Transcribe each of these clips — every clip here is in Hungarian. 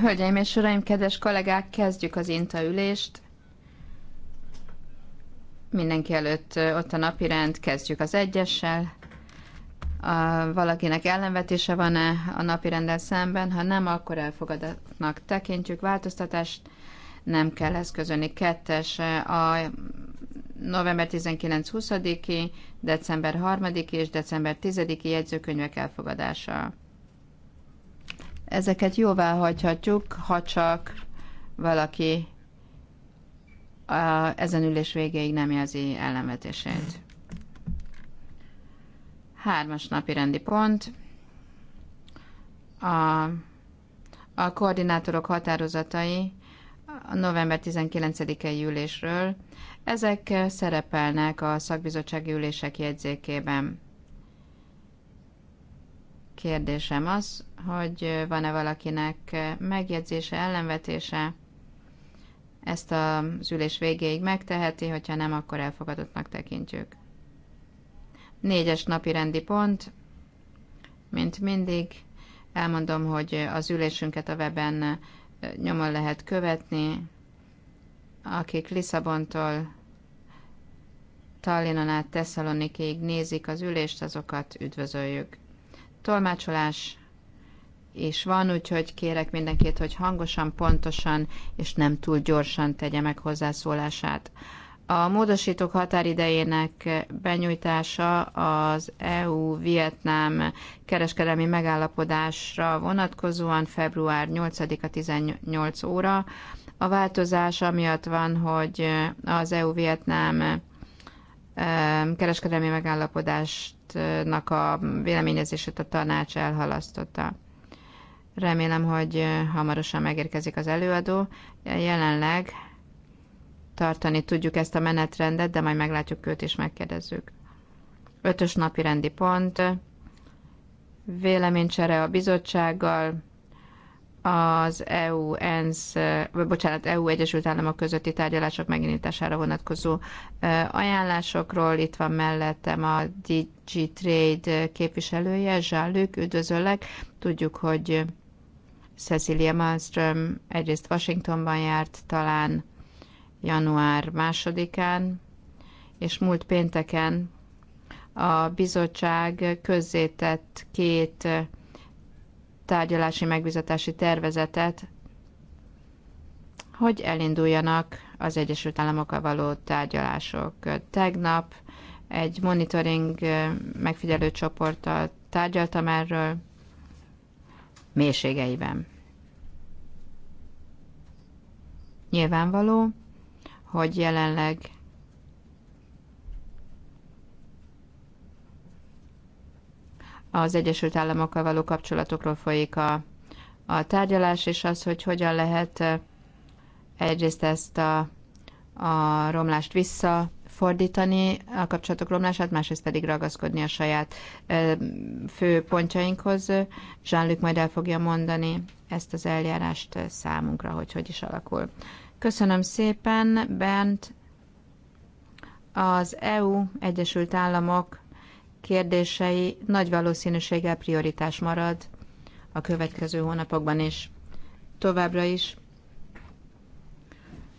Hölgyeim és uraim, kedves kollégák, kezdjük az INTA ülést. Mindenki előtt ott a napi rend, kezdjük az egyessel. A, valakinek ellenvetése van-e a napi rendel szemben? Ha nem, akkor elfogadatnak tekintjük változtatást. Nem kell eszközölni. Kettes a november 19-20-i, december 3 és december 10-i jegyzőkönyvek elfogadása ezeket jóvá hagyhatjuk, ha csak valaki a, ezen ülés végéig nem jelzi ellenvetését. Hármas napi rendi pont. A, a koordinátorok határozatai a november 19-i ülésről. Ezek szerepelnek a szakbizottsági ülések jegyzékében. Kérdésem az, hogy van-e valakinek megjegyzése, ellenvetése. Ezt az ülés végéig megteheti, hogyha nem, akkor elfogadottnak tekintjük. Négyes napi rendi pont, mint mindig. Elmondom, hogy az ülésünket a weben nyomon lehet követni. Akik Lisszabontól Tallinnon át Tesszalonikéig nézik az ülést, azokat üdvözöljük. Tolmácsolás is van, úgyhogy kérek mindenkit, hogy hangosan, pontosan és nem túl gyorsan tegye meg hozzászólását. A módosítók határidejének benyújtása az EU-Vietnám kereskedelmi megállapodásra vonatkozóan február 8-a 18 óra. A változás amiatt van, hogy az EU-Vietnám e, kereskedelmi megállapodásnak a véleményezését a tanács elhalasztotta. Remélem, hogy hamarosan megérkezik az előadó. Jelenleg tartani tudjuk ezt a menetrendet, de majd meglátjuk őt és megkérdezzük. Ötös napi rendi pont, véleménycsere a bizottsággal, az EU, ENSZ, vagy bocsánat, EU Egyesült Államok közötti tárgyalások megindítására vonatkozó ajánlásokról. Itt van mellettem a DigiTrade képviselője, Zsállők, üdvözöllek. Tudjuk, hogy Cecilia Malmström egyrészt Washingtonban járt talán január másodikán, és múlt pénteken a bizottság közzétett két tárgyalási megbizatási tervezetet, hogy elinduljanak az Egyesült Államokkal való tárgyalások. Tegnap egy monitoring megfigyelő csoporttal tárgyaltam erről mélységeiben. Nyilvánvaló, hogy jelenleg az Egyesült Államokkal való kapcsolatokról folyik a, a tárgyalás, és az, hogy hogyan lehet eh, egyrészt ezt a, a romlást vissza fordítani a kapcsolatok romlását, másrészt pedig ragaszkodni a saját eh, fő pontjainkhoz. Jean-Luc majd el fogja mondani ezt az eljárást eh, számunkra, hogy hogy is alakul. Köszönöm szépen, Bent. Az EU, Egyesült Államok kérdései nagy valószínűséggel prioritás marad a következő hónapokban is. Továbbra is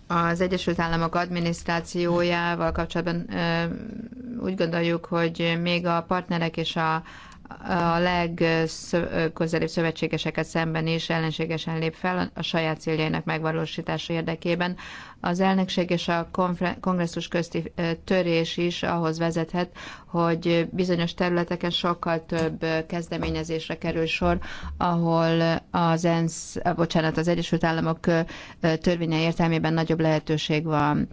az Egyesült Államok adminisztrációjával kapcsolatban úgy gondoljuk, hogy még a partnerek és a, a legközelebb szövetségeseket szemben is ellenségesen lép fel a saját céljainak megvalósítása érdekében. Az elnökség és a kongresszus közti törés is ahhoz vezethet, hogy bizonyos területeken sokkal több kezdeményezésre kerül sor, ahol az ENSZ, bocsánat, az Egyesült Államok törvénye értelmében nagyobb lehetőség van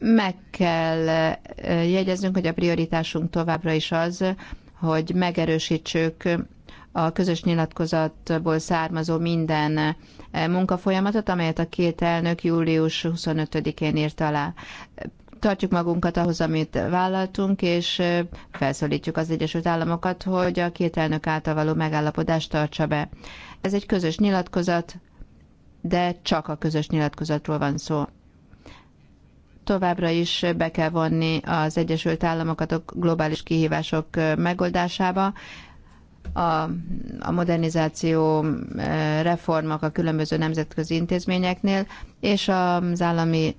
meg kell jegyeznünk, hogy a prioritásunk továbbra is az, hogy megerősítsük a közös nyilatkozatból származó minden eh, munkafolyamatot, amelyet a két elnök július 25-én írt alá. Tartjuk magunkat ahhoz, amit vállaltunk, és eh, felszólítjuk az Egyesült Államokat, hogy a két elnök által való megállapodást tartsa be. Ez egy közös nyilatkozat, de csak a közös nyilatkozatról van szó továbbra is be kell vonni az Egyesült Államokat a globális kihívások megoldásába, a, a modernizáció reformok a különböző nemzetközi intézményeknél, és az állami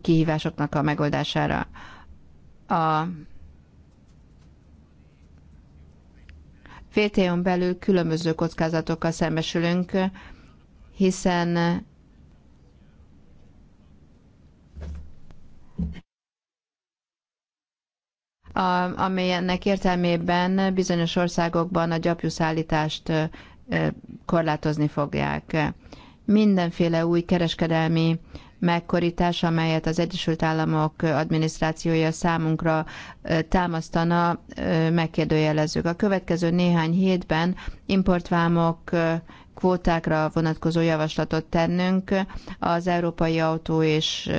kihívásoknak a megoldására. A VTO-n belül különböző kockázatokkal szembesülünk, hiszen a, amelynek értelmében bizonyos országokban a gyapjuszállítást korlátozni fogják. Mindenféle új kereskedelmi megkorítás, amelyet az Egyesült Államok adminisztrációja számunkra támasztana, megkérdőjelezzük. A következő néhány hétben importvámok kvótákra vonatkozó javaslatot tennünk az európai autó és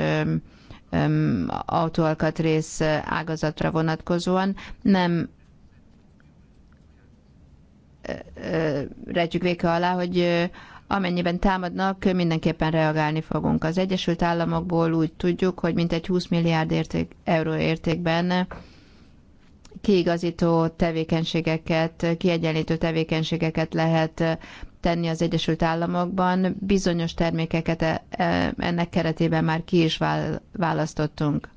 autóalkatrész ágazatra vonatkozóan nem rejtjük véke alá, hogy amennyiben támadnak, mindenképpen reagálni fogunk. Az Egyesült Államokból úgy tudjuk, hogy mintegy 20 milliárd érték, euró értékben kiigazító tevékenységeket, kiegyenlítő tevékenységeket lehet tenni az Egyesült Államokban, bizonyos termékeket e, e, ennek keretében már ki is választottunk.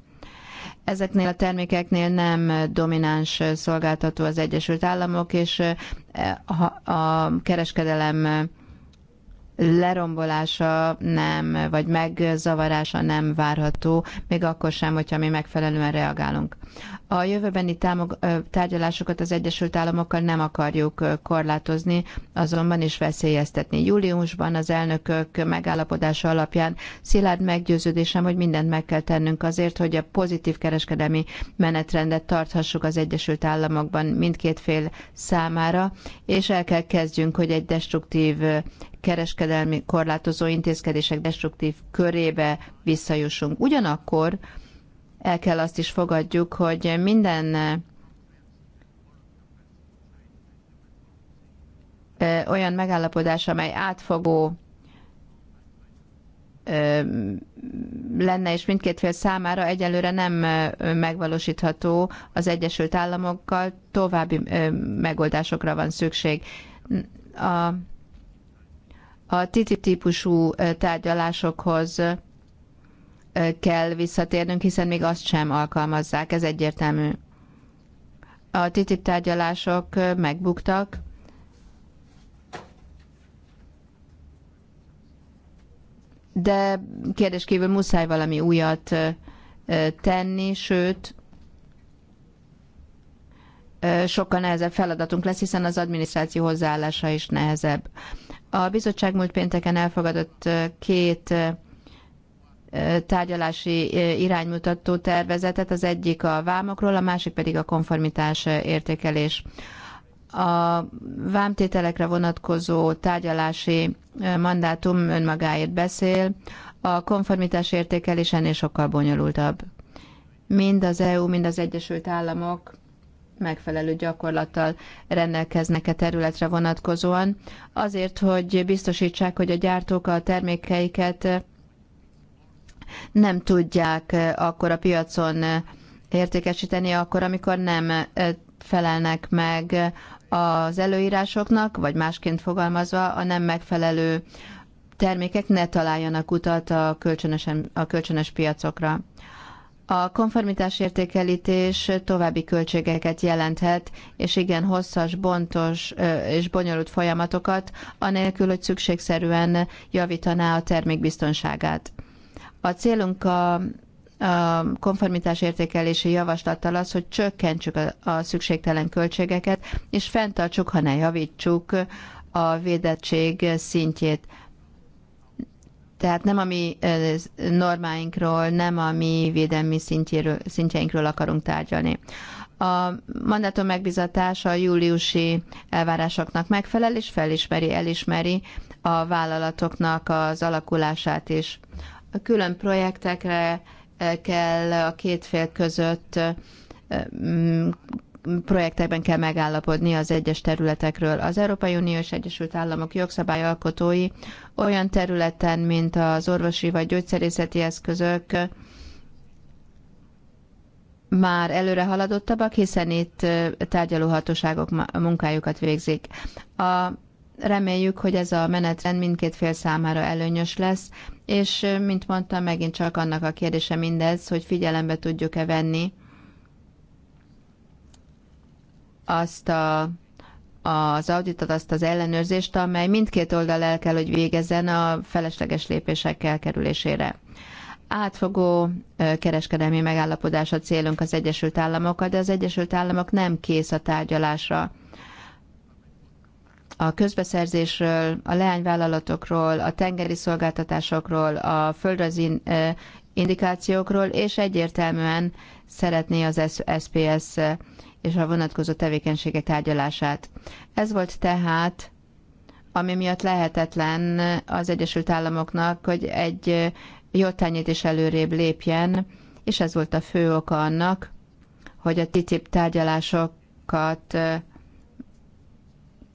Ezeknél a termékeknél nem domináns szolgáltató az Egyesült Államok, és e, a kereskedelem lerombolása nem, vagy megzavarása nem várható, még akkor sem, hogyha mi megfelelően reagálunk. A jövőbeni támog- tárgyalásokat az Egyesült Államokkal nem akarjuk korlátozni, azonban is veszélyeztetni. Júliusban az elnökök megállapodása alapján szilárd meggyőződésem, hogy mindent meg kell tennünk azért, hogy a pozitív kereskedelmi menetrendet tarthassuk az Egyesült Államokban mindkét fél számára, és el kell kezdjünk, hogy egy destruktív kereskedelmi korlátozó intézkedések destruktív körébe visszajussunk. Ugyanakkor el kell azt is fogadjuk, hogy minden olyan megállapodás, amely átfogó lenne, és mindkét fél számára egyelőre nem megvalósítható az Egyesült Államokkal, további megoldásokra van szükség. A a TTIP típusú tárgyalásokhoz kell visszatérnünk, hiszen még azt sem alkalmazzák, ez egyértelmű. A TTIP tárgyalások megbuktak, de kérdés kívül muszáj valami újat tenni, sőt, sokkal nehezebb feladatunk lesz, hiszen az adminisztráció hozzáállása is nehezebb. A bizottság múlt pénteken elfogadott két tárgyalási iránymutató tervezetet, az egyik a vámokról, a másik pedig a konformitás értékelés. A vámtételekre vonatkozó tárgyalási mandátum önmagáért beszél, a konformitás értékelés ennél sokkal bonyolultabb. Mind az EU, mind az Egyesült Államok megfelelő gyakorlattal rendelkeznek a területre vonatkozóan, azért, hogy biztosítsák, hogy a gyártók a termékeiket nem tudják akkor a piacon értékesíteni, akkor, amikor nem felelnek meg az előírásoknak, vagy másként fogalmazva a nem megfelelő termékek ne találjanak utat a, kölcsönösen, a kölcsönös piacokra. A konformitás értékelítés további költségeket jelenthet, és igen hosszas, bontos és bonyolult folyamatokat, anélkül, hogy szükségszerűen javítaná a termék biztonságát. A célunk a a konformitás értékelési javaslattal az, hogy csökkentsük a, a szükségtelen költségeket, és fenntartsuk, ha ne javítsuk a védettség szintjét. Tehát nem a mi normáinkról, nem a mi védelmi szintjéről, szintjeinkről akarunk tárgyalni. A mandátum megbizatása a júliusi elvárásoknak megfelel, és felismeri, elismeri a vállalatoknak az alakulását is. A külön projektekre kell a két fél között projektekben kell megállapodni az egyes területekről. Az Európai Unió és Egyesült Államok jogszabályalkotói olyan területen, mint az orvosi vagy gyógyszerészeti eszközök, már előre haladottabbak, hiszen itt tárgyalóhatóságok munkájukat végzik. A, reméljük, hogy ez a menetrend mindkét fél számára előnyös lesz, és mint mondtam, megint csak annak a kérdése mindez, hogy figyelembe tudjuk-e venni azt a az auditot, azt az ellenőrzést, amely mindkét oldal el kell, hogy végezzen a felesleges lépések elkerülésére. Átfogó kereskedelmi megállapodás a célunk az Egyesült Államokkal, de az Egyesült Államok nem kész a tárgyalásra. A közbeszerzésről, a leányvállalatokról, a tengeri szolgáltatásokról, a földrajzi indikációkról, és egyértelműen szeretné az SPS és a vonatkozó tevékenységek tárgyalását. Ez volt tehát ami miatt lehetetlen az Egyesült Államoknak, hogy egy jótányit is előrébb lépjen, és ez volt a fő oka annak, hogy a TTIP tárgyalásokat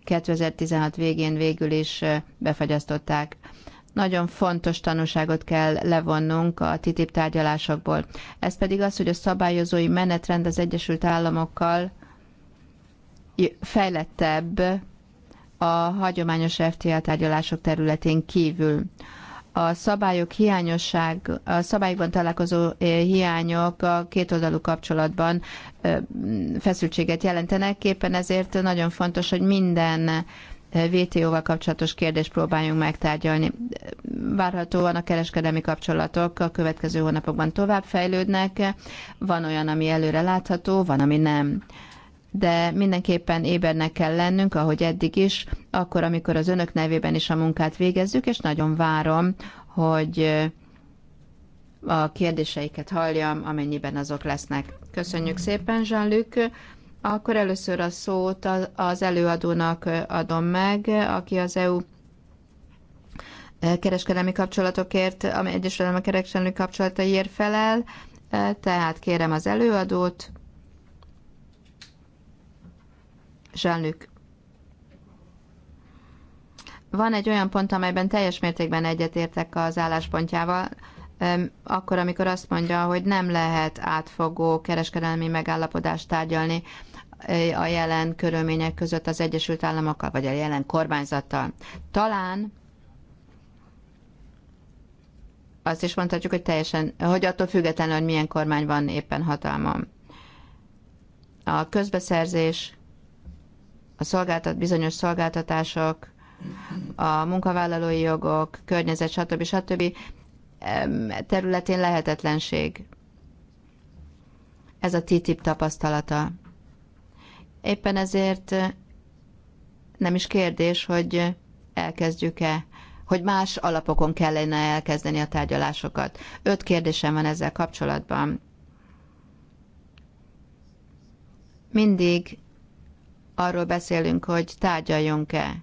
2016 végén végül is befagyasztották nagyon fontos tanúságot kell levonnunk a TTIP tárgyalásokból. Ez pedig az, hogy a szabályozói menetrend az Egyesült Államokkal fejlettebb a hagyományos FTA tárgyalások területén kívül. A szabályok hiányosság, a szabályokban találkozó eh, hiányok a kétoldalú kapcsolatban eh, feszültséget jelentenek, éppen ezért nagyon fontos, hogy minden VTO-val kapcsolatos kérdést próbáljunk megtárgyalni. Várhatóan a kereskedelmi kapcsolatok a következő hónapokban tovább fejlődnek. van olyan, ami előre látható, van, ami nem de mindenképpen ébernek kell lennünk, ahogy eddig is, akkor, amikor az önök nevében is a munkát végezzük, és nagyon várom, hogy a kérdéseiket halljam, amennyiben azok lesznek. Köszönjük szépen, Jean-Luc. Akkor először a szót az előadónak adom meg, aki az EU kereskedelmi kapcsolatokért, ami Egyesületem a kereskedelmi kapcsolataiért felel. Tehát kérem az előadót. Zselnük. Van egy olyan pont, amelyben teljes mértékben egyetértek az álláspontjával, akkor, amikor azt mondja, hogy nem lehet átfogó kereskedelmi megállapodást tárgyalni a jelen körülmények között az Egyesült Államokkal, vagy a jelen kormányzattal. Talán azt is mondhatjuk, hogy teljesen, hogy attól függetlenül, hogy milyen kormány van éppen hatalmam. A közbeszerzés, a szolgáltat, bizonyos szolgáltatások, a munkavállalói jogok, környezet, stb. stb. területén lehetetlenség. Ez a TTIP tapasztalata. Éppen ezért nem is kérdés, hogy elkezdjük-e, hogy más alapokon kellene elkezdeni a tárgyalásokat. Öt kérdésem van ezzel kapcsolatban. Mindig arról beszélünk, hogy tárgyaljunk-e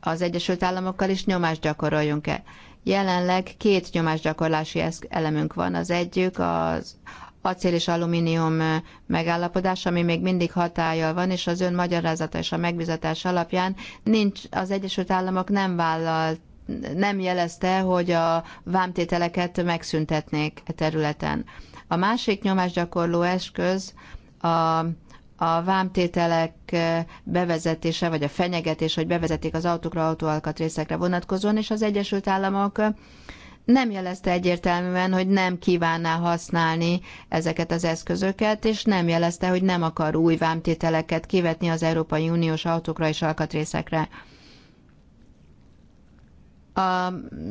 az Egyesült Államokkal, is nyomást gyakoroljunk-e. Jelenleg két nyomásgyakorlási elemünk van. Az egyik az acél és alumínium megállapodás, ami még mindig hatája van, és az ön magyarázata és a megbizatás alapján nincs, az Egyesült Államok nem vállalt nem jelezte, hogy a vámtételeket megszüntetnék e területen. A másik nyomásgyakorló eszköz a, a vámtételek bevezetése, vagy a fenyegetés, hogy bevezetik az autókra, autóalkatrészekre vonatkozóan, és az Egyesült Államok nem jelezte egyértelműen, hogy nem kívánná használni ezeket az eszközöket, és nem jelezte, hogy nem akar új vámtételeket kivetni az Európai Uniós autókra és alkatrészekre.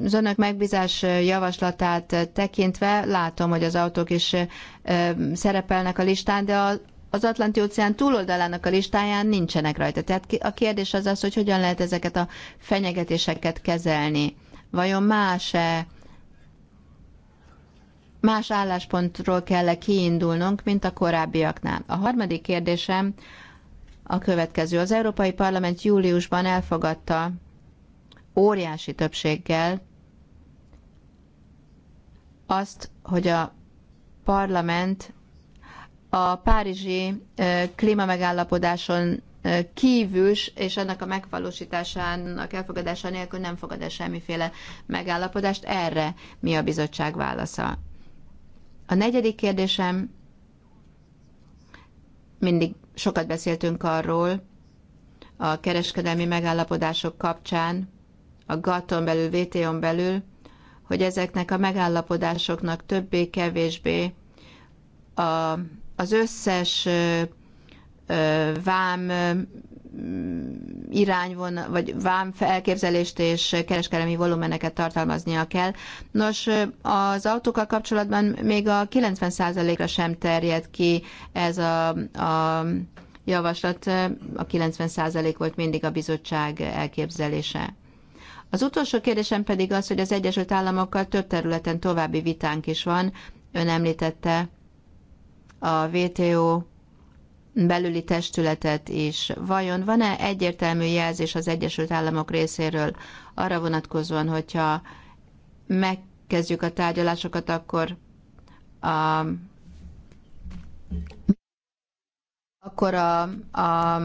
Az önök megbízás javaslatát tekintve látom, hogy az autók is szerepelnek a listán, de az Atlanti-óceán túloldalának a listáján nincsenek rajta. Tehát a kérdés az az, hogy hogyan lehet ezeket a fenyegetéseket kezelni. Vajon más-e más álláspontról kell -e kiindulnunk, mint a korábbiaknál. A harmadik kérdésem a következő. Az Európai Parlament júliusban elfogadta óriási többséggel azt, hogy a parlament a párizsi klímamegállapodáson kívüls, és annak a megvalósításának elfogadása nélkül nem fogad el semmiféle megállapodást. Erre mi a bizottság válasza? A negyedik kérdésem, mindig sokat beszéltünk arról, a kereskedelmi megállapodások kapcsán, a GATT-on belül, WTO-n belül, hogy ezeknek a megállapodásoknak többé-kevésbé az összes vám Mm, irányvon, vagy vám felképzelést és kereskedelmi volumeneket tartalmaznia kell. Nos, az autókkal kapcsolatban még a 90%-ra sem terjed ki ez a, a javaslat, a 90% volt mindig a bizottság elképzelése. Az utolsó kérdésem pedig az, hogy az Egyesült Államokkal több területen további vitánk is van. Ön említette a WTO belüli testületet is. Vajon van-e egyértelmű jelzés az Egyesült Államok részéről arra vonatkozóan, hogyha megkezdjük a tárgyalásokat, akkor a, akkor a, a,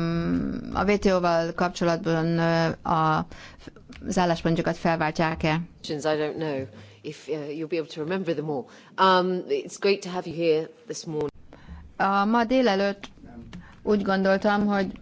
a vto val kapcsolatban a, az álláspontjukat felváltják-e? I don't know if uh, you'll be able to remember them all. Um, it's great to have you here this morning. A ma délelőtt úgy gondoltam, hogy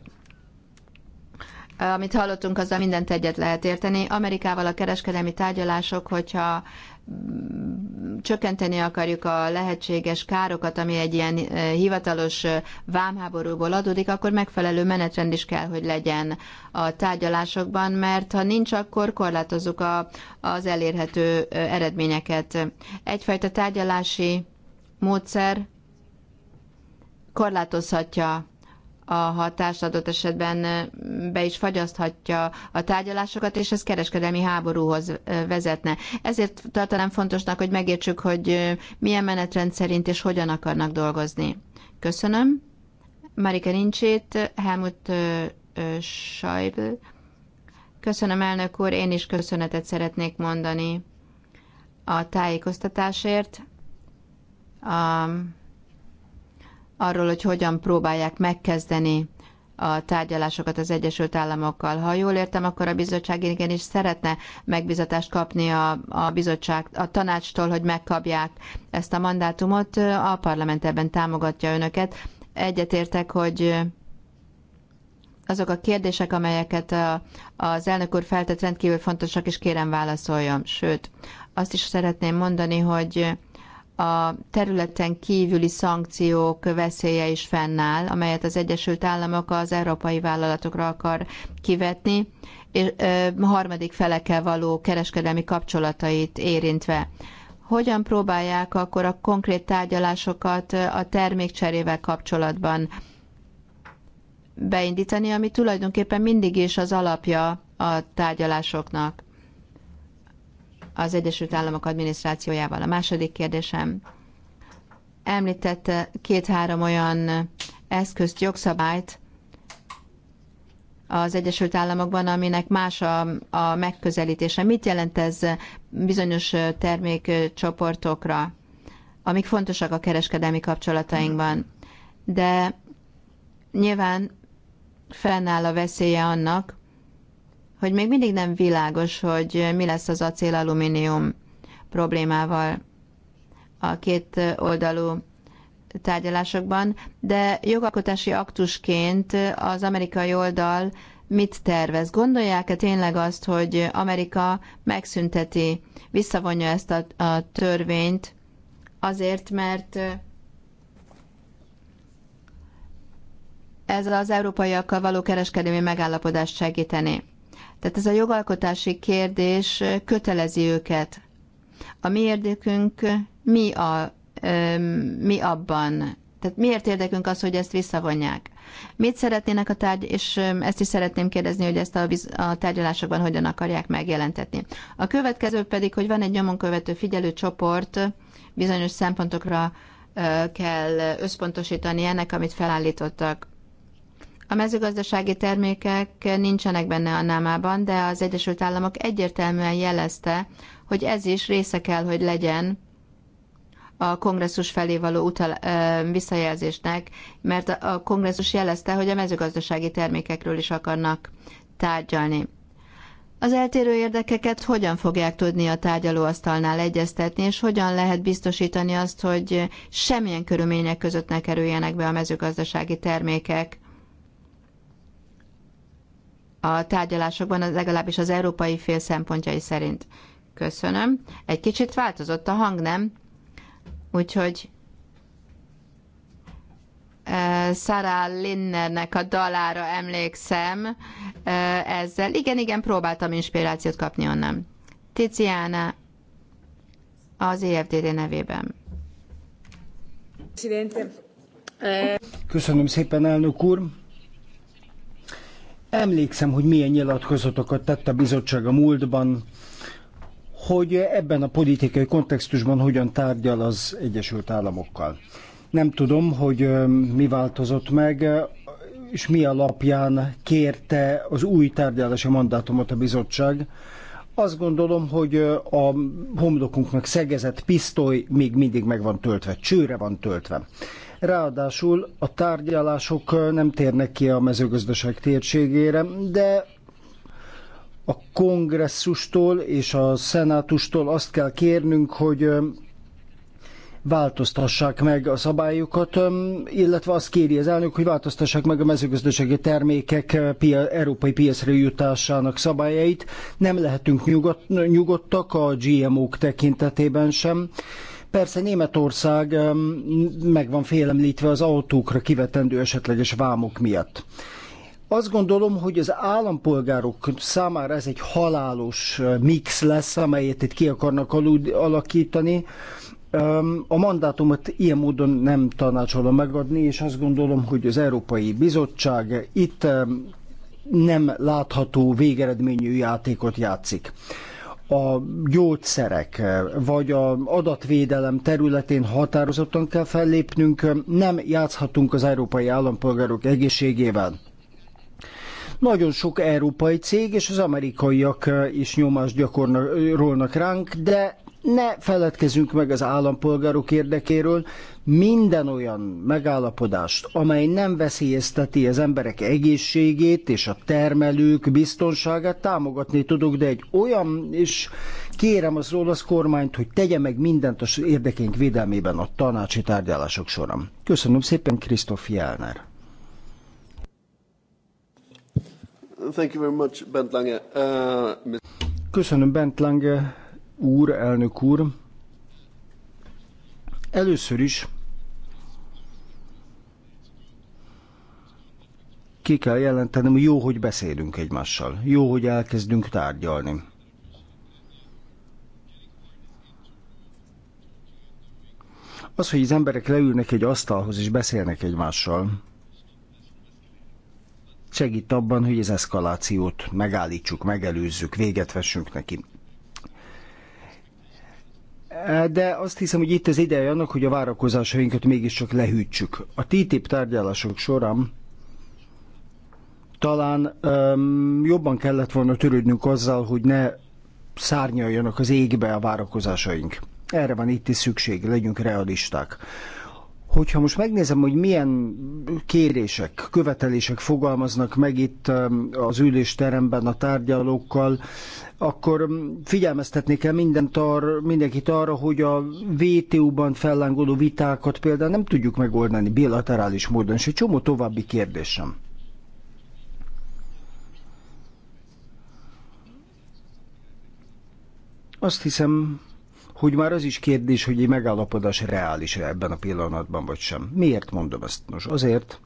eh, amit hallottunk, azzal mindent egyet lehet érteni. Amerikával a kereskedelmi tárgyalások, hogyha mm, csökkenteni akarjuk a lehetséges károkat, ami egy ilyen eh, hivatalos eh, vámháborúból adódik, akkor megfelelő menetrend is kell, hogy legyen a tárgyalásokban, mert ha nincs, akkor korlátozzuk a, az elérhető eredményeket. Egyfajta tárgyalási módszer korlátozhatja a hatást adott esetben be is fagyaszthatja a tárgyalásokat, és ez kereskedelmi háborúhoz vezetne. Ezért tartanám fontosnak, hogy megértsük, hogy milyen menetrend szerint és hogyan akarnak dolgozni. Köszönöm. Marika Nincsét, Helmut Schäuble. Köszönöm, elnök úr, én is köszönetet szeretnék mondani a tájékoztatásért. A arról, hogy hogyan próbálják megkezdeni a tárgyalásokat az Egyesült Államokkal. Ha jól értem, akkor a bizottság igenis szeretne megbizatást kapni a, a bizottság, a tanácstól, hogy megkapják ezt a mandátumot. A parlament ebben támogatja önöket. Egyetértek, hogy azok a kérdések, amelyeket az elnök úr feltett, rendkívül fontosak, és kérem válaszoljon. Sőt, azt is szeretném mondani, hogy a területen kívüli szankciók veszélye is fennáll, amelyet az Egyesült Államok az európai vállalatokra akar kivetni, és harmadik felekkel való kereskedelmi kapcsolatait érintve. Hogyan próbálják akkor a konkrét tárgyalásokat a termékcserével kapcsolatban beindítani, ami tulajdonképpen mindig is az alapja a tárgyalásoknak? az Egyesült Államok adminisztrációjával. A második kérdésem említette két-három olyan eszközt, jogszabályt az Egyesült Államokban, aminek más a, a megközelítése. Mit jelent ez bizonyos termékcsoportokra, amik fontosak a kereskedelmi kapcsolatainkban? De nyilván fennáll a veszélye annak, hogy még mindig nem világos, hogy mi lesz az acél-alumínium problémával a két oldalú tárgyalásokban, de jogalkotási aktusként az amerikai oldal mit tervez? Gondolják-e tényleg azt, hogy Amerika megszünteti, visszavonja ezt a, a törvényt azért, mert ez az európaiakkal való kereskedelmi megállapodást segíteni? Tehát ez a jogalkotási kérdés kötelezi őket. A mi érdekünk mi, a, mi abban, tehát miért érdekünk az, hogy ezt visszavonják? Mit szeretnének a tárgy, és ezt is szeretném kérdezni, hogy ezt a, a tárgyalásokban hogyan akarják megjelentetni. A következő pedig, hogy van egy figyelő csoport, bizonyos szempontokra kell összpontosítani ennek, amit felállítottak. A mezőgazdasági termékek nincsenek benne a námában, de az Egyesült Államok egyértelműen jelezte, hogy ez is része kell, hogy legyen a kongresszus felé való utal, ö, visszajelzésnek, mert a kongresszus jelezte, hogy a mezőgazdasági termékekről is akarnak tárgyalni. Az eltérő érdekeket hogyan fogják tudni a tárgyalóasztalnál egyeztetni, és hogyan lehet biztosítani azt, hogy semmilyen körülmények között ne kerüljenek be a mezőgazdasági termékek a tárgyalásokban, az legalábbis az európai fél szempontjai szerint. Köszönöm. Egy kicsit változott a hang, nem? Úgyhogy Sarah Linnernek a dalára emlékszem ezzel. Igen, igen, próbáltam inspirációt kapni onnan. Tiziana az EFDD nevében. Köszönöm szépen, elnök úr! Emlékszem, hogy milyen nyilatkozatokat tett a bizottság a múltban, hogy ebben a politikai kontextusban hogyan tárgyal az Egyesült Államokkal. Nem tudom, hogy mi változott meg, és mi alapján kérte az új tárgyalási mandátumot a bizottság. Azt gondolom, hogy a homlokunknak szegezett pisztoly még mindig meg van töltve, csőre van töltve. Ráadásul a tárgyalások nem térnek ki a mezőgazdaság térségére, de a kongresszustól és a szenátustól azt kell kérnünk, hogy változtassák meg a szabályokat, illetve azt kéri az elnök, hogy változtassák meg a mezőgazdasági termékek pia, európai piacra jutásának szabályait. Nem lehetünk nyugodt, nyugodtak a GMO-k tekintetében sem. Persze Németország meg van félemlítve az autókra kivetendő esetleges vámok miatt. Azt gondolom, hogy az állampolgárok számára ez egy halálos mix lesz, amelyet itt ki akarnak alakítani. A mandátumot ilyen módon nem tanácsolom megadni, és azt gondolom, hogy az Európai Bizottság itt nem látható végeredményű játékot játszik a gyógyszerek vagy a adatvédelem területén határozottan kell fellépnünk, nem játszhatunk az európai állampolgárok egészségével. Nagyon sok európai cég és az amerikaiak is nyomást gyakorolnak ránk, de ne feledkezzünk meg az állampolgárok érdekéről, minden olyan megállapodást, amely nem veszélyezteti az emberek egészségét és a termelők biztonságát támogatni tudok, de egy olyan, és kérem az olasz kormányt, hogy tegye meg mindent az érdekeink védelmében a tanácsi tárgyalások során. Köszönöm szépen, Krisztof Jelner. Thank you very much, Bent Lange. Uh, Köszönöm, Bent Lange úr, elnök úr. Először is ki kell jelentenem, jó, hogy beszélünk egymással. Jó, hogy elkezdünk tárgyalni. Az, hogy az emberek leülnek egy asztalhoz és beszélnek egymással, segít abban, hogy az eszkalációt megállítsuk, megelőzzük, véget vessünk neki de azt hiszem, hogy itt az ideje annak, hogy a várakozásainkat mégiscsak lehűtsük. A TTIP tárgyalások során talán um, jobban kellett volna törődnünk azzal, hogy ne szárnyaljanak az égbe a várakozásaink. Erre van itt is szükség, legyünk realisták. Hogyha most megnézem, hogy milyen kérések, követelések fogalmaznak meg itt um, az ülésteremben a tárgyalókkal, akkor um, figyelmeztetni kell mindent ar, mindenkit arra, hogy a vtu ban fellángoló vitákat például nem tudjuk megoldani bilaterális módon, és egy csomó további kérdésem. Azt hiszem, hogy már az is kérdés, hogy egy megállapodás reális -e ebben a pillanatban vagy sem. Miért mondom ezt? Nos, azért,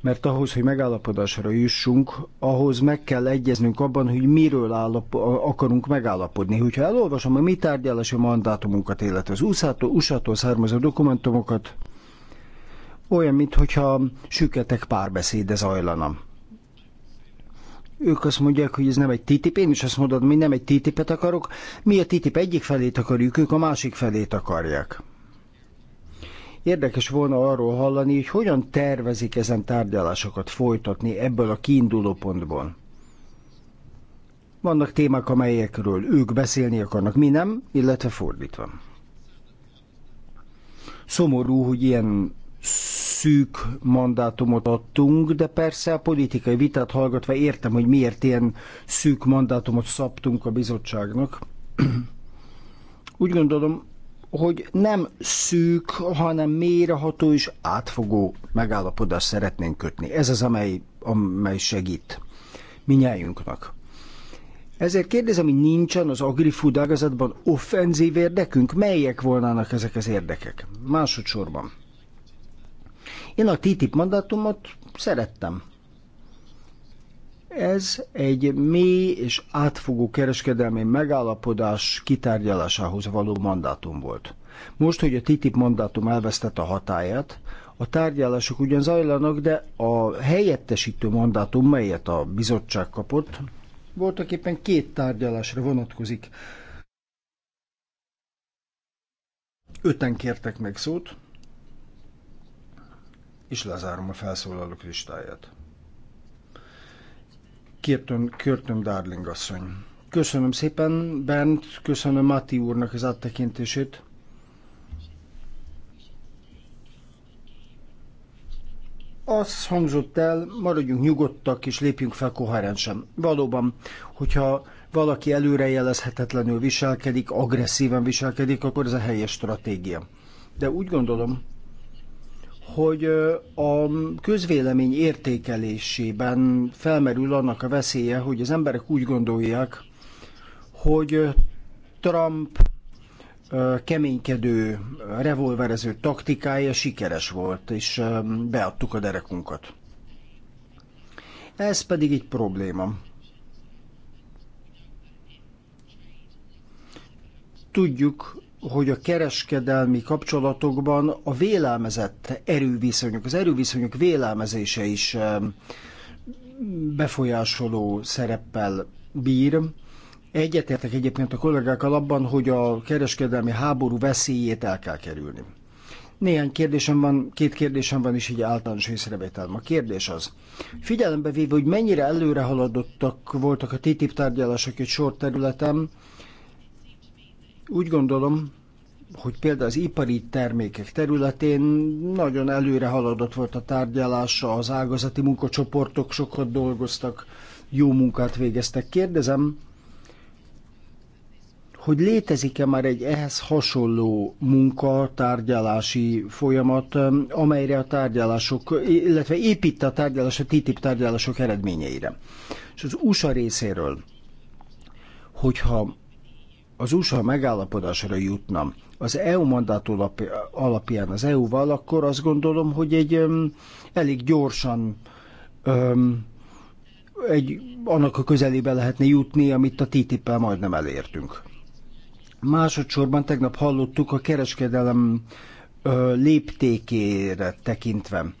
mert ahhoz, hogy megállapodásra jussunk, ahhoz meg kell egyeznünk abban, hogy miről állap- akarunk megállapodni. Hogyha elolvasom a mi tárgyalási mandátumunkat, illetve az USA-tól, usa származó dokumentumokat, olyan, mintha süketek párbeszéde zajlana ők azt mondják, hogy ez nem egy TTIP, én is azt mondom, mi nem egy TTIP-et akarok, mi a TTIP egyik felét akarjuk, ők a másik felét akarják. Érdekes volna arról hallani, hogy hogyan tervezik ezen tárgyalásokat folytatni ebből a kiinduló pontból. Vannak témák, amelyekről ők beszélni akarnak, mi nem, illetve fordítva. Szomorú, hogy ilyen szűk mandátumot adtunk, de persze a politikai vitát hallgatva értem, hogy miért ilyen szűk mandátumot szabtunk a bizottságnak. Úgy gondolom, hogy nem szűk, hanem méreható és átfogó megállapodást szeretnénk kötni. Ez az, amely, amely segít minnyájunknak. Ezért kérdezem, hogy nincsen az agri ágazatban offenzív érdekünk? Melyek volnának ezek az érdekek? Másodszorban én a TTIP mandátumot szerettem. Ez egy mély és átfogó kereskedelmi megállapodás kitárgyalásához való mandátum volt. Most, hogy a TTIP mandátum elvesztette a hatáját, a tárgyalások ugyan zajlanak, de a helyettesítő mandátum, melyet a bizottság kapott, voltak éppen két tárgyalásra vonatkozik. Öten kértek meg szót, és lezárom a felszólalók listáját. Kirton, Kirton Darling asszony. Köszönöm szépen, Bent, köszönöm Mati úrnak az áttekintését. az hangzott el, maradjunk nyugodtak és lépjünk fel koherensen. Valóban, hogyha valaki előrejelezhetetlenül viselkedik, agresszíven viselkedik, akkor ez a helyes stratégia. De úgy gondolom, hogy a közvélemény értékelésében felmerül annak a veszélye, hogy az emberek úgy gondolják, hogy Trump keménykedő, revolverező taktikája sikeres volt, és beadtuk a derekunkat. Ez pedig egy probléma. Tudjuk, hogy a kereskedelmi kapcsolatokban a vélelmezett erőviszonyok, az erőviszonyok vélelmezése is eh, befolyásoló szereppel bír. Egyetértek egyébként a kollégákkal abban, hogy a kereskedelmi háború veszélyét el kell kerülni. Néhány kérdésem van, két kérdésem van is egy általános észrevételem. A kérdés az, figyelembe véve, hogy mennyire előre haladottak voltak a TTIP tárgyalások egy sor területen, úgy gondolom, hogy például az ipari termékek területén nagyon előre haladott volt a tárgyalás, az ágazati munkacsoportok sokat dolgoztak, jó munkát végeztek. Kérdezem, hogy létezik-e már egy ehhez hasonló munka, tárgyalási folyamat, amelyre a tárgyalások, illetve épít a tárgyalás a TTIP tárgyalások eredményeire. És az USA részéről, hogyha az USA megállapodásra jutna az EU mandátum alapján az EU-val, akkor azt gondolom, hogy egy um, elég gyorsan um, egy, annak a közelébe lehetne jutni, amit a TTIP-el majdnem elértünk. Másodszorban tegnap hallottuk a kereskedelem léptékére tekintve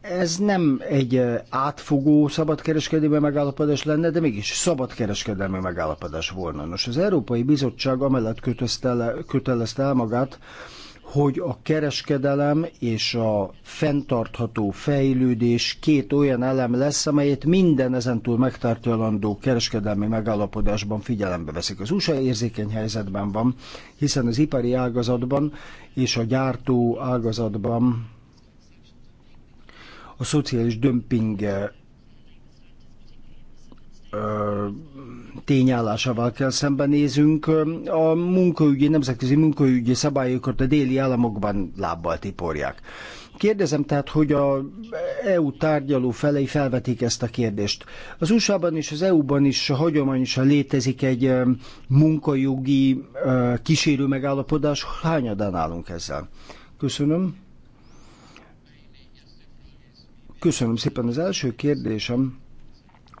ez nem egy átfogó szabadkereskedelmi megállapodás lenne, de mégis szabadkereskedelmi megállapodás volna. Nos, az Európai Bizottság amellett kötelezte el magát, hogy a kereskedelem és a fenntartható fejlődés két olyan elem lesz, amelyet minden ezentúl megtartalandó kereskedelmi megállapodásban figyelembe veszik. Az USA érzékeny helyzetben van, hiszen az ipari ágazatban és a gyártó ágazatban a szociális dömping tényállásával kell szembenézünk. A munkaügyi, nemzetközi munkaügyi szabályokat a déli államokban lábbal tiporják. Kérdezem tehát, hogy a EU tárgyaló felei felvetik ezt a kérdést. Az USA-ban és az EU-ban is hagyományosan létezik egy munkajogi kísérő megállapodás. Hányadán állunk ezzel? Köszönöm. Köszönöm szépen. Az első kérdésem,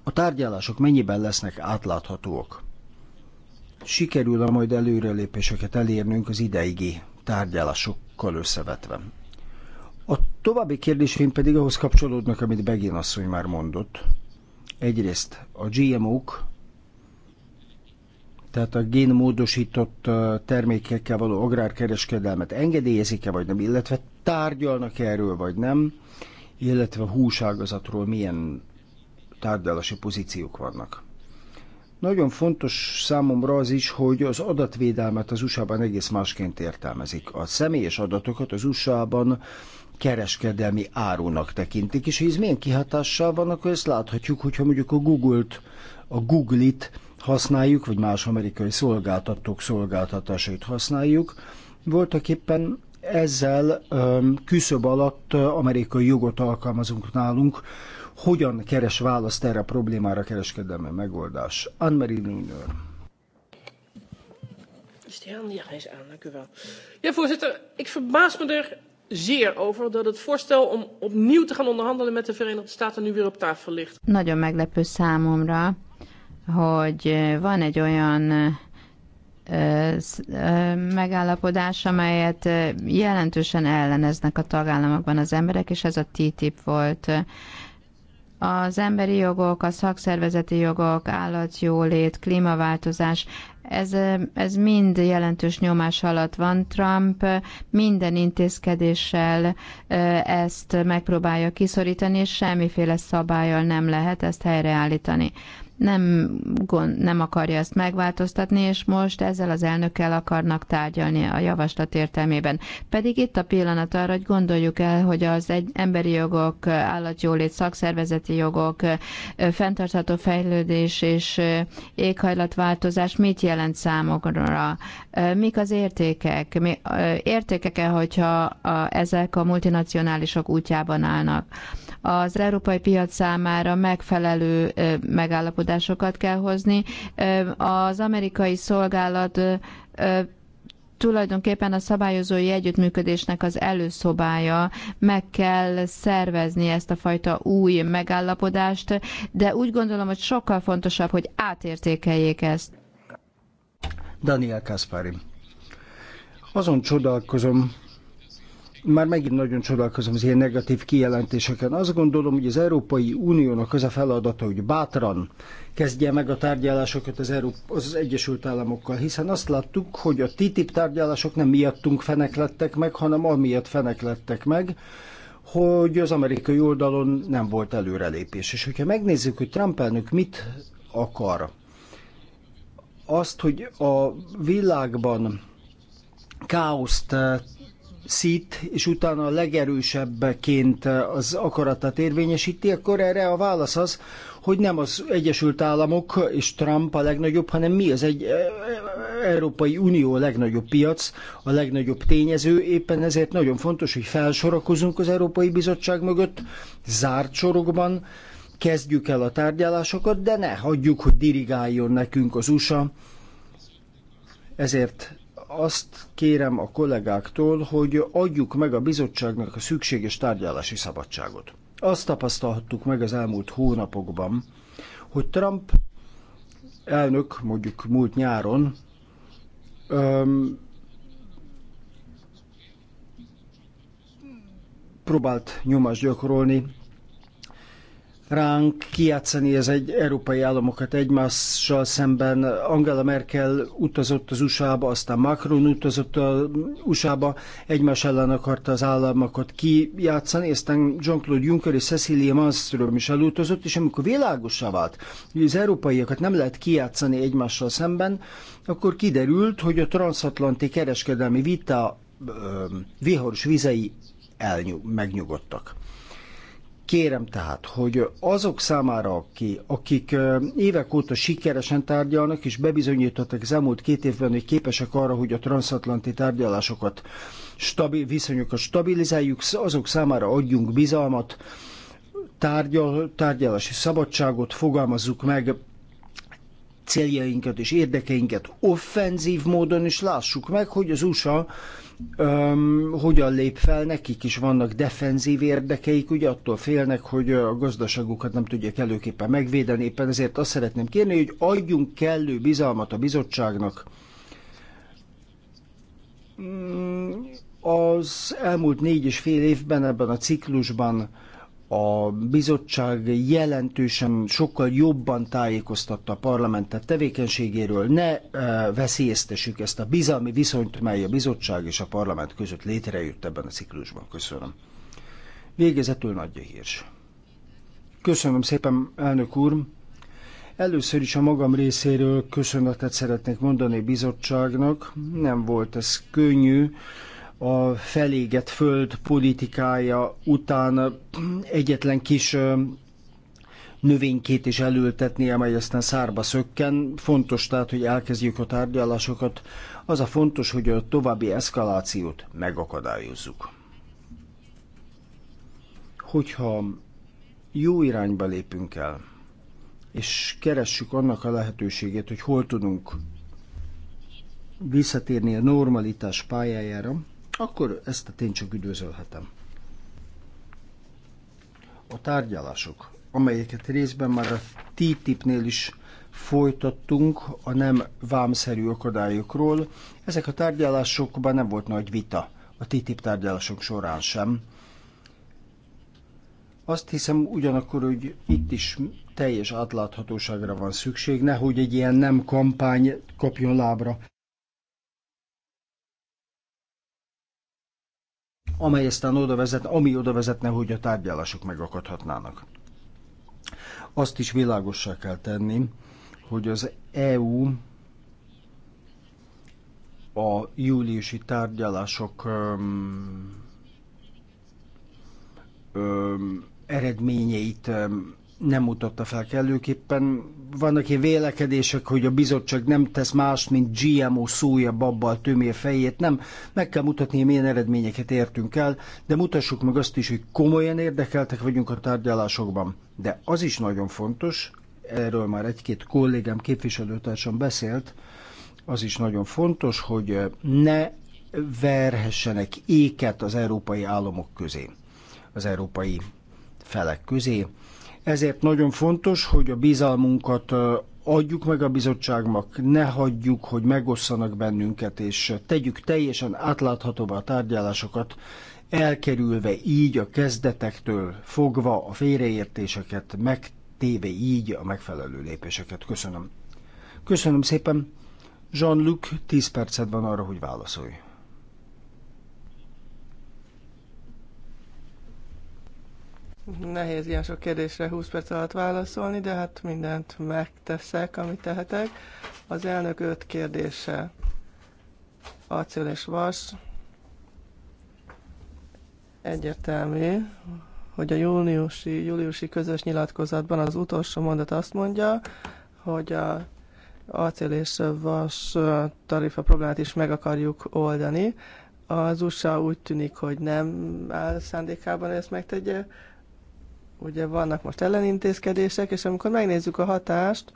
a tárgyalások mennyiben lesznek átláthatóak? Sikerül a majd előrelépéseket elérnünk az ideigi tárgyalásokkal összevetve? A további kérdésén pedig ahhoz kapcsolódnak, amit Begin asszony már mondott. Egyrészt a GMO-k, tehát a génmódosított termékekkel való agrárkereskedelmet engedélyezik-e vagy nem, illetve tárgyalnak -e erről vagy nem, illetve a húságazatról milyen tárgyalási pozíciók vannak. Nagyon fontos számomra az is, hogy az adatvédelmet az USA-ban egész másként értelmezik. A személyes adatokat az USA-ban kereskedelmi árónak tekintik, és ez milyen kihatással van, akkor ezt láthatjuk, hogyha mondjuk a Google-t, a Google-it használjuk, vagy más amerikai szolgáltatók szolgáltatásait használjuk, voltak éppen ezzel küszöb alatt amerikai jogot alkalmazunk nálunk, hogyan keres választ erre a problémára kereskedelmi megoldás. Anne-Marie Lindner. Ja, hij is aan. Dank u wel. Ja, voorzitter, ik verbaas me er zeer over dat het voorstel om opnieuw te gaan onderhandelen met de Verenigde Staten nu weer op tafel ligt. Nagyon meglepő számomra, hogy van egy olyan megállapodás, amelyet jelentősen elleneznek a tagállamokban az emberek, és ez a TTIP volt. Az emberi jogok, a szakszervezeti jogok, állatjólét, klímaváltozás, ez, ez mind jelentős nyomás alatt van. Trump minden intézkedéssel ezt megpróbálja kiszorítani, és semmiféle szabályal nem lehet ezt helyreállítani nem, gond, nem akarja ezt megváltoztatni, és most ezzel az elnökkel akarnak tárgyalni a javaslat értelmében. Pedig itt a pillanat arra, hogy gondoljuk el, hogy az egy emberi jogok, állatjólét, szakszervezeti jogok, fenntartható fejlődés és éghajlatváltozás mit jelent számokra, mik az értékek, értékek-e, hogyha ezek a multinacionálisok útjában állnak az európai piac számára megfelelő megállapodásokat kell hozni. Az amerikai szolgálat tulajdonképpen a szabályozói együttműködésnek az előszobája, meg kell szervezni ezt a fajta új megállapodást, de úgy gondolom, hogy sokkal fontosabb, hogy átértékeljék ezt. Daniel Kaspari. Azon csodálkozom, már megint nagyon csodálkozom az ilyen negatív kijelentéseken. Azt gondolom, hogy az Európai Uniónak az a feladata, hogy bátran kezdje meg a tárgyalásokat az, Európa, az Egyesült Államokkal, hiszen azt láttuk, hogy a TTIP tárgyalások nem miattunk feneklettek meg, hanem amiatt feneklettek meg, hogy az amerikai oldalon nem volt előrelépés. És hogyha megnézzük, hogy Trump elnök mit akar, azt, hogy a világban káoszt szít, és utána a legerősebbként az akaratát érvényesíti, akkor erre a válasz az, hogy nem az Egyesült Államok és Trump a legnagyobb, hanem mi az egy e, Európai Unió a legnagyobb piac, a legnagyobb tényező. Éppen ezért nagyon fontos, hogy felsorakozunk az Európai Bizottság mögött, zárt sorokban, kezdjük el a tárgyalásokat, de ne hagyjuk, hogy dirigáljon nekünk az USA. Ezért azt kérem a kollégáktól, hogy adjuk meg a bizottságnak a szükséges tárgyalási szabadságot. Azt tapasztalhattuk meg az elmúlt hónapokban, hogy Trump elnök mondjuk múlt nyáron öm, próbált nyomást gyakorolni ránk kiátszani ez egy európai államokat egymással szemben. Angela Merkel utazott az USA-ba, aztán Macron utazott az USA-ba, egymás ellen akarta az államokat kijátszani, aztán Jean-Claude Juncker és Cecilia Malmström is elutazott, és amikor világosá vált, hogy az európaiakat nem lehet kijátszani egymással szemben, akkor kiderült, hogy a transatlanti kereskedelmi vita viharos vizei elnyug, megnyugodtak. Kérem tehát, hogy azok számára, aki, akik évek óta sikeresen tárgyalnak, és bebizonyították az elmúlt két évben, hogy képesek arra, hogy a transatlanti tárgyalásokat, stabil, viszonyokat stabilizáljuk, azok számára adjunk bizalmat, tárgyal, tárgyalási szabadságot, fogalmazzuk meg céljainkat és érdekeinket offenzív módon, és lássuk meg, hogy az USA Um, hogyan lép fel, nekik is vannak defenzív érdekeik, ugye attól félnek, hogy a gazdaságukat nem tudják előképpen megvédeni, éppen ezért azt szeretném kérni, hogy adjunk kellő bizalmat a bizottságnak. Mm, az elmúlt négy és fél évben ebben a ciklusban a bizottság jelentősen sokkal jobban tájékoztatta a parlamentet tevékenységéről. Ne e, veszélyeztessük ezt a bizalmi viszonyt, mely a bizottság és a parlament között létrejött ebben a ciklusban. Köszönöm. Végezetül a Hírs. Köszönöm szépen, elnök úr. Először is a magam részéről köszönetet szeretnék mondani a bizottságnak. Nem volt ez könnyű a felégett föld politikája után egyetlen kis növénykét is elültetni, amely aztán szárba szökken. Fontos tehát, hogy elkezdjük a tárgyalásokat. Az a fontos, hogy a további eszkalációt megakadályozzuk. Hogyha jó irányba lépünk el, és keressük annak a lehetőségét, hogy hol tudunk visszatérni a normalitás pályájára, akkor ezt a tényt csak üdvözölhetem. A tárgyalások, amelyeket részben már a TTIP-nél is folytattunk a nem vámszerű akadályokról. Ezek a tárgyalásokban nem volt nagy vita, a TTIP tárgyalások során sem. Azt hiszem ugyanakkor, hogy itt is teljes átláthatóságra van szükség, nehogy egy ilyen nem kampány kapjon lábra. amely aztán oda vezet, ami oda vezetne, hogy a tárgyalások megakadhatnának. Azt is világossá kell tenni, hogy az EU a júliusi tárgyalások öm, öm, eredményeit öm, nem mutatta fel kellőképpen. Vannak ilyen vélekedések, hogy a bizottság nem tesz más, mint GMO szója babbal tömér a fejét. Nem, meg kell mutatni, milyen eredményeket értünk el, de mutassuk meg azt is, hogy komolyan érdekeltek vagyunk a tárgyalásokban. De az is nagyon fontos, erről már egy-két kollégám, képviselőtársam beszélt, az is nagyon fontos, hogy ne verhessenek éket az európai államok közé, az európai felek közé. Ezért nagyon fontos, hogy a bizalmunkat adjuk meg a bizottságnak, ne hagyjuk, hogy megosszanak bennünket, és tegyük teljesen átláthatóvá a tárgyalásokat, elkerülve így a kezdetektől fogva a félreértéseket, megtéve így a megfelelő lépéseket. Köszönöm. Köszönöm szépen. Jean-Luc, 10 percet van arra, hogy válaszolj. Nehéz ilyen sok kérdésre 20 perc alatt válaszolni, de hát mindent megteszek, amit tehetek. Az elnök öt kérdése. Acél és vas. Egyértelmű, hogy a júniusi, júliusi közös nyilatkozatban az utolsó mondat azt mondja, hogy a acél és vas tarifa problémát is meg akarjuk oldani. Az USA úgy tűnik, hogy nem áll szándékában ezt megtegye, ugye vannak most ellenintézkedések, és amikor megnézzük a hatást,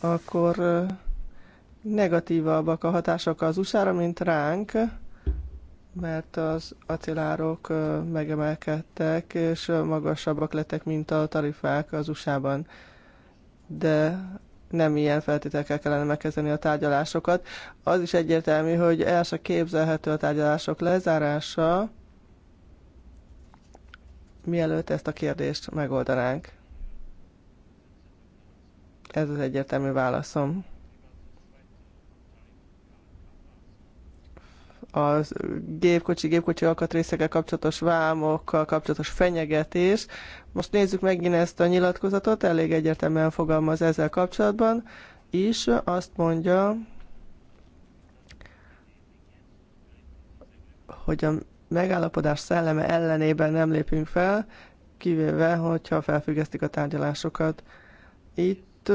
akkor negatívabbak a hatások az usa mint ránk, mert az acélárok megemelkedtek, és magasabbak lettek, mint a tarifák az USA-ban. De nem ilyen feltételekkel kellene megkezdeni a tárgyalásokat. Az is egyértelmű, hogy el se képzelhető a tárgyalások lezárása, mielőtt ezt a kérdést megoldanánk. Ez az egyértelmű válaszom. A gépkocsi, gépkocsi alkatrészekkel kapcsolatos vámokkal kapcsolatos fenyegetés. Most nézzük megint ezt a nyilatkozatot, elég egyértelműen fogalmaz ezzel kapcsolatban, és azt mondja, hogy a megállapodás szelleme ellenében nem lépünk fel, kivéve, hogyha felfüggesztik a tárgyalásokat. Itt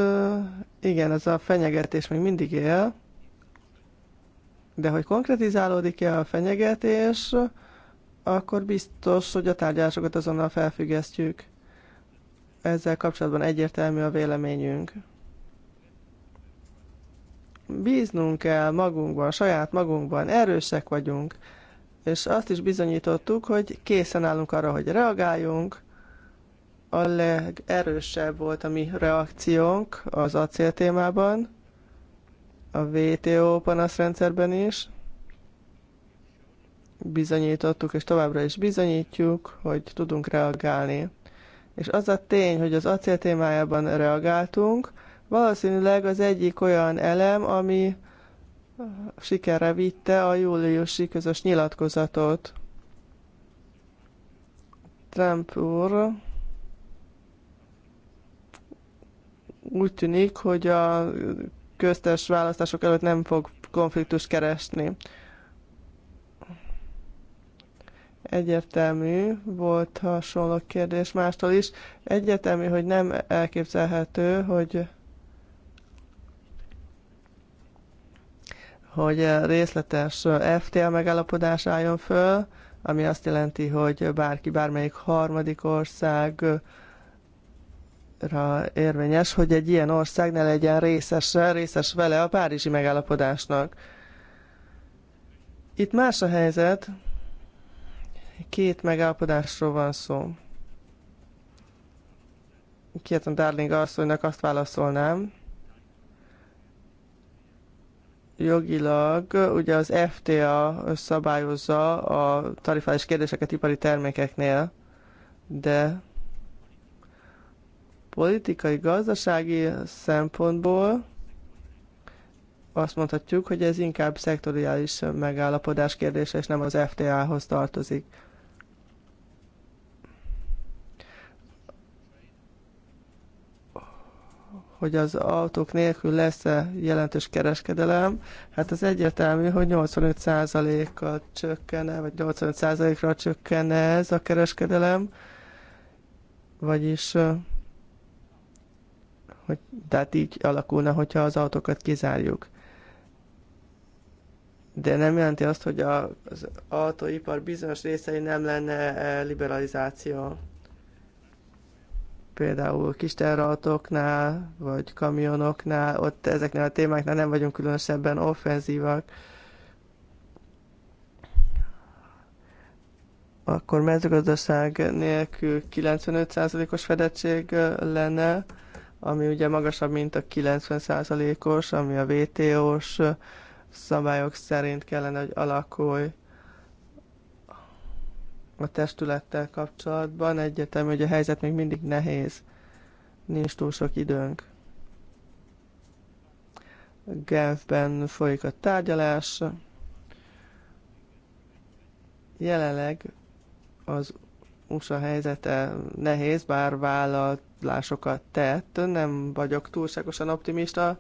igen, ez a fenyegetés még mindig él, de hogy konkretizálódik-e a fenyegetés, akkor biztos, hogy a tárgyalásokat azonnal felfüggesztjük. Ezzel kapcsolatban egyértelmű a véleményünk. Bíznunk kell magunkban, saját magunkban, erősek vagyunk és azt is bizonyítottuk, hogy készen állunk arra, hogy reagáljunk. A legerősebb volt a mi reakciónk az acél témában, a WTO panaszrendszerben is. Bizonyítottuk, és továbbra is bizonyítjuk, hogy tudunk reagálni. És az a tény, hogy az acél témájában reagáltunk, valószínűleg az egyik olyan elem, ami sikerre vitte a júliusi közös nyilatkozatot. Trump úr úgy tűnik, hogy a köztes választások előtt nem fog konfliktus keresni. Egyértelmű, volt hasonló kérdés mástól is. Egyértelmű, hogy nem elképzelhető, hogy hogy eh, részletes eh, FTA megállapodás álljon föl, ami azt jelenti, hogy bárki, bármelyik harmadik országra érvényes, hogy egy ilyen ország ne legyen részese, részes vele a párizsi megállapodásnak. Itt más a helyzet, két megállapodásról van szó. Kérdezem Darling asszonynak azt válaszolnám, jogilag ugye az FTA szabályozza a tarifális kérdéseket ipari termékeknél, de politikai, gazdasági szempontból azt mondhatjuk, hogy ez inkább szektoriális megállapodás kérdése, és nem az FTA-hoz tartozik. hogy az autók nélkül lesz-e jelentős kereskedelem, hát az egyértelmű, hogy 85%-kal csökkene, vagy 85%-ra csökkene ez a kereskedelem, vagyis hogy, tehát így alakulna, hogyha az autókat kizárjuk. De nem jelenti azt, hogy az autóipar bizonyos részei nem lenne e, liberalizáció például kis vagy kamionoknál, ott ezeknél a témáknál nem vagyunk különösebben offenzívak. Akkor mezőgazdaság nélkül 95%-os fedettség lenne, ami ugye magasabb, mint a 90%-os, ami a WTO-s szabályok szerint kellene, hogy alakulj a testülettel kapcsolatban. Egyetem, hogy a helyzet még mindig nehéz. Nincs túl sok időnk. Genfben folyik a tárgyalás. Jelenleg az USA helyzete nehéz, bár vállalásokat tett. Nem vagyok túlságosan optimista,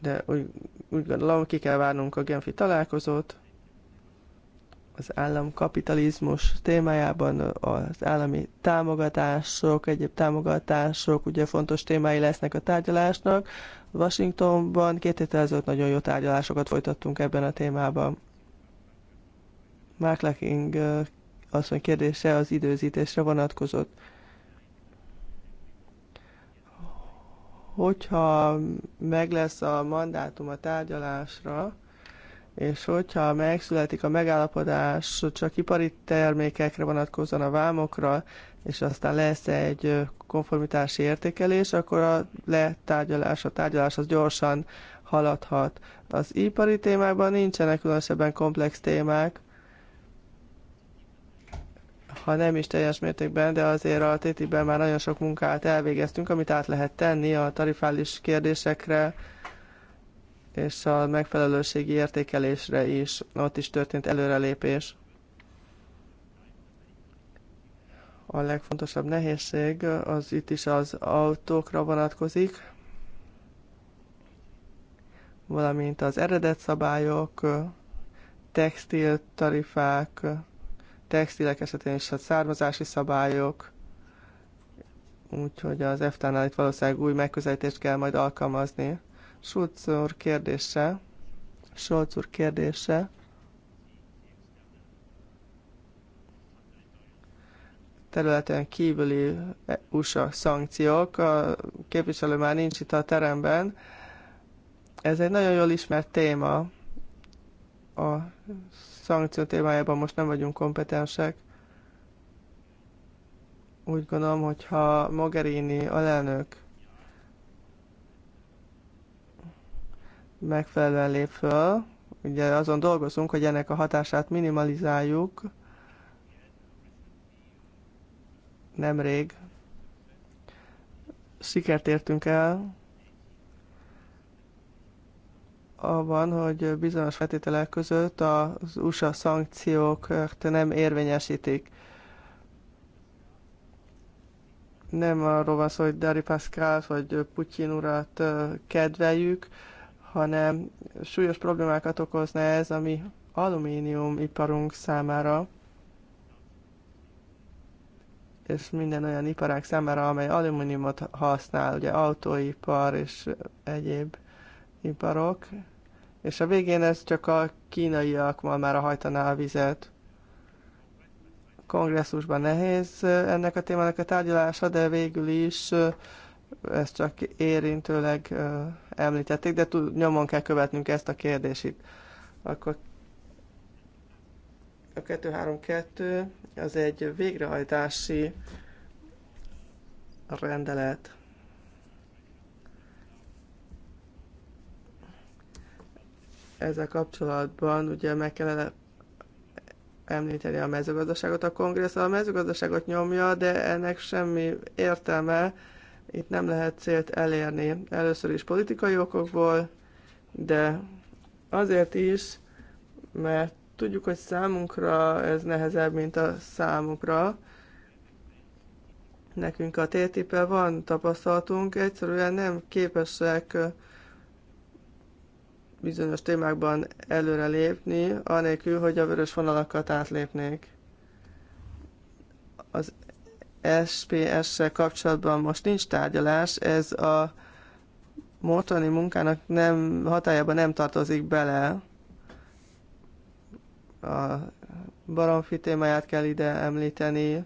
de úgy, úgy gondolom, ki kell várnunk a Genfi találkozót az államkapitalizmus témájában az állami támogatások, egyéb támogatások ugye fontos témái lesznek a tárgyalásnak. Washingtonban két héttel ezelőtt nagyon jó tárgyalásokat folytattunk ebben a témában. Mark Lacking mondja, kérdése az időzítésre vonatkozott. Hogyha meg lesz a mandátum a tárgyalásra, és hogyha megszületik a megállapodás csak ipari termékekre vonatkozóan a vámokra, és aztán lesz egy konformitási értékelés, akkor a letárgyalás, a tárgyalás az gyorsan haladhat. Az ipari témákban nincsenek különösebben komplex témák, ha nem is teljes mértékben, de azért a TTIP-ben már nagyon sok munkát elvégeztünk, amit át lehet tenni a tarifális kérdésekre, és a megfelelőségi értékelésre is ott is történt előrelépés. A legfontosabb nehézség az itt is az autókra vonatkozik, valamint az eredet szabályok, textil tarifák, textilek esetén is a származási szabályok, úgyhogy az EFTA-nál itt valószínűleg új megközelítést kell majd alkalmazni. Schulz úr kérdése, Scholz úr kérdése, területen kívüli USA szankciók. A képviselő már nincs itt a teremben. Ez egy nagyon jól ismert téma. A szankció témájában most nem vagyunk kompetensek. Úgy gondolom, hogyha Mogherini alelnök megfelelően lép föl. Ugye azon dolgozunk, hogy ennek a hatását minimalizáljuk. Nemrég sikert értünk el abban, hogy bizonyos feltételek között az USA szankciókat nem érvényesítik. Nem arról van szó, hogy Dari Pascal vagy Putyin urat kedveljük, hanem súlyos problémákat okozna ez a mi alumíniumiparunk számára, és minden olyan iparák számára, amely alumíniumot használ, ugye autóipar és egyéb iparok, és a végén ez csak a kínaiak ma már hajtaná a vizet. kongresszusban nehéz ennek a témának a tárgyalása, de végül is ez csak érintőleg említették, de nyomon kell követnünk ezt a kérdését. Akkor a 232 az egy végrehajtási rendelet. Ezzel kapcsolatban ugye meg kellene említeni a mezőgazdaságot. A kongresszus a mezőgazdaságot nyomja, de ennek semmi értelme, itt nem lehet célt elérni. Először is politikai okokból, de azért is, mert tudjuk, hogy számunkra ez nehezebb, mint a számukra. Nekünk a ttip van tapasztalatunk, egyszerűen nem képesek bizonyos témákban előre lépni, anélkül, hogy a vörös vonalakat átlépnék. Az SPS-sel kapcsolatban most nincs tárgyalás, ez a mostani munkának nem, hatájában nem tartozik bele. A baromfi témáját kell ide említeni,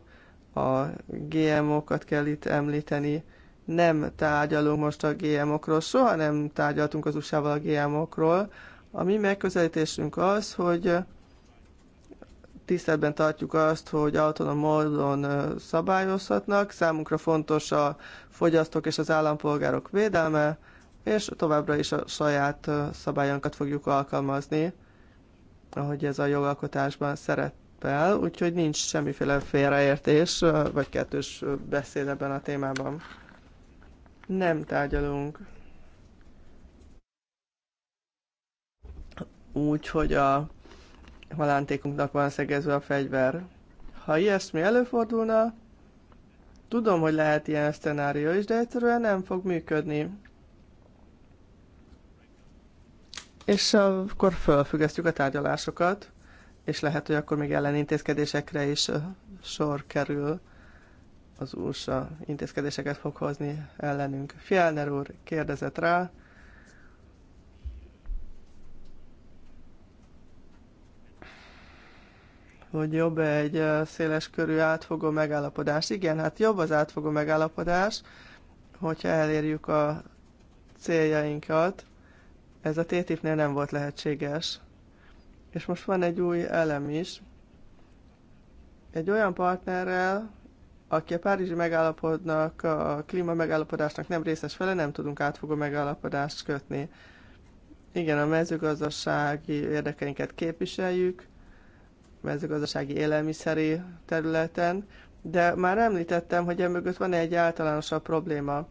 a GMO-kat kell itt említeni. Nem tárgyalunk most a GMO-król, soha nem tárgyaltunk az USA-val a GMO-król. A mi megközelítésünk az, hogy tiszteletben tartjuk azt, hogy autonóm módon szabályozhatnak. Számunkra fontos a fogyasztók és az állampolgárok védelme, és továbbra is a saját szabályunkat fogjuk alkalmazni, ahogy ez a jogalkotásban szerepel, úgyhogy nincs semmiféle félreértés vagy kettős beszéd ebben a témában. Nem tárgyalunk. Úgyhogy a halántékunknak van szegezve a fegyver. Ha ilyesmi előfordulna, tudom, hogy lehet ilyen szenárió is, de egyszerűen nem fog működni. És akkor fölfüggesztjük a tárgyalásokat, és lehet, hogy akkor még ellenintézkedésekre is sor kerül az USA intézkedéseket fog hozni ellenünk. Fjellner úr kérdezett rá, hogy jobb egy széles körű átfogó megállapodás. Igen, hát jobb az átfogó megállapodás, hogyha elérjük a céljainkat. Ez a TTIP-nél nem volt lehetséges. És most van egy új elem is. Egy olyan partnerrel, aki a Párizsi megállapodnak, a klíma megállapodásnak nem részes fele, nem tudunk átfogó megállapodást kötni. Igen, a mezőgazdasági érdekeinket képviseljük, mezőgazdasági élelmiszeri területen, de már említettem, hogy emögött van egy általánosabb probléma.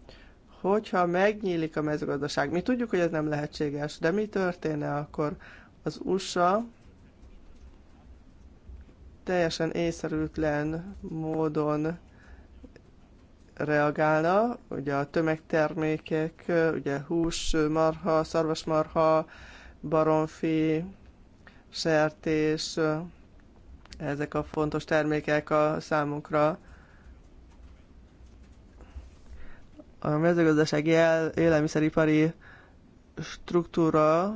Hogyha megnyílik a mezőgazdaság, mi tudjuk, hogy ez nem lehetséges, de mi történne akkor? Az USA teljesen észszerűtlen módon reagálna, ugye a tömegtermékek, ugye hús, marha, szarvasmarha, baromfi, sertés, ezek a fontos termékek a számunkra. A mezőgazdasági élelmiszeripari struktúra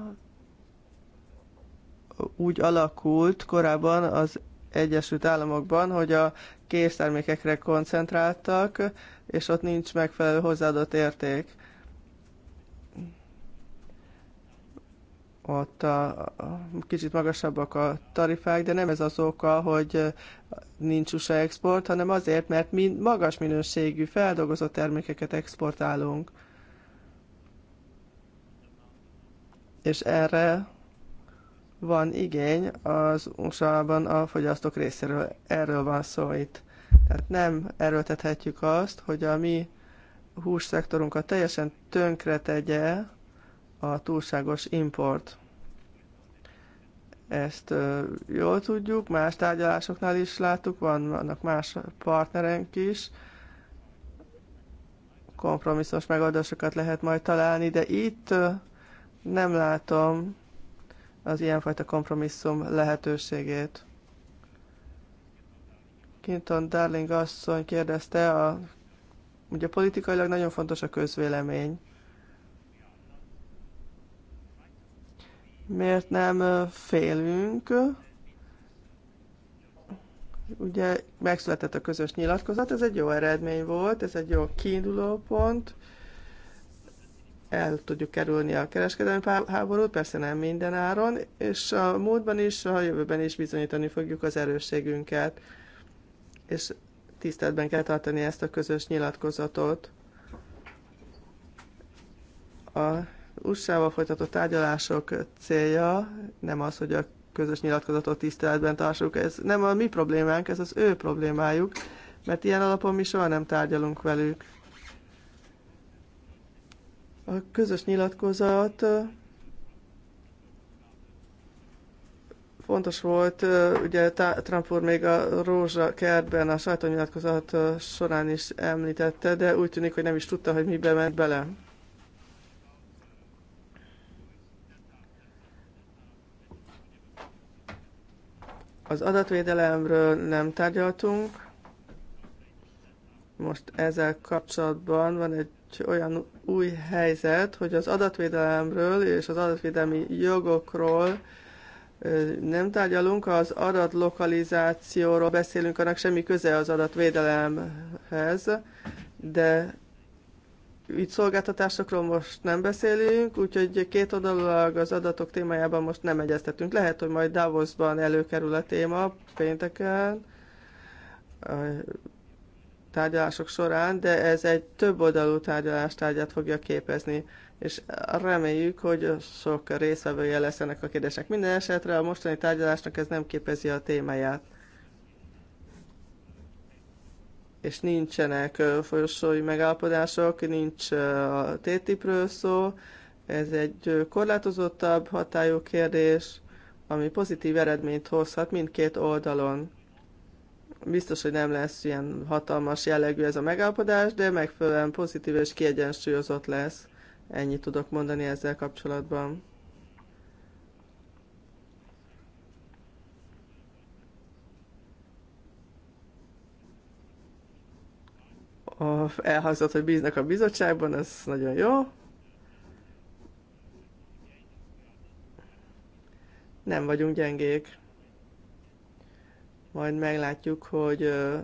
úgy alakult korábban az Egyesült Államokban, hogy a késztermékekre koncentráltak, és ott nincs megfelelő hozzáadott érték. ott a, a, kicsit magasabbak a tarifák, de nem ez az oka, hogy nincs USA export, hanem azért, mert mi magas minőségű feldolgozott termékeket exportálunk. És erre van igény az USA-ban a fogyasztók részéről. Erről van szó itt. Tehát nem erőltethetjük azt, hogy a mi hússzektorunkat teljesen tönkre tegye a túlságos import. Ezt jól tudjuk, más tárgyalásoknál is láttuk, van, vannak más partnerenk is, kompromisszos megoldásokat lehet majd találni, de itt nem látom az ilyenfajta kompromisszum lehetőségét. Kinton Darling asszony kérdezte, a, ugye politikailag nagyon fontos a közvélemény. miért nem félünk. Ugye megszületett a közös nyilatkozat, ez egy jó eredmény volt, ez egy jó kiinduló pont. El tudjuk kerülni a kereskedelmi háborút, persze nem minden áron, és a múltban is, a jövőben is bizonyítani fogjuk az erősségünket, és tiszteletben kell tartani ezt a közös nyilatkozatot. A USA-val folytatott tárgyalások célja nem az, hogy a közös nyilatkozatot tiszteletben tartsuk. Ez nem a mi problémánk, ez az ő problémájuk, mert ilyen alapon mi soha nem tárgyalunk velük. A közös nyilatkozat fontos volt, ugye Trump úr még a rózsa kertben a sajtónyilatkozat során is említette, de úgy tűnik, hogy nem is tudta, hogy mibe ment bele. Az adatvédelemről nem tárgyaltunk. Most ezzel kapcsolatban van egy olyan új helyzet, hogy az adatvédelemről és az adatvédelmi jogokról nem tárgyalunk, az adatlokalizációról beszélünk, annak semmi köze az adatvédelemhez, de így szolgáltatásokról most nem beszélünk, úgyhogy két oldalulag az adatok témájában most nem egyeztetünk. Lehet, hogy majd Davosban előkerül a téma pénteken, a tárgyalások során, de ez egy több oldalú tárgyalástárgyát fogja képezni, és reméljük, hogy sok részvevője lesz ennek a kérdésnek. Minden esetre a mostani tárgyalásnak ez nem képezi a témáját és nincsenek folyosói megállapodások, nincs a TTIP-ről szó, ez egy korlátozottabb hatályú kérdés, ami pozitív eredményt hozhat mindkét oldalon. Biztos, hogy nem lesz ilyen hatalmas jellegű ez a megállapodás, de megfelelően pozitív és kiegyensúlyozott lesz. Ennyit tudok mondani ezzel kapcsolatban. a elhangzott, hogy bíznak a bizottságban, ez nagyon jó. Nem vagyunk gyengék. Majd meglátjuk, hogy uh,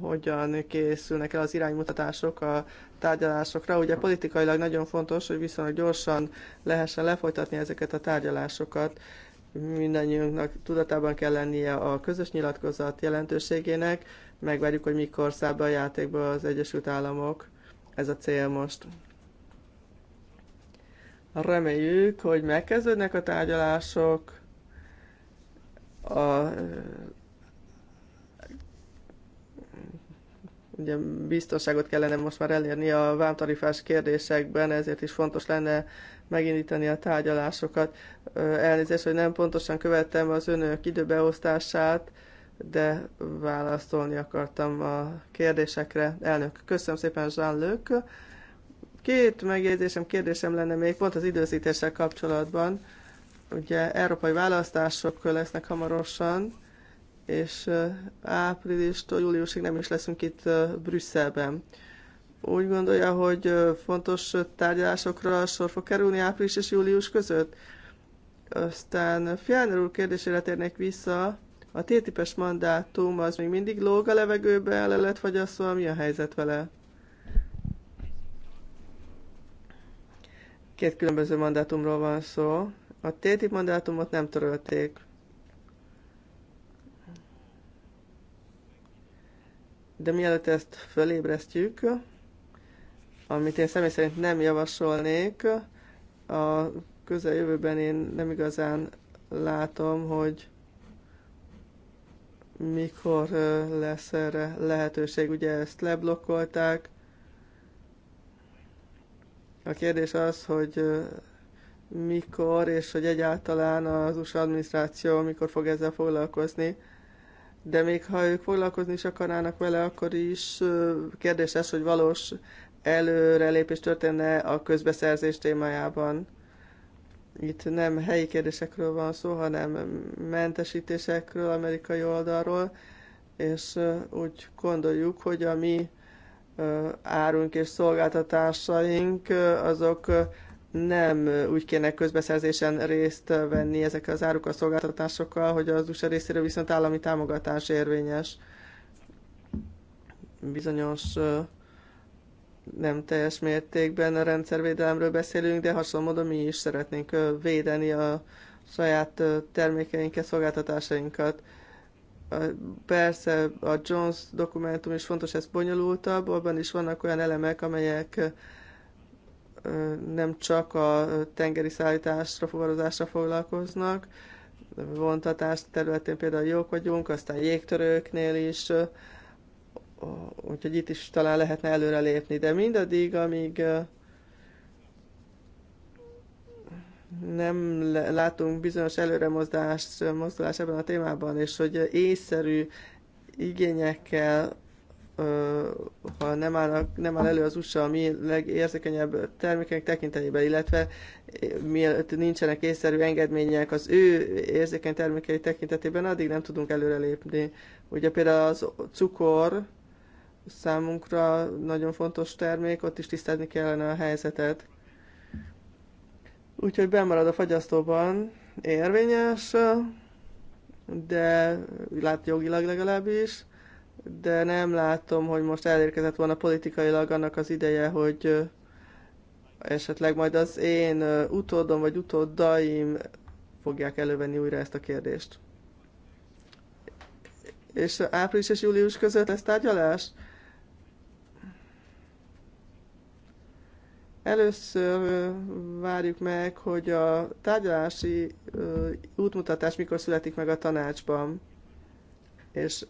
hogyan készülnek el az iránymutatások a tárgyalásokra. Ugye politikailag nagyon fontos, hogy viszonylag gyorsan lehessen lefolytatni ezeket a tárgyalásokat. Mindennyiunknak tudatában kell lennie a közös nyilatkozat jelentőségének, megvárjuk, hogy mikor száll be a játékba az Egyesült Államok. Ez a cél most. Reméljük, hogy megkezdődnek a tárgyalások. A, ugye biztonságot kellene most már elérni a vámtarifás kérdésekben, ezért is fontos lenne megindítani a tárgyalásokat. Elnézést, hogy nem pontosan követtem az önök időbeosztását, de válaszolni akartam a kérdésekre. Elnök, köszönöm szépen, Jean-Luc. Két megjegyzésem, kérdésem lenne még pont az időzítéssel kapcsolatban. Ugye európai választások lesznek hamarosan, és áprilistól júliusig nem is leszünk itt Brüsszelben. Úgy gondolja, hogy fontos tárgyalásokra sor fog kerülni április és július között? Aztán Fjellner úr kérdésére térnék vissza, a tétipes mandátum az még mindig lóg a levegőbe, el lett fagyasztva, mi a helyzet vele? Két különböző mandátumról van szó. A tétip mandátumot nem törölték. De mielőtt ezt fölébresztjük, amit én személy szerint nem javasolnék, a közeljövőben én nem igazán látom, hogy mikor lesz erre lehetőség. Ugye ezt leblokkolták. A kérdés az, hogy mikor, és hogy egyáltalán az USA adminisztráció mikor fog ezzel foglalkozni. De még ha ők foglalkozni is akarnának vele, akkor is kérdés ez, hogy valós előrelépés történne a közbeszerzés témájában. Itt nem helyi kérdésekről van szó, hanem mentesítésekről amerikai oldalról, és úgy gondoljuk, hogy a mi árunk és szolgáltatásaink azok nem úgy kéne közbeszerzésen részt venni ezek az áruk a szolgáltatásokkal, hogy az USA részéről viszont állami támogatás érvényes. Bizonyos nem teljes mértékben a rendszervédelemről beszélünk, de hasonló módon mi is szeretnénk védeni a saját termékeinket, szolgáltatásainkat. Persze a Jones dokumentum is fontos, ez bonyolultabb, abban is vannak olyan elemek, amelyek nem csak a tengeri szállításra, fuvarozásra foglalkoznak, vontatás területén például jók vagyunk, aztán jégtörőknél is úgyhogy itt is talán lehetne előrelépni, de mindaddig, amíg nem látunk bizonyos előremozdást, mozdulás ebben a témában, és hogy észszerű igényekkel, ha nem, állnak, nem áll elő az USA a mi legérzékenyebb termékek tekintetében, illetve mielőtt nincsenek észszerű engedmények az ő érzékeny termékei tekintetében, addig nem tudunk előrelépni. Ugye például az cukor, számunkra nagyon fontos termék, ott is tisztázni kellene a helyzetet. Úgyhogy bemarad a fagyasztóban, érvényes, de lát jogilag legalábbis, de nem látom, hogy most elérkezett volna politikailag annak az ideje, hogy esetleg majd az én utódom vagy utódaim fogják elővenni újra ezt a kérdést. És április és július között lesz tárgyalás? Először várjuk meg, hogy a tárgyalási útmutatás mikor születik meg a tanácsban, és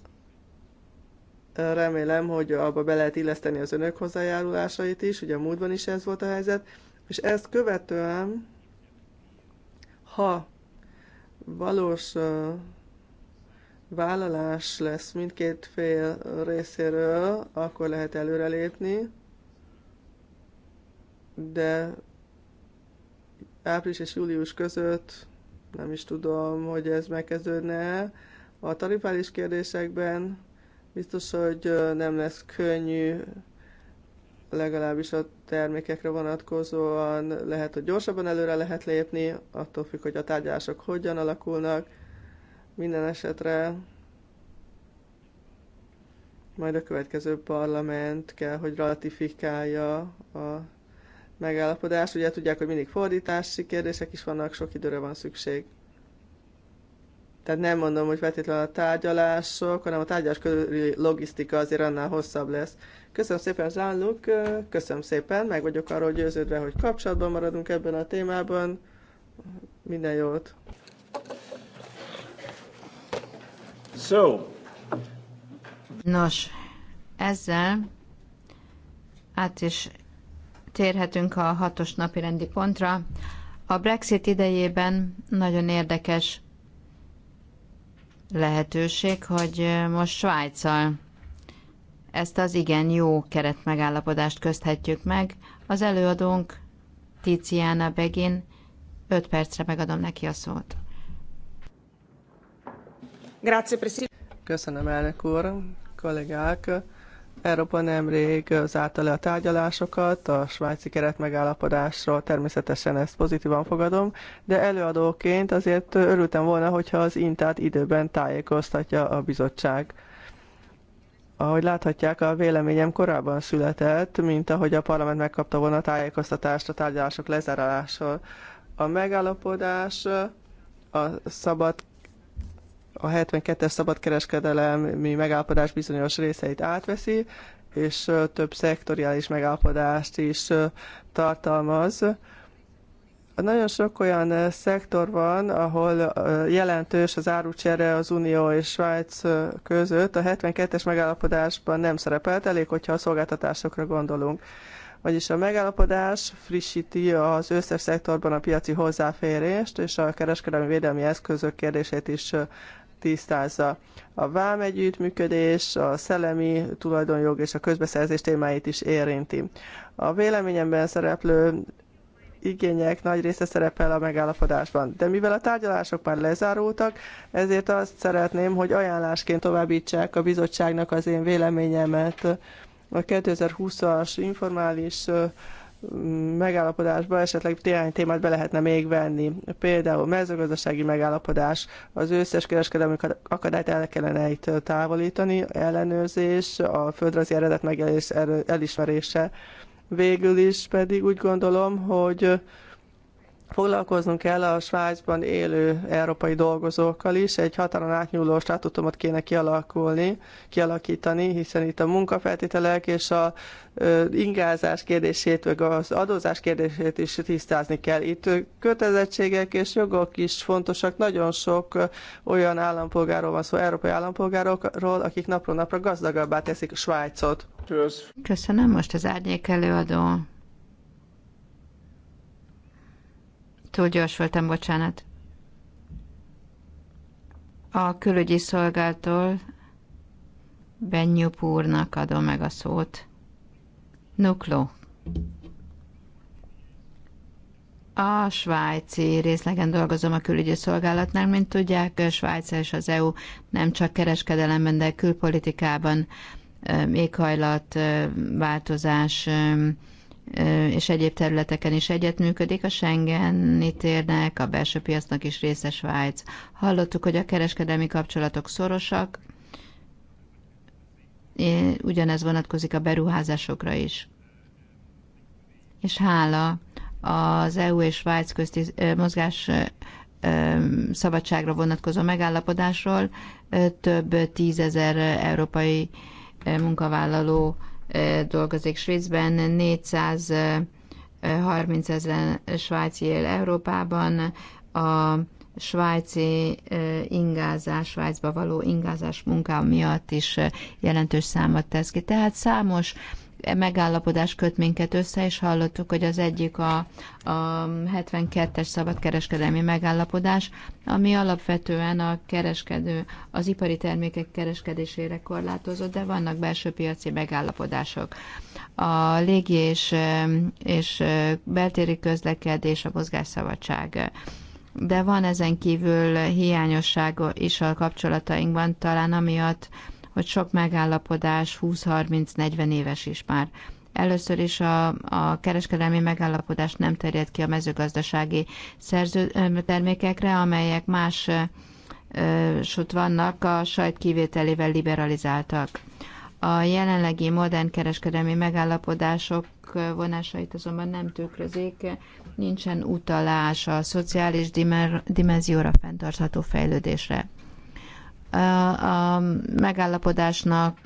remélem, hogy abba be lehet illeszteni az önök hozzájárulásait is, ugye a múltban is ez volt a helyzet, és ezt követően, ha valós vállalás lesz mindkét fél részéről, akkor lehet előrelépni, de április és július között nem is tudom, hogy ez megkezdődne. A tarifális kérdésekben biztos, hogy nem lesz könnyű legalábbis a termékekre vonatkozóan lehet, hogy gyorsabban előre lehet lépni, attól függ, hogy a tárgyalások hogyan alakulnak. Minden esetre majd a következő parlament kell, hogy ratifikálja a megállapodás. Ugye tudják, hogy mindig fordítási kérdések is vannak, sok időre van szükség. Tehát nem mondom, hogy feltétlenül a tárgyalások, hanem a tárgyalás körüli logisztika azért annál hosszabb lesz. Köszönöm szépen, Zánluk, köszönöm szépen, meg vagyok arról győződve, hogy kapcsolatban maradunk ebben a témában. Minden jót! So. Nos, ezzel át is térhetünk a hatos napi rendi pontra. A Brexit idejében nagyon érdekes lehetőség, hogy most Svájccal ezt az igen jó keretmegállapodást közthetjük meg. Az előadónk Tiziana Begin, 5 percre megadom neki a szót. Grazie, Köszönöm, elnök úr, kollégák. Európa nemrég zárta le a tárgyalásokat, a svájci keret megállapodásról természetesen ezt pozitívan fogadom, de előadóként azért örültem volna, hogyha az Intát időben tájékoztatja a bizottság. Ahogy láthatják, a véleményem korábban született, mint ahogy a parlament megkapta volna a tájékoztatást a tárgyalások lezárásról. A megállapodás a szabad a 72-es szabadkereskedelemi megállapodás bizonyos részeit átveszi, és több szektoriális megállapodást is tartalmaz. Nagyon sok olyan szektor van, ahol jelentős az árucsere az Unió és Svájc között. A 72-es megállapodásban nem szerepelt, elég, hogyha a szolgáltatásokra gondolunk. Vagyis a megállapodás frissíti az összes szektorban a piaci hozzáférést, és a kereskedelmi védelmi eszközök kérdését is tisztázza. A vám együttműködés, a szellemi tulajdonjog és a közbeszerzés témáit is érinti. A véleményemben szereplő igények nagy része szerepel a megállapodásban. De mivel a tárgyalások már lezárultak, ezért azt szeretném, hogy ajánlásként továbbítsák a bizottságnak az én véleményemet a 2020-as informális megállapodásba esetleg néhány témát be lehetne még venni. Például mezőgazdasági megállapodás, az összes kereskedelmi akadályt el kellene itt távolítani, ellenőrzés, a földrajzi eredet megelés elismerése. Végül is pedig úgy gondolom, hogy Foglalkoznunk kell a Svájcban élő európai dolgozókkal is, egy határon átnyúló státutomot kéne kialakulni, kialakítani, hiszen itt a munkafeltételek és a ingázás kérdését, vagy az adózás kérdését is tisztázni kell. Itt kötelezettségek és jogok is fontosak. Nagyon sok olyan állampolgáról van szó, európai állampolgárokról, akik napról napra gazdagabbá teszik Svájcot. Köszönöm, most az árnyék előadó túl gyors voltam, bocsánat. A külügyi szolgáltól Benyup úrnak adom meg a szót. Nukló. A svájci részlegen dolgozom a külügyi szolgálatnál, mint tudják, Svájc és az EU nem csak kereskedelemben, de külpolitikában éghajlat, változás, és egyéb területeken is egyetműködik, a Schengeni térnek, a belső piacnak is része Svájc. Hallottuk, hogy a kereskedelmi kapcsolatok szorosak, ugyanez vonatkozik a beruházásokra is. És hála az EU és Svájc közti mozgás szabadságra vonatkozó megállapodásról több tízezer európai munkavállaló dolgozik Svédben, 430 30 ezeren svájci él Európában, a svájci ingázás, Svájcba való ingázás munka miatt is jelentős számot tesz ki. Tehát számos megállapodás köt minket össze, és hallottuk, hogy az egyik a, a 72-es szabadkereskedelmi megállapodás, ami alapvetően a kereskedő, az ipari termékek kereskedésére korlátozott, de vannak belső piaci megállapodások. A légi és, és beltéri közlekedés, a mozgásszabadság de van ezen kívül hiányossága is a kapcsolatainkban, talán amiatt, hogy sok megállapodás 20-30-40 éves is már. Először is a, a kereskedelmi megállapodás nem terjed ki a mezőgazdasági szerző, termékekre, amelyek más sőt vannak, a sajt kivételével liberalizáltak. A jelenlegi modern kereskedelmi megállapodások vonásait azonban nem tükrözik, nincsen utalás a szociális dimenzióra fenntartható fejlődésre a megállapodásnak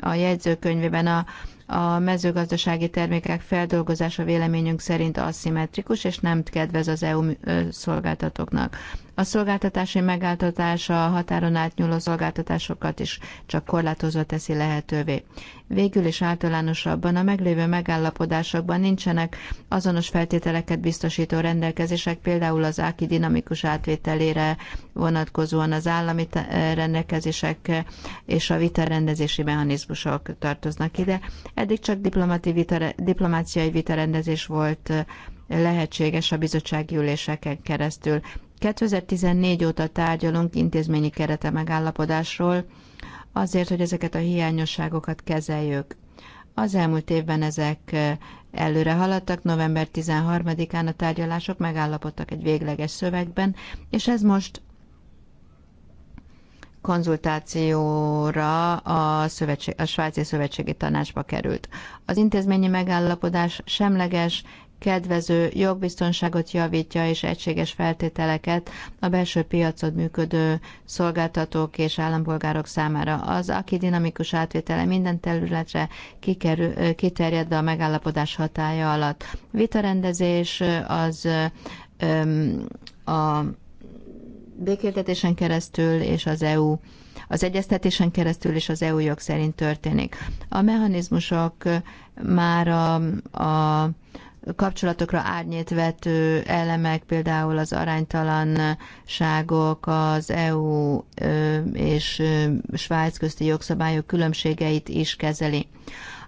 a jegyzőkönyvében a, a mezőgazdasági termékek feldolgozása véleményünk szerint aszimmetrikus, és nem kedvez az EU szolgáltatóknak. A szolgáltatási megálltatás a határon átnyúló szolgáltatásokat is csak korlátozva teszi lehetővé. Végül is általánosabban a meglévő megállapodásokban nincsenek azonos feltételeket biztosító rendelkezések, például az áki dinamikus átvételére vonatkozóan az állami rendelkezések és a vitarendezési mechanizmusok tartoznak ide. Eddig csak vita, diplomáciai vitarendezés volt lehetséges a bizottsági üléseken keresztül. 2014 óta tárgyalunk intézményi kerete megállapodásról, azért, hogy ezeket a hiányosságokat kezeljük. Az elmúlt évben ezek eh, előre haladtak, november 13-án a tárgyalások megállapodtak egy végleges szövegben, és ez most konzultációra a, szövetség, a Svájci Szövetségi Tanácsba került. Az intézményi megállapodás semleges kedvező jogbiztonságot javítja és egységes feltételeket a belső piacod működő szolgáltatók és állampolgárok számára. Az aki dinamikus átvétele minden területre kikerül, kiterjed a megállapodás hatája alatt. Vitarendezés az a békéltetésen keresztül és az EU az egyeztetésen keresztül és az EU jog szerint történik. A mechanizmusok már a, a kapcsolatokra árnyét vető elemek, például az aránytalanságok, az EU és Svájc közti jogszabályok különbségeit is kezeli.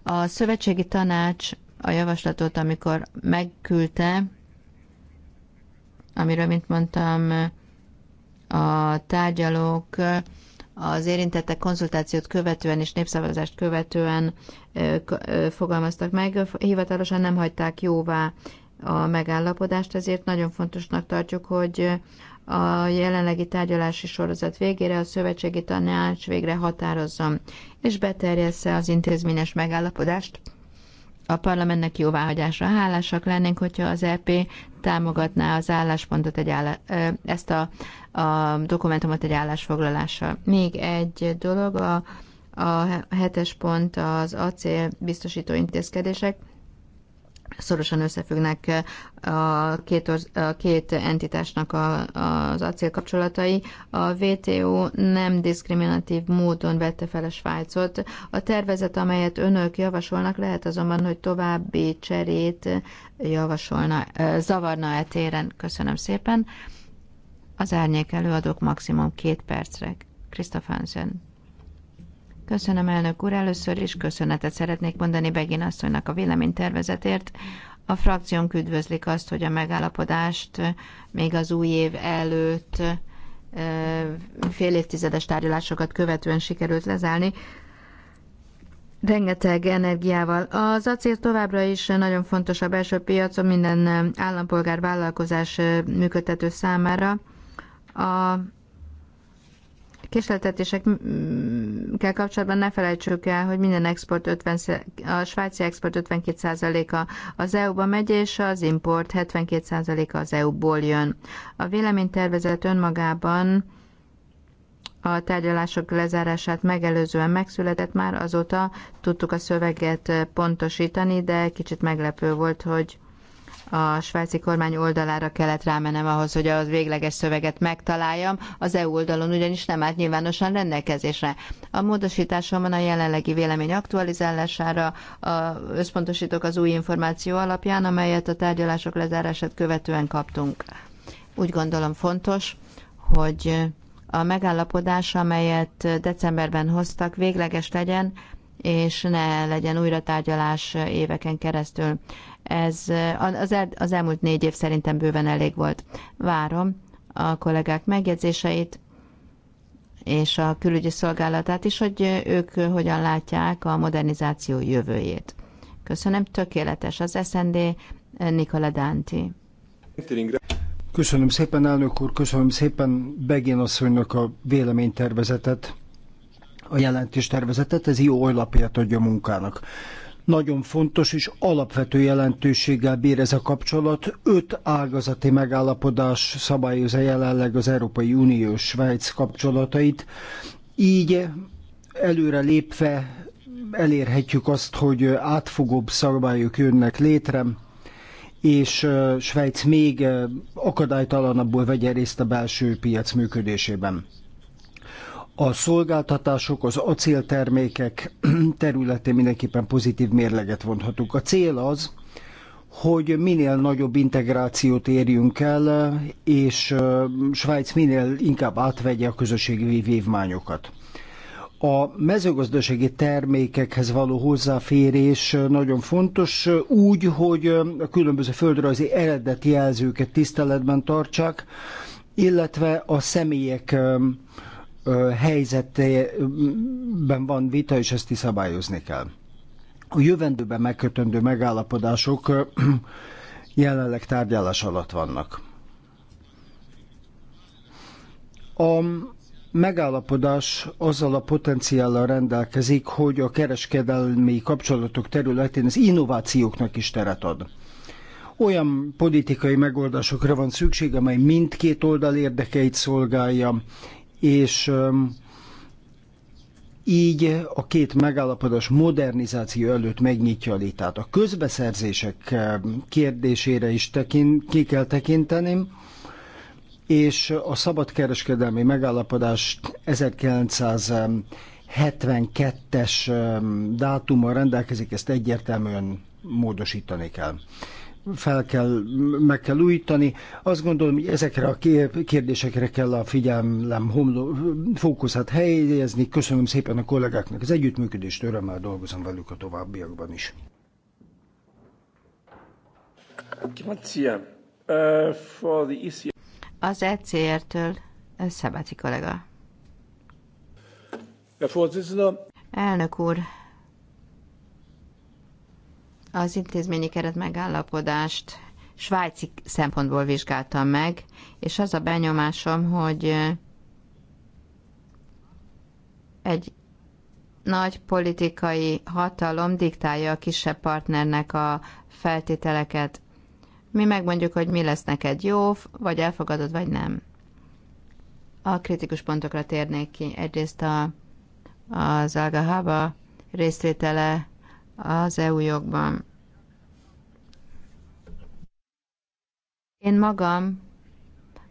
A szövetségi tanács a javaslatot, amikor megküldte, amiről, mint mondtam, a tárgyalók az érintettek konzultációt követően és népszavazást követően fogalmaztak meg. Hivatalosan nem hagyták jóvá a megállapodást, ezért nagyon fontosnak tartjuk, hogy a jelenlegi tárgyalási sorozat végére a szövetségi tanács végre határozzon, és beterjessze az intézményes megállapodást a parlamentnek jóváhagyásra hálásak lennénk, hogyha az EP támogatná az álláspontot egy állá, ezt a, a dokumentumot egy állásfoglalással. Még egy dolog, a, a hetes pont az acél biztosító intézkedések szorosan összefüggnek eh, a két, a két entitásnak a, az kapcsolatai. A WTO nem diszkriminatív módon vette fel a Svájcot. A tervezet, amelyet önök javasolnak, lehet azonban, hogy további cserét javasolna, eh, zavarna e téren. Köszönöm szépen. Az árnyék előadók maximum két percre. Hansen. Köszönöm, elnök úr. Először is köszönetet szeretnék mondani Begin asszonynak a véleménytervezetért. A frakciónk üdvözlik azt, hogy a megállapodást még az új év előtt fél évtizedes tárgyalásokat követően sikerült lezárni. Rengeteg energiával. Az acél továbbra is nagyon fontos a belső piacon minden állampolgár vállalkozás működtető számára. A késleltetésekkel kapcsolatban ne felejtsük el, hogy minden export 50, a svájci export 52%-a az EU-ba megy, és az import 72%-a az EU-ból jön. A véleménytervezet önmagában a tárgyalások lezárását megelőzően megszületett már, azóta tudtuk a szöveget pontosítani, de kicsit meglepő volt, hogy a svájci kormány oldalára kellett rámenem ahhoz, hogy a végleges szöveget megtaláljam, az EU oldalon ugyanis nem állt nyilvánosan rendelkezésre. A módosításomban a jelenlegi vélemény aktualizálására a, összpontosítok az új információ alapján, amelyet a tárgyalások lezárását követően kaptunk. Úgy gondolom fontos, hogy a megállapodás, amelyet decemberben hoztak, végleges legyen, és ne legyen újra tárgyalás éveken keresztül. Ez az, el, az elmúlt négy év szerintem bőven elég volt. Várom a kollégák megjegyzéseit és a külügyi szolgálatát is, hogy ők hogyan látják a modernizáció jövőjét. Köszönöm, tökéletes az SND, Nikola Danti. Köszönöm szépen, elnök úr, köszönöm szépen Begén asszonynak a véleménytervezetet a jelentéstervezetet, ez jó alapját adja a munkának nagyon fontos és alapvető jelentőséggel bír ez a kapcsolat. Öt ágazati megállapodás szabályozza jelenleg az Európai Unió Svájc kapcsolatait. Így előre lépve elérhetjük azt, hogy átfogóbb szabályok jönnek létre, és Svájc még akadálytalanabbul vegye részt a belső piac működésében a szolgáltatások, az acéltermékek területén mindenképpen pozitív mérleget vonhatunk. A cél az, hogy minél nagyobb integrációt érjünk el, és Svájc minél inkább átvegye a közösségi vívmányokat. A mezőgazdasági termékekhez való hozzáférés nagyon fontos, úgy, hogy a különböző földrajzi eredeti jelzőket tiszteletben tartsák, illetve a személyek helyzetben van vita, és ezt is szabályozni kell. A jövendőben megkötöndő megállapodások jelenleg tárgyalás alatt vannak. A megállapodás azzal a potenciállal rendelkezik, hogy a kereskedelmi kapcsolatok területén az innovációknak is teret ad. Olyan politikai megoldásokra van szükség, amely mindkét oldal érdekeit szolgálja, és így a két megállapodás modernizáció előtt megnyitja a létát A közbeszerzések kérdésére is tekint, ki kell tekinteni, és a szabadkereskedelmi megállapodást 1972-es dátuma rendelkezik, ezt egyértelműen módosítani kell fel kell, meg kell újítani. Azt gondolom, hogy ezekre a kérdésekre kell a figyelmem homló, fókuszát helyezni. Köszönöm szépen a kollégáknak az együttműködést, örömmel dolgozom velük a továbbiakban is. Eh, e az ECR-től eh, Szabáti kollega. Elnök úr, az intézményi keret megállapodást svájci szempontból vizsgáltam meg, és az a benyomásom, hogy egy nagy politikai hatalom diktálja a kisebb partnernek a feltételeket. Mi megmondjuk, hogy mi lesz neked jó, vagy elfogadod, vagy nem. A kritikus pontokra térnék ki. Egyrészt a, az Algahaba részvétele az EU jogban. Én magam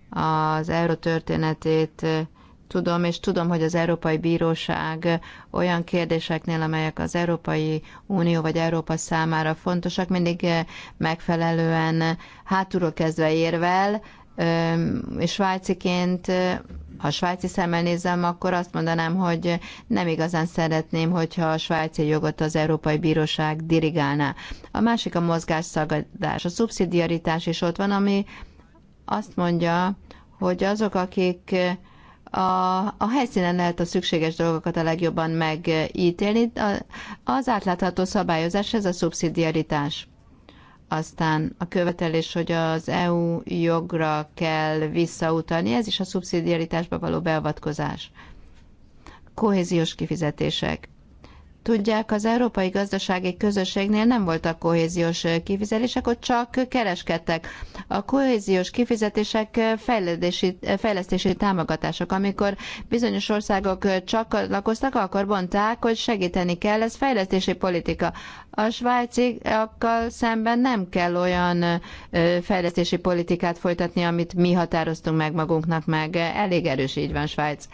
az euró történetét tudom, és tudom, hogy az Európai Bíróság olyan kérdéseknél, amelyek az Európai Unió vagy Európa számára fontosak, mindig megfelelően hátulról kezdve érvel, és svájciként, ha svájci szemmel nézem, akkor azt mondanám, hogy nem igazán szeretném, hogyha a svájci jogot az Európai Bíróság dirigálná. A másik a mozgásszagadás. A szubszidiaritás is ott van, ami azt mondja, hogy azok, akik a, a helyszínen lehet a szükséges dolgokat a legjobban megítélni, az átlátható szabályozás, ez a szubszidiaritás. Aztán a követelés, hogy az EU jogra kell visszautalni, ez is a szubszidiaritásba való beavatkozás. Kohéziós kifizetések. Tudják, az Európai Gazdasági Közösségnél nem voltak kohéziós kifizetések, ott csak kereskedtek. A kohéziós kifizetések fejlesztési, fejlesztési támogatások, amikor bizonyos országok csatlakoztak, akkor mondták, hogy segíteni kell, ez fejlesztési politika. A svájciakkal szemben nem kell olyan fejlesztési politikát folytatni, amit mi határoztunk meg magunknak, meg elég erős így van Svájc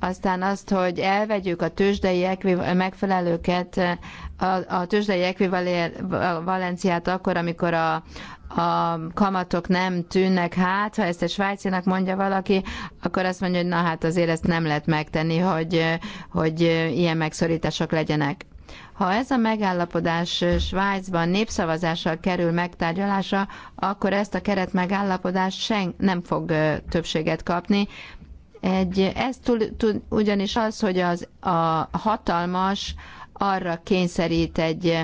aztán azt, hogy elvegyük a tőzsdei megfelelőket, a, a tőzsdei ekvivalenciát akkor, amikor a, a kamatok nem tűnnek, hát ha ezt a svájcinak mondja valaki, akkor azt mondja, hogy na hát azért ezt nem lehet megtenni, hogy, hogy ilyen megszorítások legyenek. Ha ez a megállapodás Svájcban népszavazással kerül megtárgyalásra, akkor ezt a keretmegállapodást sen nem fog többséget kapni, egy, ez túl, túl, ugyanis az, hogy az, a hatalmas arra kényszerít egy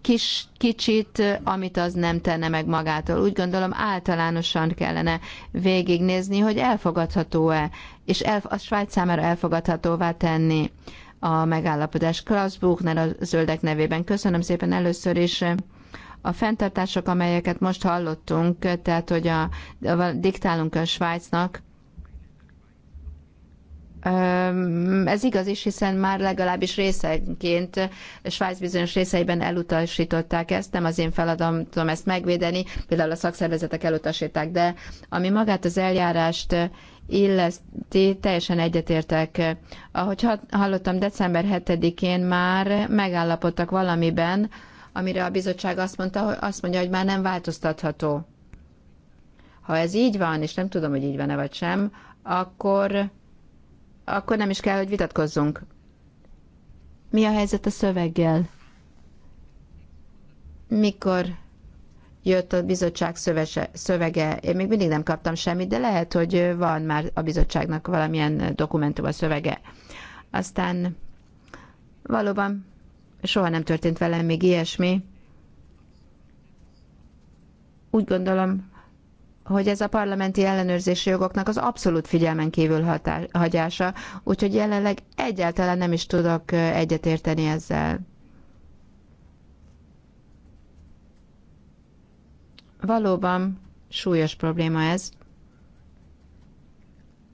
kis, kicsit, amit az nem tenne meg magától. Úgy gondolom általánosan kellene végignézni, hogy elfogadható-e, és el, a Svájc számára elfogadhatóvá tenni a megállapodás. Klaus Buchner a zöldek nevében. Köszönöm szépen először is a fenntartások, amelyeket most hallottunk, tehát hogy a, a diktálunk a Svájcnak, ez igaz is, hiszen már legalábbis részenként Svájc bizonyos részeiben elutasították ezt, nem az én feladatom ezt megvédeni, például a szakszervezetek elutasították, de ami magát az eljárást illeti, teljesen egyetértek. Ahogy hallottam, december 7-én már megállapodtak valamiben, amire a bizottság azt, mondta, hogy azt mondja, hogy már nem változtatható. Ha ez így van, és nem tudom, hogy így van-e vagy sem, akkor akkor nem is kell, hogy vitatkozzunk. Mi a helyzet a szöveggel? Mikor jött a bizottság szövese, szövege? Én még mindig nem kaptam semmit, de lehet, hogy van már a bizottságnak valamilyen dokumentum a szövege. Aztán valóban soha nem történt velem még ilyesmi. Úgy gondolom, hogy ez a parlamenti ellenőrzési jogoknak az abszolút figyelmen kívül hagyása, úgyhogy jelenleg egyáltalán nem is tudok egyetérteni ezzel. Valóban súlyos probléma ez.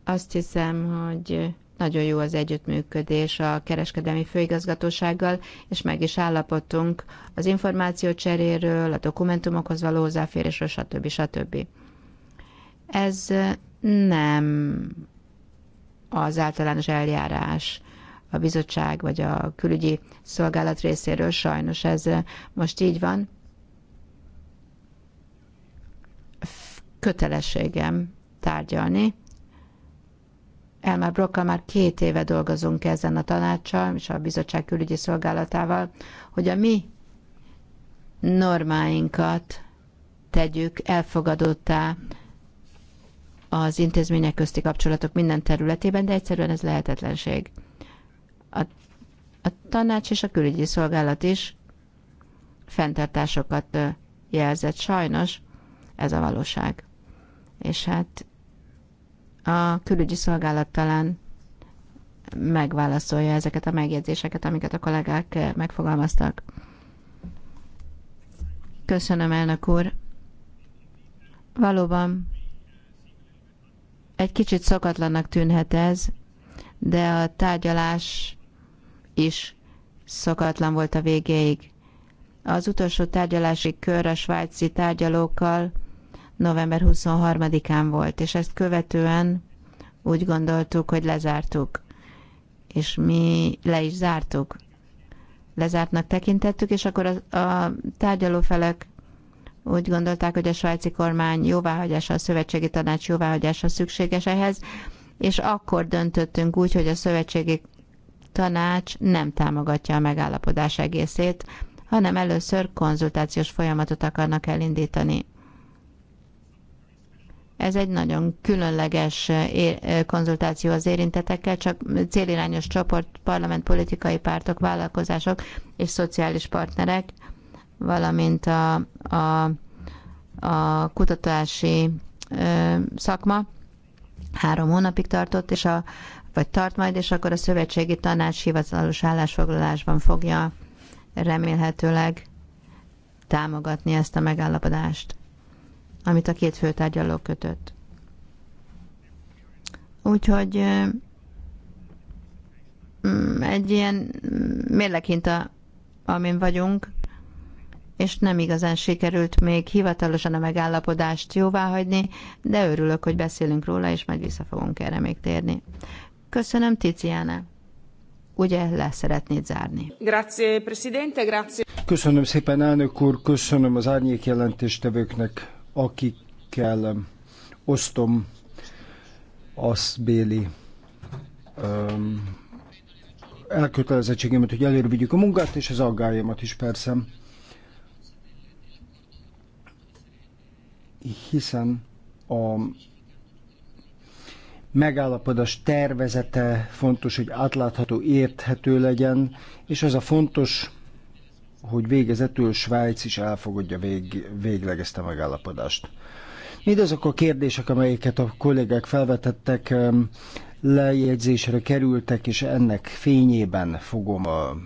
Azt hiszem, hogy nagyon jó az együttműködés a kereskedelmi főigazgatósággal, és meg is állapodtunk az információ a dokumentumokhoz való hozzáférésről, stb. stb. Ez nem az általános eljárás a bizottság vagy a külügyi szolgálat részéről. Sajnos ez most így van. Kötelességem tárgyalni. Elmar Brokkal már két éve dolgozunk ezen a tanácssal és a bizottság külügyi szolgálatával, hogy a mi normáinkat tegyük elfogadottá az intézmények közti kapcsolatok minden területében, de egyszerűen ez lehetetlenség. A, a tanács és a külügyi szolgálat is fenntartásokat jelzett. Sajnos ez a valóság. És hát a külügyi szolgálat talán megválaszolja ezeket a megjegyzéseket, amiket a kollégák megfogalmaztak. Köszönöm, elnök úr. Valóban egy kicsit szokatlannak tűnhet ez, de a tárgyalás is szokatlan volt a végéig. Az utolsó tárgyalási kör a svájci tárgyalókkal november 23-án volt, és ezt követően úgy gondoltuk, hogy lezártuk. És mi le is zártuk. Lezártnak tekintettük, és akkor a, a tárgyalófelek úgy gondolták, hogy a svájci kormány jóváhagyása, a szövetségi tanács jóváhagyása szükséges ehhez, és akkor döntöttünk úgy, hogy a szövetségi tanács nem támogatja a megállapodás egészét, hanem először konzultációs folyamatot akarnak elindítani. Ez egy nagyon különleges konzultáció az érintetekkel, csak célirányos csoport, parlament, politikai pártok, vállalkozások és szociális partnerek – valamint a, a, a kutatási szakma három hónapig tartott, és a, vagy tart majd, és akkor a szövetségi tanács hivatalos állásfoglalásban fogja remélhetőleg támogatni ezt a megállapodást, amit a két főtárgyaló kötött. Úgyhogy mm, egy ilyen a, amin vagyunk, és nem igazán sikerült még hivatalosan a megállapodást jóváhagyni, de örülök, hogy beszélünk róla, és majd vissza fogunk erre még térni. Köszönöm, Tiziana. Ugye le szeretnéd zárni? Grazie, Presidente, grazie. Köszönöm szépen, elnök úr, köszönöm az árnyék jelentéstevőknek, akikkel um, osztom az Béli um, elkötelezettségemet, hogy előre vigyük a munkát, és az aggályomat is persze. hiszen a megállapodás tervezete fontos, hogy átlátható, érthető legyen, és az a fontos, hogy végezetül Svájc is elfogadja vég, végleg ezt a megállapodást. Mindazok a kérdések, amelyeket a kollégák felvetettek, lejegyzésre kerültek, és ennek fényében fogom a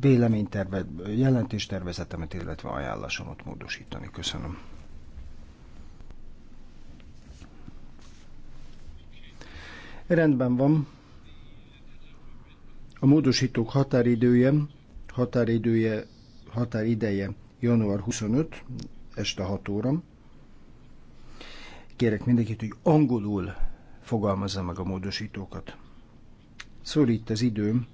véleménytervezetemet, jelentéstervezetemet, illetve ajánlásomat módosítani. Köszönöm. Rendben van. A módosítók határidője, határidője, határideje január 25, este 6 óra. Kérek mindenkit, hogy angolul fogalmazza meg a módosítókat. itt az időm,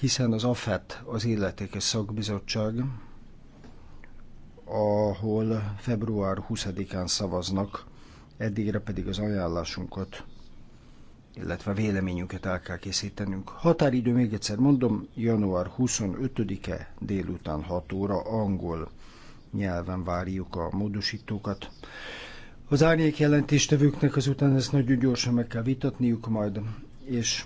hiszen az AFET az illetékes szakbizottság, ahol február 20-án szavaznak eddigre pedig az ajánlásunkat, illetve véleményünket el kell készítenünk. Határidő még egyszer mondom, január 25-e délután 6 óra angol nyelven várjuk a módosítókat. Az árnyék jelentéstevőknek azután ezt nagyon gyorsan meg kell vitatniuk majd, és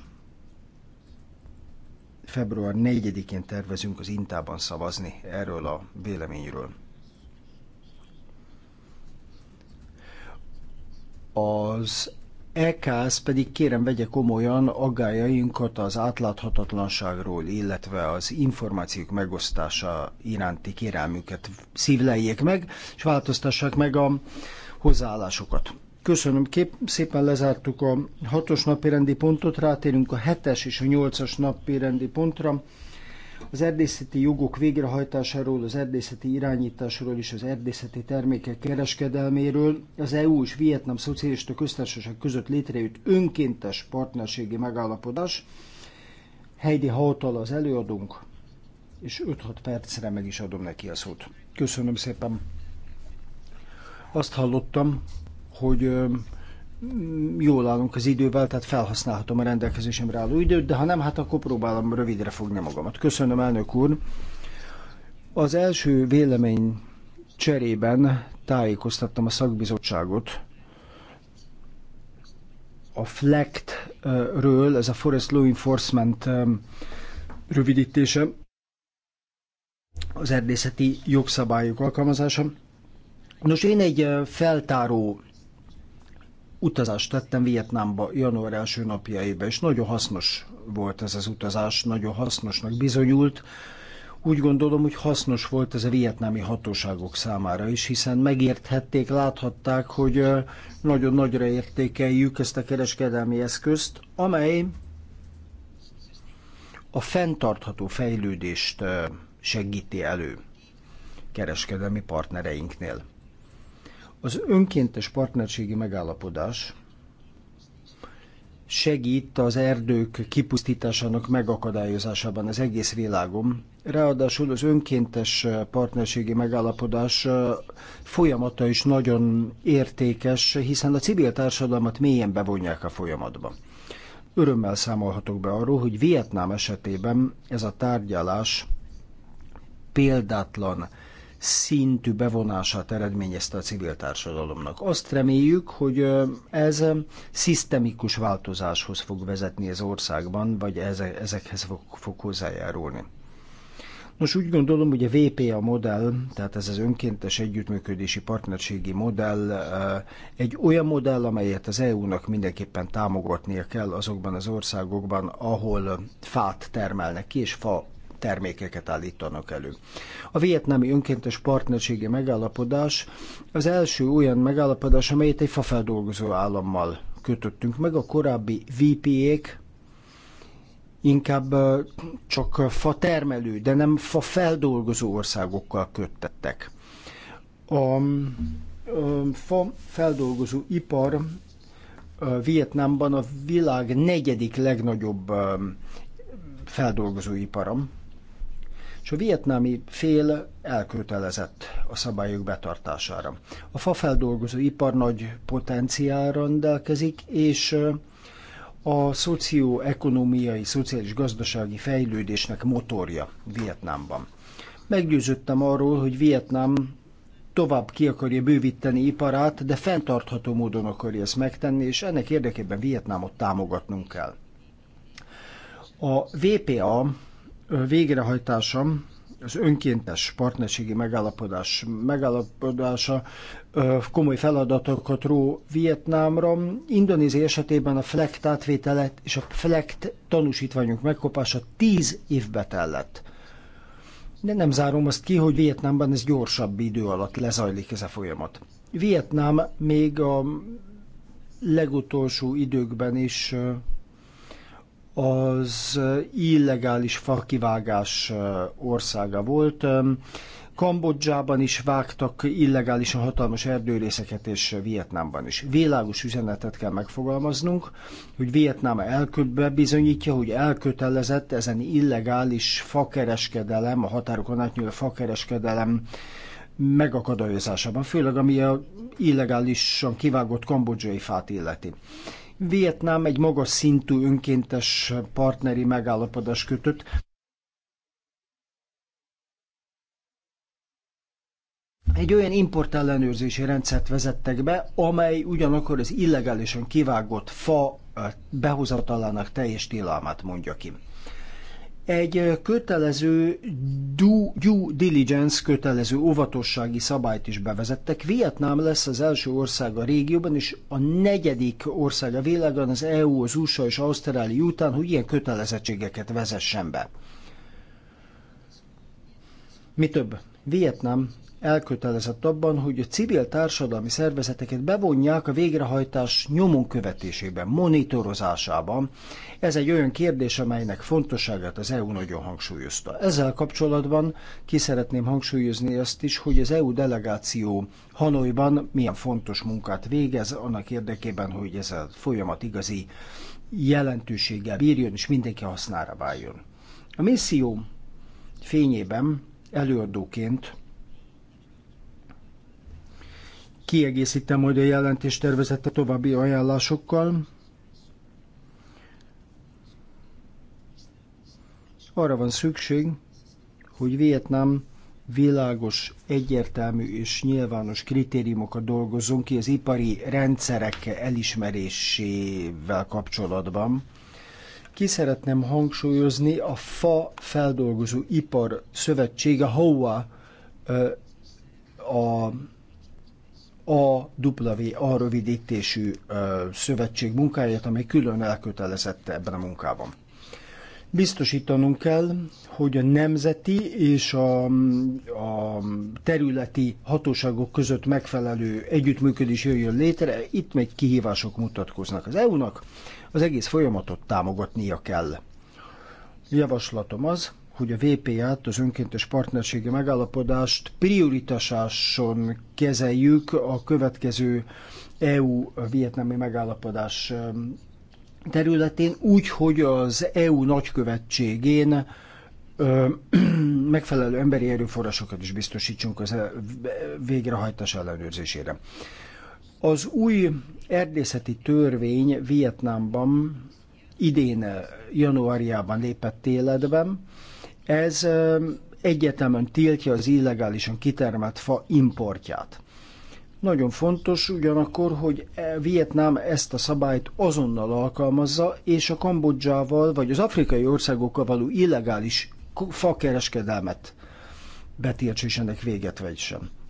február 4-én tervezünk az Intában szavazni erről a véleményről. Az EKS pedig kérem vegye komolyan aggájainkat az átláthatatlanságról, illetve az információk megosztása iránti kérelmüket szívleljék meg, és változtassák meg a hozzáállásokat. Köszönöm kép, szépen lezártuk a hatos napi rendi pontot, rátérünk a hetes és a nyolcas napi rendi pontra az erdészeti jogok végrehajtásáról, az erdészeti irányításról és az erdészeti termékek kereskedelméről az EU és Vietnam Szocialista Köztársaság között létrejött önkéntes partnerségi megállapodás. Heidi Hautal az előadónk, és 5-6 percre meg is adom neki a szót. Köszönöm szépen. Azt hallottam, hogy Mm, jól állunk az idővel, tehát felhasználhatom a rendelkezésemre álló időt, de ha nem, hát akkor próbálom rövidre fogni magamat. Köszönöm, elnök úr! Az első vélemény cserében tájékoztattam a szakbizottságot a FLECT-ről, ez a Forest Law Enforcement um, rövidítése, az erdészeti jogszabályok alkalmazása. Nos, én egy uh, feltáró utazást tettem Vietnámba január első napjaiba, és nagyon hasznos volt ez az utazás, nagyon hasznosnak bizonyult. Úgy gondolom, hogy hasznos volt ez a vietnámi hatóságok számára is, hiszen megérthették, láthatták, hogy nagyon nagyra értékeljük ezt a kereskedelmi eszközt, amely a fenntartható fejlődést segíti elő kereskedelmi partnereinknél. Az önkéntes partnerségi megállapodás segít az erdők kipusztításának megakadályozásában az egész világon. Ráadásul az önkéntes partnerségi megállapodás folyamata is nagyon értékes, hiszen a civil társadalmat mélyen bevonják a folyamatba. Örömmel számolhatok be arról, hogy Vietnám esetében ez a tárgyalás példátlan szintű bevonását eredményezte a civil társadalomnak. Azt reméljük, hogy ez szisztemikus változáshoz fog vezetni az országban, vagy ezekhez fog, fog hozzájárulni. Nos, úgy gondolom, hogy a VPA modell, tehát ez az önkéntes együttműködési partnerségi modell egy olyan modell, amelyet az EU-nak mindenképpen támogatnia kell azokban az országokban, ahol fát termelnek ki, és fa termékeket állítanak elő. A vietnámi önkéntes partnerségi megállapodás az első olyan megállapodás, amelyet egy fafeldolgozó állammal kötöttünk meg, a korábbi vp k inkább csak fa termelő, de nem fa feldolgozó országokkal köttettek. A fa feldolgozó ipar Vietnámban a világ negyedik legnagyobb feldolgozó iparam és a vietnámi fél elkötelezett a szabályok betartására. A fafeldolgozó ipar nagy potenciál rendelkezik, és a szocioekonomiai, szociális gazdasági fejlődésnek motorja Vietnámban. Meggyőződtem arról, hogy Vietnám tovább ki akarja bővíteni iparát, de fenntartható módon akarja ezt megtenni, és ennek érdekében Vietnámot támogatnunk kell. A VPA végrehajtása, az önkéntes partnerségi megállapodás megállapodása komoly feladatokat ró Vietnámra. Indonézia esetében a FLECT átvételet és a FLECT tanúsítványunk megkopása tíz évbe tellett. De nem zárom azt ki, hogy Vietnámban ez gyorsabb idő alatt lezajlik ez a folyamat. Vietnám még a legutolsó időkben is az illegális farkivágás országa volt. Kambodzsában is vágtak illegálisan hatalmas erdőrészeket, és Vietnámban is. Világos üzenetet kell megfogalmaznunk, hogy Vietnám elkötbe bizonyítja, hogy elkötelezett ezen illegális fakereskedelem, a határokon átnyúló fakereskedelem megakadályozásában, főleg ami a illegálisan kivágott kambodzsai fát illeti. Vietnám egy magas szintű önkéntes partneri megállapodás kötött. Egy olyan importellenőrzési rendszert vezettek be, amely ugyanakkor az illegálisan kivágott fa eh, behozatalának teljes tilalmát mondja ki egy kötelező due, due diligence, kötelező óvatossági szabályt is bevezettek. Vietnám lesz az első ország a régióban, és a negyedik ország a világon, az EU, az USA és Ausztrália után, hogy ilyen kötelezettségeket vezessen be. Mi több, Vietnám elkötelezett abban, hogy a civil társadalmi szervezeteket bevonják a végrehajtás nyomon követésében, monitorozásában. Ez egy olyan kérdés, amelynek fontosságát az EU nagyon hangsúlyozta. Ezzel kapcsolatban ki szeretném hangsúlyozni azt is, hogy az EU delegáció Hanoiban milyen fontos munkát végez, annak érdekében, hogy ez a folyamat igazi jelentőséggel bírjon, és mindenki hasznára váljon. A misszió fényében előadóként kiegészítem majd a jelentés a további ajánlásokkal. Arra van szükség, hogy Vietnám világos, egyértelmű és nyilvános kritériumokat dolgozzon ki az ipari rendszerek elismerésével kapcsolatban. Ki szeretném hangsúlyozni a FA feldolgozó ipar szövetsége, HOA, a a WA rövidítésű szövetség munkáját, amely külön elkötelezett ebben a munkában. Biztosítanunk kell, hogy a nemzeti és a, a területi hatóságok között megfelelő együttműködés jöjjön létre. Itt meg kihívások mutatkoznak az EU-nak, az egész folyamatot támogatnia kell. Javaslatom az, hogy a VPA-t, az önkéntes partnerségi megállapodást prioritásáson kezeljük a következő EU-vietnámi megállapodás um, területén, úgy, hogy az EU nagykövetségén um, megfelelő emberi erőforrásokat is biztosítsunk az végrehajtás ellenőrzésére. Az új erdészeti törvény Vietnámban idén uh, januárjában lépett életben, ez egyetemen tiltja az illegálisan kitermelt fa importját. Nagyon fontos ugyanakkor, hogy e, Vietnám ezt a szabályt azonnal alkalmazza, és a Kambodzsával vagy az afrikai országokkal való illegális fakereskedelmet betiltsa és ennek véget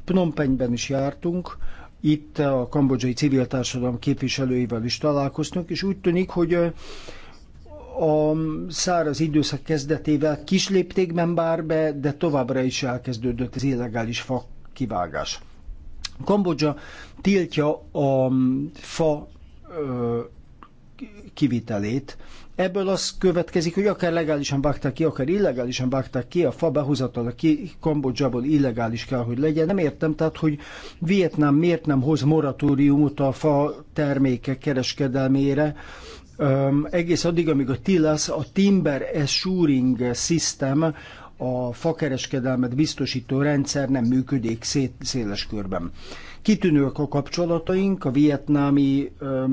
Phnom Penhben is jártunk, itt a kambodzsai civil társadalom képviselőivel is találkoztunk, és úgy tűnik, hogy a száraz időszak kezdetével kis léptékben bár be, de továbbra is elkezdődött az illegális fa kivágás. Kambodzsa tiltja a fa ö, kivitelét. Ebből az következik, hogy akár legálisan vágták ki, akár illegálisan vágták ki, a fa behozatala ki Kambodzsából illegális kell, hogy legyen. Nem értem, tehát, hogy Vietnám miért nem hoz moratóriumot a fa termékek kereskedelmére, egész addig, amíg a TILAS, a Timber Assuring System, a fakereskedelmet biztosító rendszer nem működik szét, széles körben. Kitűnőek a kapcsolataink a vietnámi öm,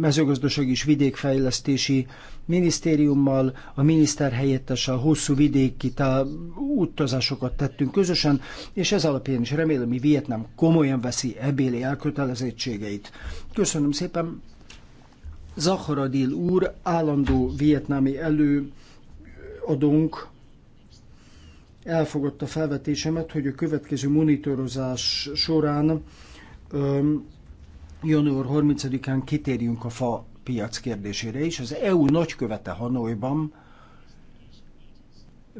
mezőgazdaság és vidékfejlesztési minisztériummal, a miniszter helyettessel hosszú vidéki utazásokat tettünk közösen, és ez alapján is remélem, hogy Vietnám komolyan veszi ebéli elkötelezettségeit. Köszönöm szépen, Zaharadil úr, állandó vietnámi előadónk elfogadta felvetésemet, hogy a következő monitorozás során január 30-án kitérjünk a fa piac kérdésére is. Az EU nagykövete Hanoiban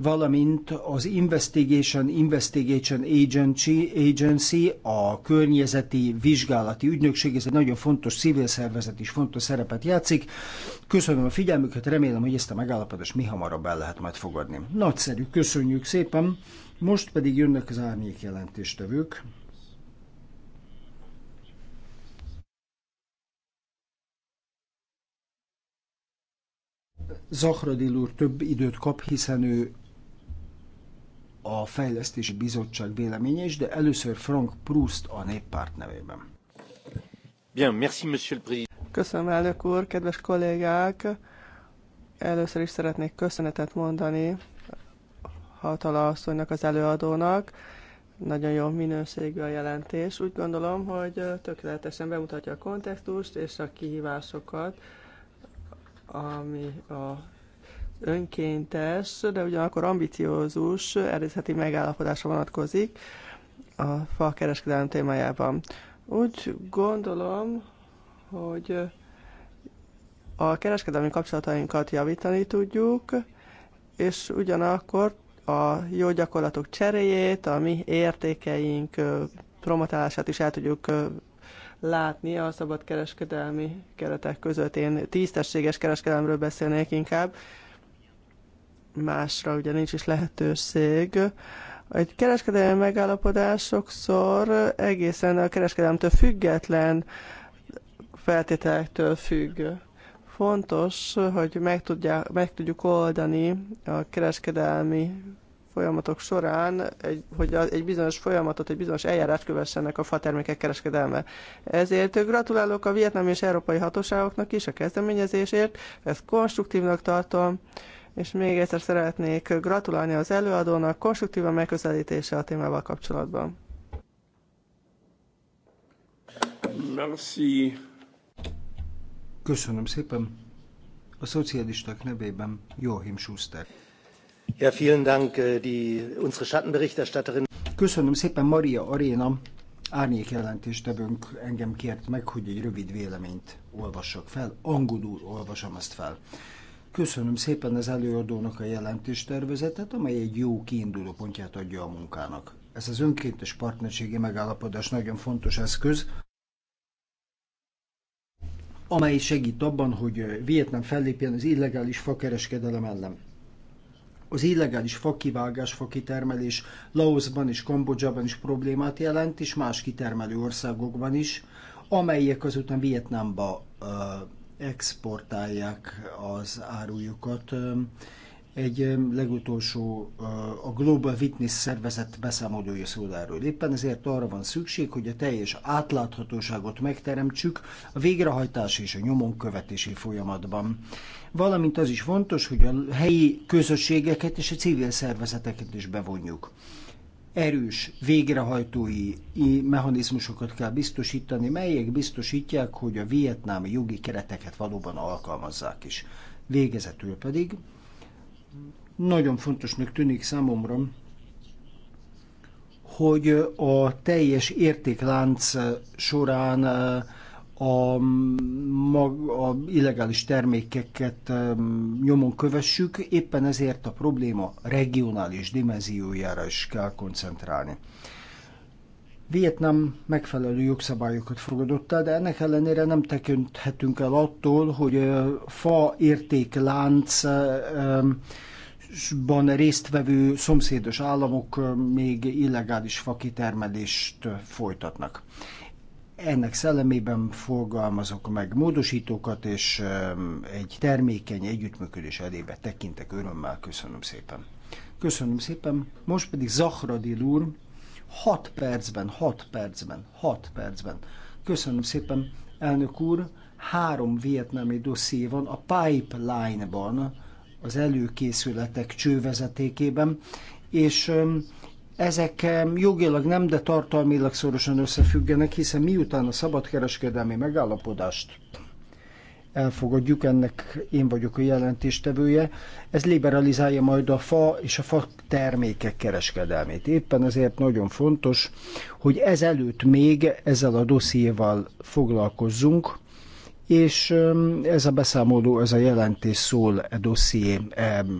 valamint az Investigation Investigation Agency, Agency a környezeti vizsgálati ügynökség, ez egy nagyon fontos civil szervezet is fontos szerepet játszik. Köszönöm a figyelmüket, remélem, hogy ezt a megállapodást mi hamarabb el lehet majd fogadni. Nagyszerű, köszönjük szépen. Most pedig jönnek az árnyék jelentéstevők. Zahradil úr több időt kap, hiszen ő a Fejlesztési Bizottság véleménye is, de először Frank Proust a néppárt nevében. Bien, merci, monsieur le président. Köszönöm, elnök úr, kedves kollégák! Először is szeretnék köszönetet mondani Hatala asszonynak, az előadónak. Nagyon jó minőségű a jelentés. Úgy gondolom, hogy tökéletesen bemutatja a kontextust és a kihívásokat, ami a önkéntes, de ugyanakkor ambiciózus erészeti megállapodásra vonatkozik a fa kereskedelem témájában. Úgy gondolom, hogy a kereskedelmi kapcsolatainkat javítani tudjuk, és ugyanakkor a jó gyakorlatok cseréjét, a mi értékeink promotálását is el tudjuk látni a szabadkereskedelmi keretek között. Én tisztességes kereskedelemről beszélnék inkább, másra ugye nincs is lehetőség. Egy kereskedelmi megállapodás sokszor egészen a kereskedelemtől független feltételektől függ. Fontos, hogy meg, tudja, meg tudjuk oldani a kereskedelmi folyamatok során, egy, hogy egy bizonyos folyamatot, egy bizonyos eljárást kövessenek a fatermékek kereskedelme. Ezért gratulálok a vietnami és európai hatóságoknak is a kezdeményezésért, ezt konstruktívnak tartom, és még egyszer szeretnék gratulálni az előadónak konstruktív megközelítése a témával kapcsolatban. Merci. Köszönöm szépen. A szocialisták nevében Joachim Schuster. Ja, vielen Dank, äh, die, unsere Schattenberichterstatterin. Köszönöm szépen, Maria Aréna, árnyék jelentéstevőnk engem kért meg, hogy egy rövid véleményt olvassak fel. Angolul olvasom ezt fel. Köszönöm szépen az előadónak a jelentéstervezetet, amely egy jó kiinduló pontját adja a munkának. Ez az önkéntes partnerségi megállapodás nagyon fontos eszköz, amely segít abban, hogy Vietnám fellépjen az illegális fakereskedelem ellen. Az illegális fakivágás, fakitermelés Laosban és Kambodzsában is problémát jelent, és más kitermelő országokban is, amelyek azután Vietnámba uh, exportálják az árujukat. Egy legutolsó a Global Witness szervezet beszámolója szól Éppen ezért arra van szükség, hogy a teljes átláthatóságot megteremtsük a végrehajtás és a nyomon követési folyamatban. Valamint az is fontos, hogy a helyi közösségeket és a civil szervezeteket is bevonjuk erős végrehajtói mechanizmusokat kell biztosítani, melyek biztosítják, hogy a vietnámi jogi kereteket valóban alkalmazzák is. Végezetül pedig nagyon fontosnak tűnik számomra, hogy a teljes értéklánc során a, mag, a illegális termékeket nyomon kövessük, éppen ezért a probléma regionális dimenziójára is kell koncentrálni. Vietnám megfelelő jogszabályokat fogadott el, de ennek ellenére nem tekinthetünk el attól, hogy fa értékláncban résztvevő szomszédos államok még illegális fakitermelést folytatnak. Ennek szellemében fogalmazok meg módosítókat, és egy termékeny együttműködés elébe tekintek örömmel. Köszönöm szépen. Köszönöm szépen. Most pedig Zahradil úr, 6 percben, 6 percben, 6 percben. Köszönöm szépen, elnök úr. Három vietnámi dosszié van a pipeline-ban, az előkészületek csővezetékében, és ezek jogilag nem, de tartalmilag szorosan összefüggenek, hiszen miután a szabadkereskedelmi megállapodást elfogadjuk, ennek én vagyok a jelentéstevője, ez liberalizálja majd a fa és a fa termékek kereskedelmét. Éppen ezért nagyon fontos, hogy ezelőtt még ezzel a dossziéval foglalkozzunk, és ez a beszámoló, ez a jelentés szól a e dosszié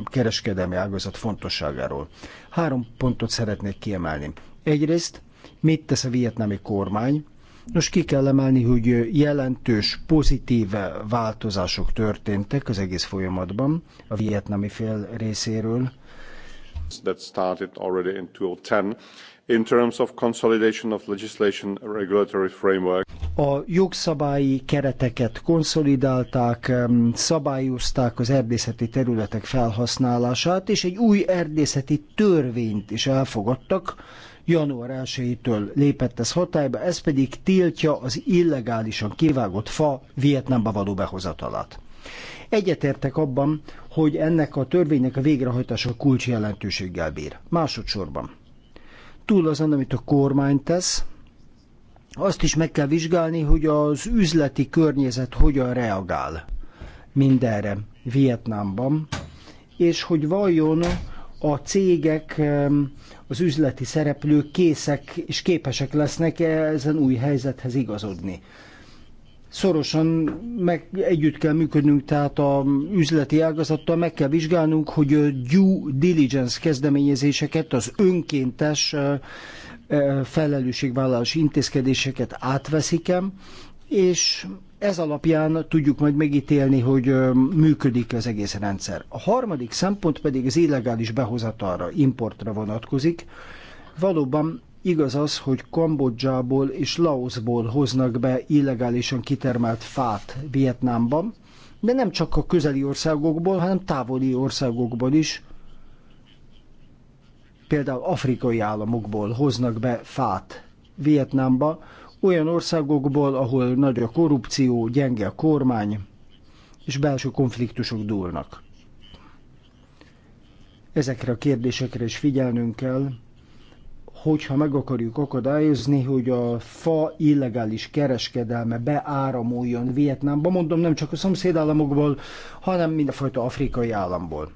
kereskedelmi ágazat fontosságáról. Három pontot szeretnék kiemelni. Egyrészt, mit tesz a vietnámi kormány, Nos, ki kell emelni, hogy jelentős, pozitív változások történtek az egész folyamatban a vietnami fél részéről. That started already in 2010 in terms of consolidation of legislation regulatory framework. A jogszabályi kereteket konszolidálták, szabályozták az erdészeti területek felhasználását, és egy új erdészeti törvényt is elfogadtak, január 1-től lépett ez hatályba, ez pedig tiltja az illegálisan kivágott fa Vietnámba való behozatalát. Egyetértek abban, hogy ennek a törvénynek a végrehajtása kulcsjelentőséggel bír. Másodszorban túl azon, amit a kormány tesz, azt is meg kell vizsgálni, hogy az üzleti környezet hogyan reagál mindenre Vietnámban, és hogy vajon a cégek, az üzleti szereplők készek és képesek lesznek -e ezen új helyzethez igazodni. Szorosan meg, együtt kell működnünk, tehát a üzleti ágazattal meg kell vizsgálnunk, hogy a due diligence kezdeményezéseket, az önkéntes felelősségvállalási intézkedéseket átveszik-e, és ez alapján tudjuk majd megítélni, hogy működik az egész rendszer. A harmadik szempont pedig az illegális behozatalra, importra vonatkozik. Valóban Igaz az, hogy Kambodzsából és Laoszból hoznak be illegálisan kitermelt fát Vietnámban, de nem csak a közeli országokból, hanem távoli országokból is, például afrikai államokból hoznak be fát Vietnámba, olyan országokból, ahol nagy a korrupció, gyenge a kormány, és belső konfliktusok dúlnak. Ezekre a kérdésekre is figyelnünk kell, hogyha meg akarjuk akadályozni, hogy a fa illegális kereskedelme beáramoljon Vietnámba, mondom nem csak a szomszédállamokból, hanem mindenfajta afrikai államból.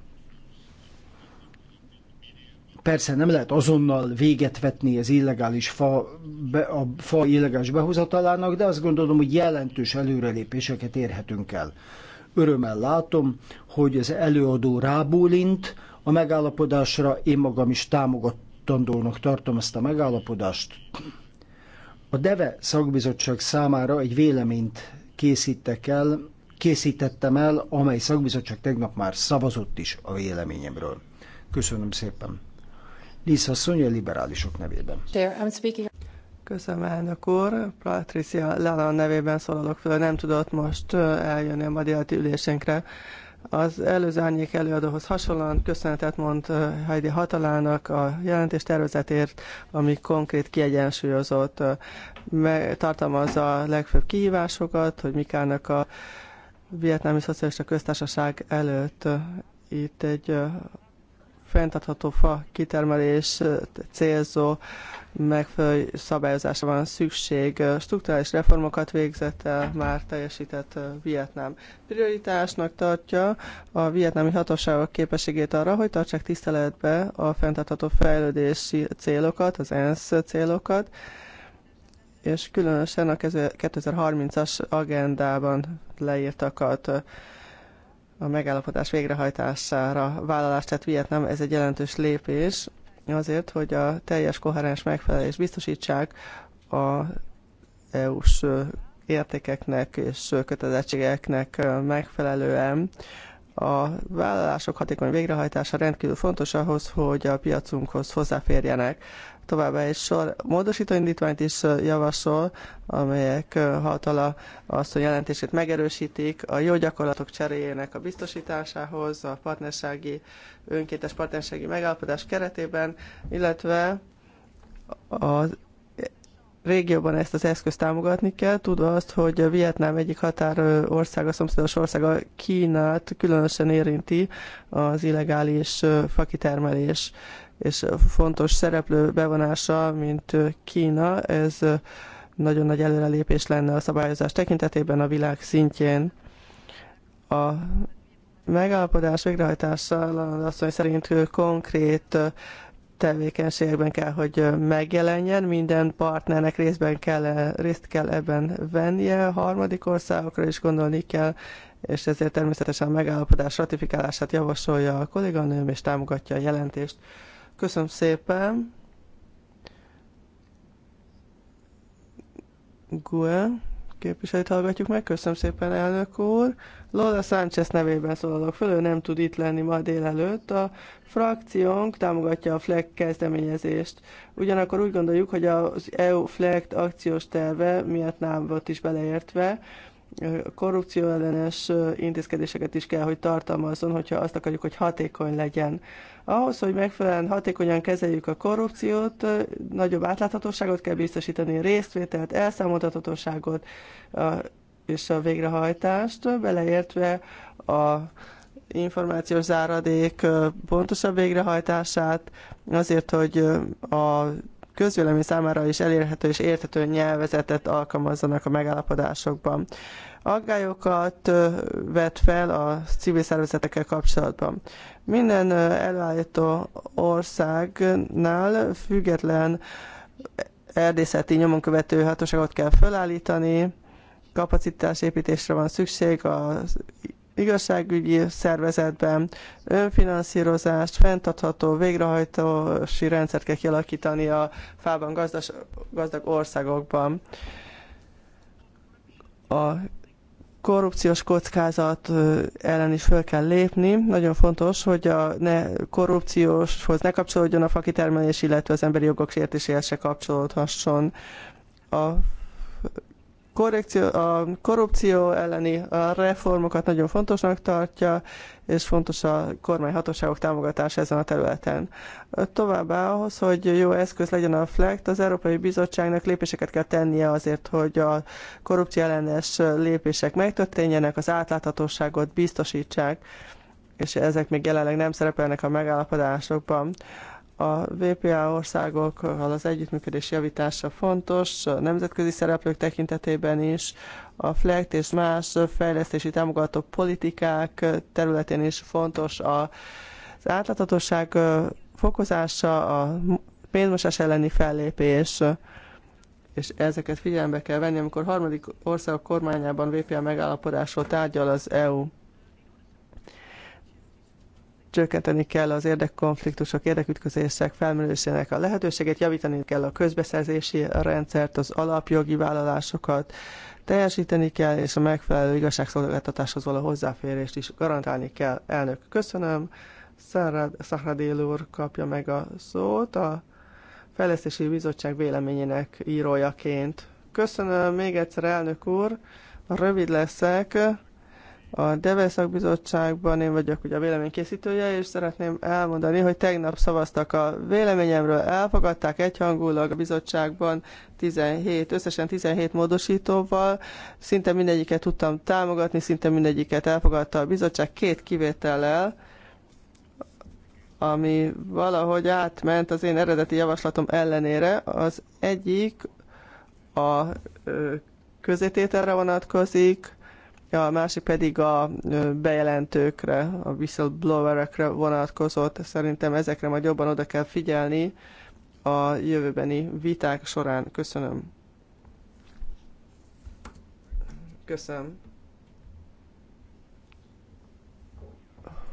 Persze nem lehet azonnal véget vetni az illegális fa, be, a fa illegális behozatalának, de azt gondolom, hogy jelentős előrelépéseket érhetünk el. Örömmel látom, hogy az előadó rábólint a megállapodásra, én magam is támogattam elfogadandónak tartom ezt a megállapodást. A DEVE szakbizottság számára egy véleményt készítek el, készítettem el, amely szakbizottság tegnap már szavazott is a véleményemről. Köszönöm szépen. Lisa Szonya, liberálisok nevében. Köszönöm, elnök úr. Patricia Lala nevében szólalok föl, nem tudott most eljönni a ma délelőtti ülésünkre. Az előző árnyék előadóhoz hasonlóan köszönetet mond eh, Heidi Hatalának a jelentés tervezetért, ami konkrét kiegyensúlyozott, eh, tartalmazza a legfőbb kihívásokat, hogy mik állnak a Vietnámi Szocialista Köztársaság előtt. Eh, itt egy fenntartható fa kitermelés célzó megfelelő szabályozásra van szükség. Struktúrális reformokat végzett el már teljesített Vietnám. Prioritásnak tartja a vietnámi hatóságok képességét arra, hogy tartsák tiszteletbe a fenntartható fejlődési célokat, az ENSZ célokat, és különösen a 2030-as agendában leírtakat a megállapodás végrehajtására vállalást tett Vietnám, ez egy jelentős lépés, azért, hogy a teljes koherens megfelelés biztosítsák a EU-s értékeknek és kötelezettségeknek megfelelően. A vállalások hatékony végrehajtása rendkívül fontos ahhoz, hogy a piacunkhoz hozzáférjenek. Továbbá egy sor módosító indítványt is javasol, amelyek hatala azt a jelentését megerősítik a jó gyakorlatok cseréjének a biztosításához, a partnersági, önkéntes partnerségi megállapodás keretében, illetve a régióban ezt az eszközt támogatni kell, tudva azt, hogy a Vietnám egyik határ országa, szomszédos országa Kínát különösen érinti az illegális fakitermelés és fontos szereplő bevonása, mint Kína, ez nagyon nagy előrelépés lenne a szabályozás tekintetében a világ szintjén. A megállapodás végrehajtással azt mondja, szerint konkrét tevékenységekben kell, hogy megjelenjen, minden partnernek részben kell, részt kell ebben vennie, harmadik országokra is gondolni kell, és ezért természetesen a megállapodás ratifikálását javasolja a kolléganőm, és támogatja a jelentést. Köszönöm szépen. GUE képviselőt hallgatjuk meg. Köszönöm szépen, elnök úr. Lola Sánchez nevében szólalok föl, ő nem tud itt lenni ma délelőtt. A frakciónk támogatja a FLEG kezdeményezést. Ugyanakkor úgy gondoljuk, hogy az EU FLEG akciós terve miatt volt is beleértve, korrupció ellenes intézkedéseket is kell, hogy tartalmazzon, hogyha azt akarjuk, hogy hatékony legyen. Ahhoz, hogy megfelelően hatékonyan kezeljük a korrupciót, nagyobb átláthatóságot kell biztosítani, résztvételt, elszámoltatóságot és a végrehajtást, beleértve a információs záradék pontosabb végrehajtását, azért, hogy a közvélemény számára is elérhető és érthető nyelvezetet alkalmazzanak a megállapodásokban. Aggályokat vet fel a civil szervezetekkel kapcsolatban. Minden előállító országnál független erdészeti nyomonkövető hatóságot kell felállítani, kapacitásépítésre van szükség, az igazságügyi szervezetben önfinanszírozást, fenntartható végrehajtósi rendszert kell kialakítani a fában gazdas, gazdag országokban. A korrupciós kockázat ellen is föl kell lépni. Nagyon fontos, hogy a ne korrupcióshoz ne kapcsolódjon a fakitermelés, illetve az emberi jogok sértéséhez se kapcsolódhasson. A korrekció, a korrupció elleni a reformokat nagyon fontosnak tartja, és fontos a kormányhatóságok támogatása ezen a területen. Továbbá ahhoz, hogy jó eszköz legyen a FLECT, az Európai Bizottságnak lépéseket kell tennie azért, hogy a korrupció ellenes lépések megtörténjenek, az átláthatóságot biztosítsák, és ezek még jelenleg nem szerepelnek a megállapodásokban. A VPA országokkal az együttműködés javítása fontos, a nemzetközi szereplők tekintetében is, a FLECT és más fejlesztési támogató politikák területén is fontos a az átláthatóság fokozása, a pénzmosás elleni fellépés, és ezeket figyelembe kell venni, amikor harmadik ország kormányában VPA megállapodásról tárgyal az EU csökkenteni kell az érdekkonfliktusok, érdekütközések felmerülésének a lehetőséget, javítani kell a közbeszerzési rendszert, az alapjogi vállalásokat, teljesíteni kell, és a megfelelő igazságszolgáltatáshoz való hozzáférést is garantálni kell. Elnök, köszönöm. Szahradél úr kapja meg a szót a Fejlesztési Bizottság véleményének írójaként. Köszönöm még egyszer, elnök úr. Rövid leszek. A Devel szakbizottságban én vagyok ugye a vélemény készítője, és szeretném elmondani, hogy tegnap szavaztak a véleményemről, elfogadták egyhangulag a bizottságban 17, összesen 17 módosítóval, szinte mindegyiket tudtam támogatni, szinte mindegyiket elfogadta a bizottság, két kivétellel, ami valahogy átment az én eredeti javaslatom ellenére. Az egyik a közétételre vonatkozik, a másik pedig a bejelentőkre, a whistleblowerekre vonatkozott. Szerintem ezekre majd jobban oda kell figyelni a jövőbeni viták során. Köszönöm. Köszönöm.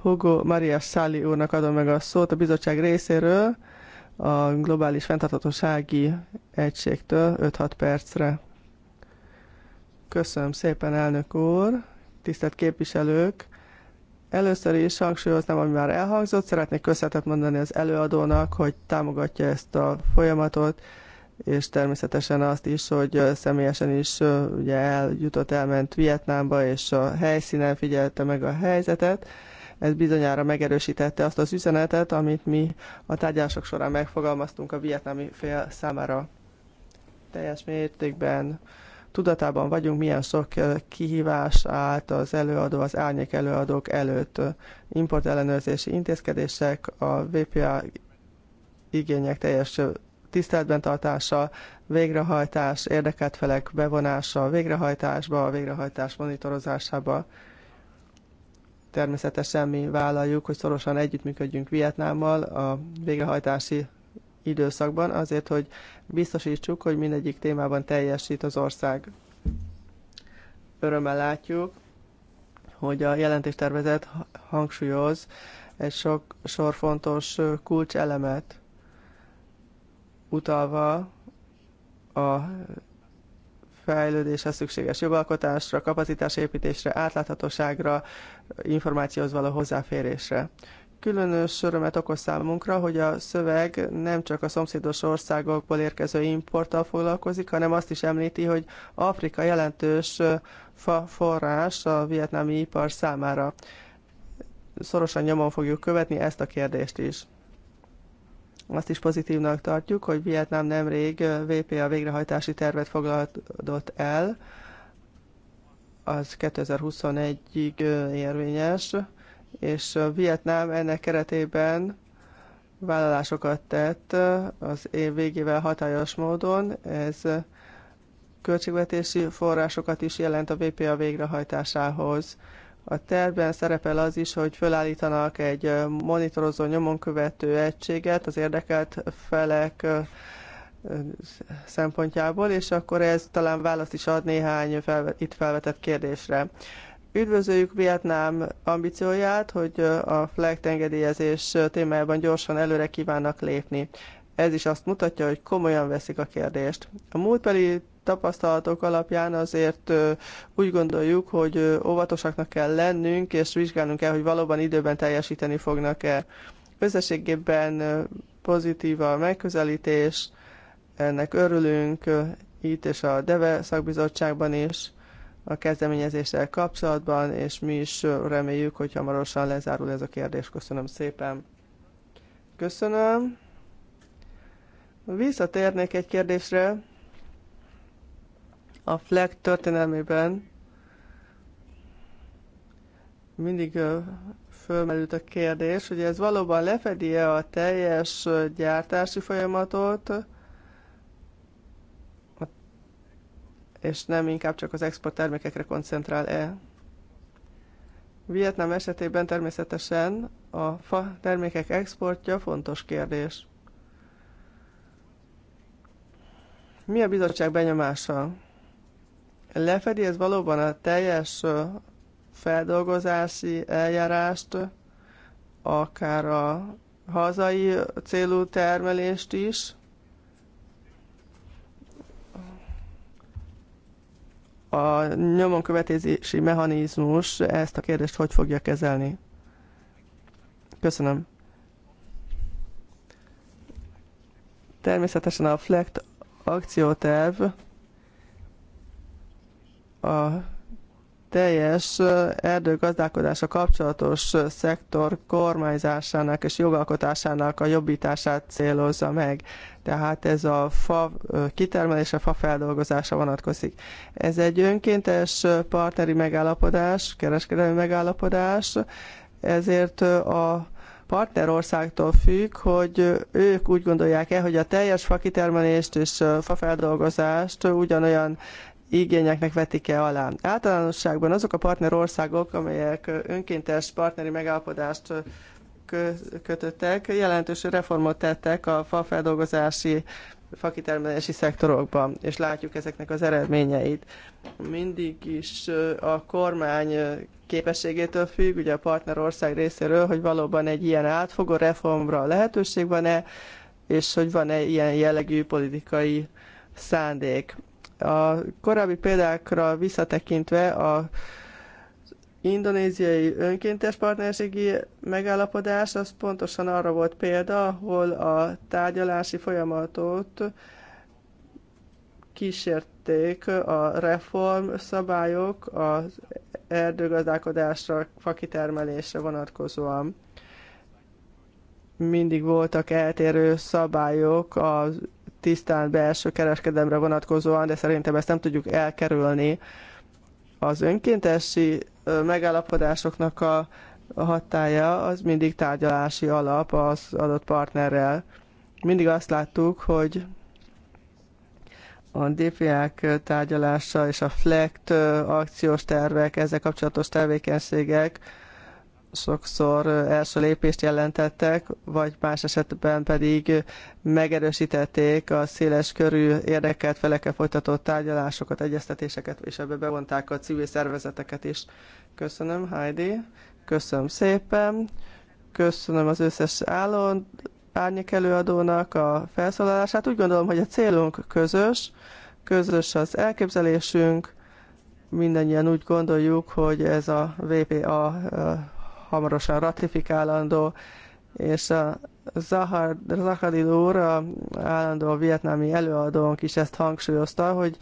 Hugo Maria Száli úrnak adom meg a szót a bizottság részéről a globális fenntarthatósági egységtől 5-6 percre. Köszönöm szépen, elnök úr, tisztelt képviselők! Először is hangsúlyoznám, ami már elhangzott. Szeretnék köszönetet mondani az előadónak, hogy támogatja ezt a folyamatot, és természetesen azt is, hogy személyesen is ugye eljutott, elment Vietnámba, és a helyszínen figyelte meg a helyzetet. Ez bizonyára megerősítette azt az üzenetet, amit mi a tárgyalások során megfogalmaztunk a vietnámi fél számára. Teljes mértékben tudatában vagyunk, milyen sok eh, kihívás állt az előadó, az árnyék előadók előtt. ellenőrzési intézkedések, a VPA igények teljes eh, tiszteletben tartása, végrehajtás, érdekelt felek bevonása a végrehajtásba, a végrehajtás monitorozásába. Természetesen mi vállaljuk, hogy szorosan együttműködjünk Vietnámmal a végrehajtási időszakban, azért, hogy biztosítsuk, hogy mindegyik témában teljesít az ország. Örömmel látjuk, hogy a jelentéstervezet hangsúlyoz egy sok sor fontos kulcselemet, utalva a fejlődéshez szükséges jogalkotásra, kapacitásépítésre, átláthatóságra, információhoz való hozzáférésre. Különös örömet okoz számunkra, hogy a szöveg nem csak a szomszédos országokból érkező importtal foglalkozik, hanem azt is említi, hogy Afrika jelentős fa forrás a vietnámi ipar számára. Szorosan nyomon fogjuk követni ezt a kérdést is. Azt is pozitívnak tartjuk, hogy Vietnám nemrég VPA végrehajtási tervet foglalt el, az 2021-ig érvényes és Vietnám ennek keretében vállalásokat tett az év végével hatályos módon. Ez költségvetési forrásokat is jelent a VPA végrehajtásához. A tervben szerepel az is, hogy felállítanak egy monitorozó követő egységet az érdekelt felek szempontjából, és akkor ez talán választ is ad néhány fel, itt felvetett kérdésre. Üdvözöljük Vietnám ambícióját, hogy a flag engedélyezés témájában gyorsan előre kívánnak lépni. Ez is azt mutatja, hogy komolyan veszik a kérdést. A múltbeli tapasztalatok alapján azért úgy gondoljuk, hogy óvatosaknak kell lennünk, és vizsgálnunk kell, hogy valóban időben teljesíteni fognak-e. Összességében pozitív a megközelítés, ennek örülünk itt és a DEVE szakbizottságban is a kezdeményezéssel kapcsolatban, és mi is reméljük, hogy hamarosan lezárul ez a kérdés. Köszönöm szépen. Köszönöm. Visszatérnék egy kérdésre. A FLEG történelmében mindig fölmerült a kérdés, hogy ez valóban lefedi-e a teljes gyártási folyamatot, és nem inkább csak az export termékekre koncentrál-e. Vietnám esetében természetesen a fa termékek exportja fontos kérdés. Mi a bizottság benyomása? Lefedi ez valóban a teljes feldolgozási eljárást, akár a hazai célú termelést is, a nyomon követési mechanizmus ezt a kérdést hogy fogja kezelni? Köszönöm. Természetesen a FLECT akcióterv a teljes erdőgazdálkodása kapcsolatos szektor kormányzásának és jogalkotásának a jobbítását célozza meg. Tehát ez a fa kitermelése, fa feldolgozása vonatkozik. Ez egy önkéntes partneri megállapodás, kereskedelmi megállapodás, ezért a partnerországtól függ, hogy ők úgy gondolják-e, hogy a teljes fakitermelést és fafeldolgozást ugyanolyan igényeknek vetik-e alá. Általánosságban azok a partnerországok, amelyek önkéntes partneri megállapodást kötöttek, jelentős reformot tettek a fafeldolgozási fakitermelési szektorokban, és látjuk ezeknek az eredményeit. Mindig is a kormány képességétől függ, ugye a partnerország részéről, hogy valóban egy ilyen átfogó reformra lehetőség van-e, és hogy van-e ilyen jellegű politikai szándék. A korábbi példákra visszatekintve a indonéziai önkéntes partnerségi megállapodás az pontosan arra volt példa, ahol a tárgyalási folyamatot kísérték a reform szabályok az erdőgazdálkodásra, fakitermelésre vonatkozóan. Mindig voltak eltérő szabályok a tisztán belső kereskedelemre vonatkozóan, de szerintem ezt nem tudjuk elkerülni. Az önkéntesi megállapodásoknak a hatája az mindig tárgyalási alap az adott partnerrel. Mindig azt láttuk, hogy a DPA-k tárgyalása és a FLECT akciós tervek, ezzel kapcsolatos tevékenységek sokszor első lépést jelentettek, vagy más esetben pedig megerősítették a széles körű érdekelt felekkel folytatott tárgyalásokat, egyeztetéseket, és ebbe bevonták a civil szervezeteket is. Köszönöm, Heidi. Köszönöm szépen. Köszönöm az összes álló árnyék előadónak a felszólalását. Úgy gondolom, hogy a célunk közös, közös az elképzelésünk, mindannyian úgy gondoljuk, hogy ez a VPA hamarosan ratifikálandó, és a Zahar, Zahadil úr, a állandó vietnámi előadónk is ezt hangsúlyozta, hogy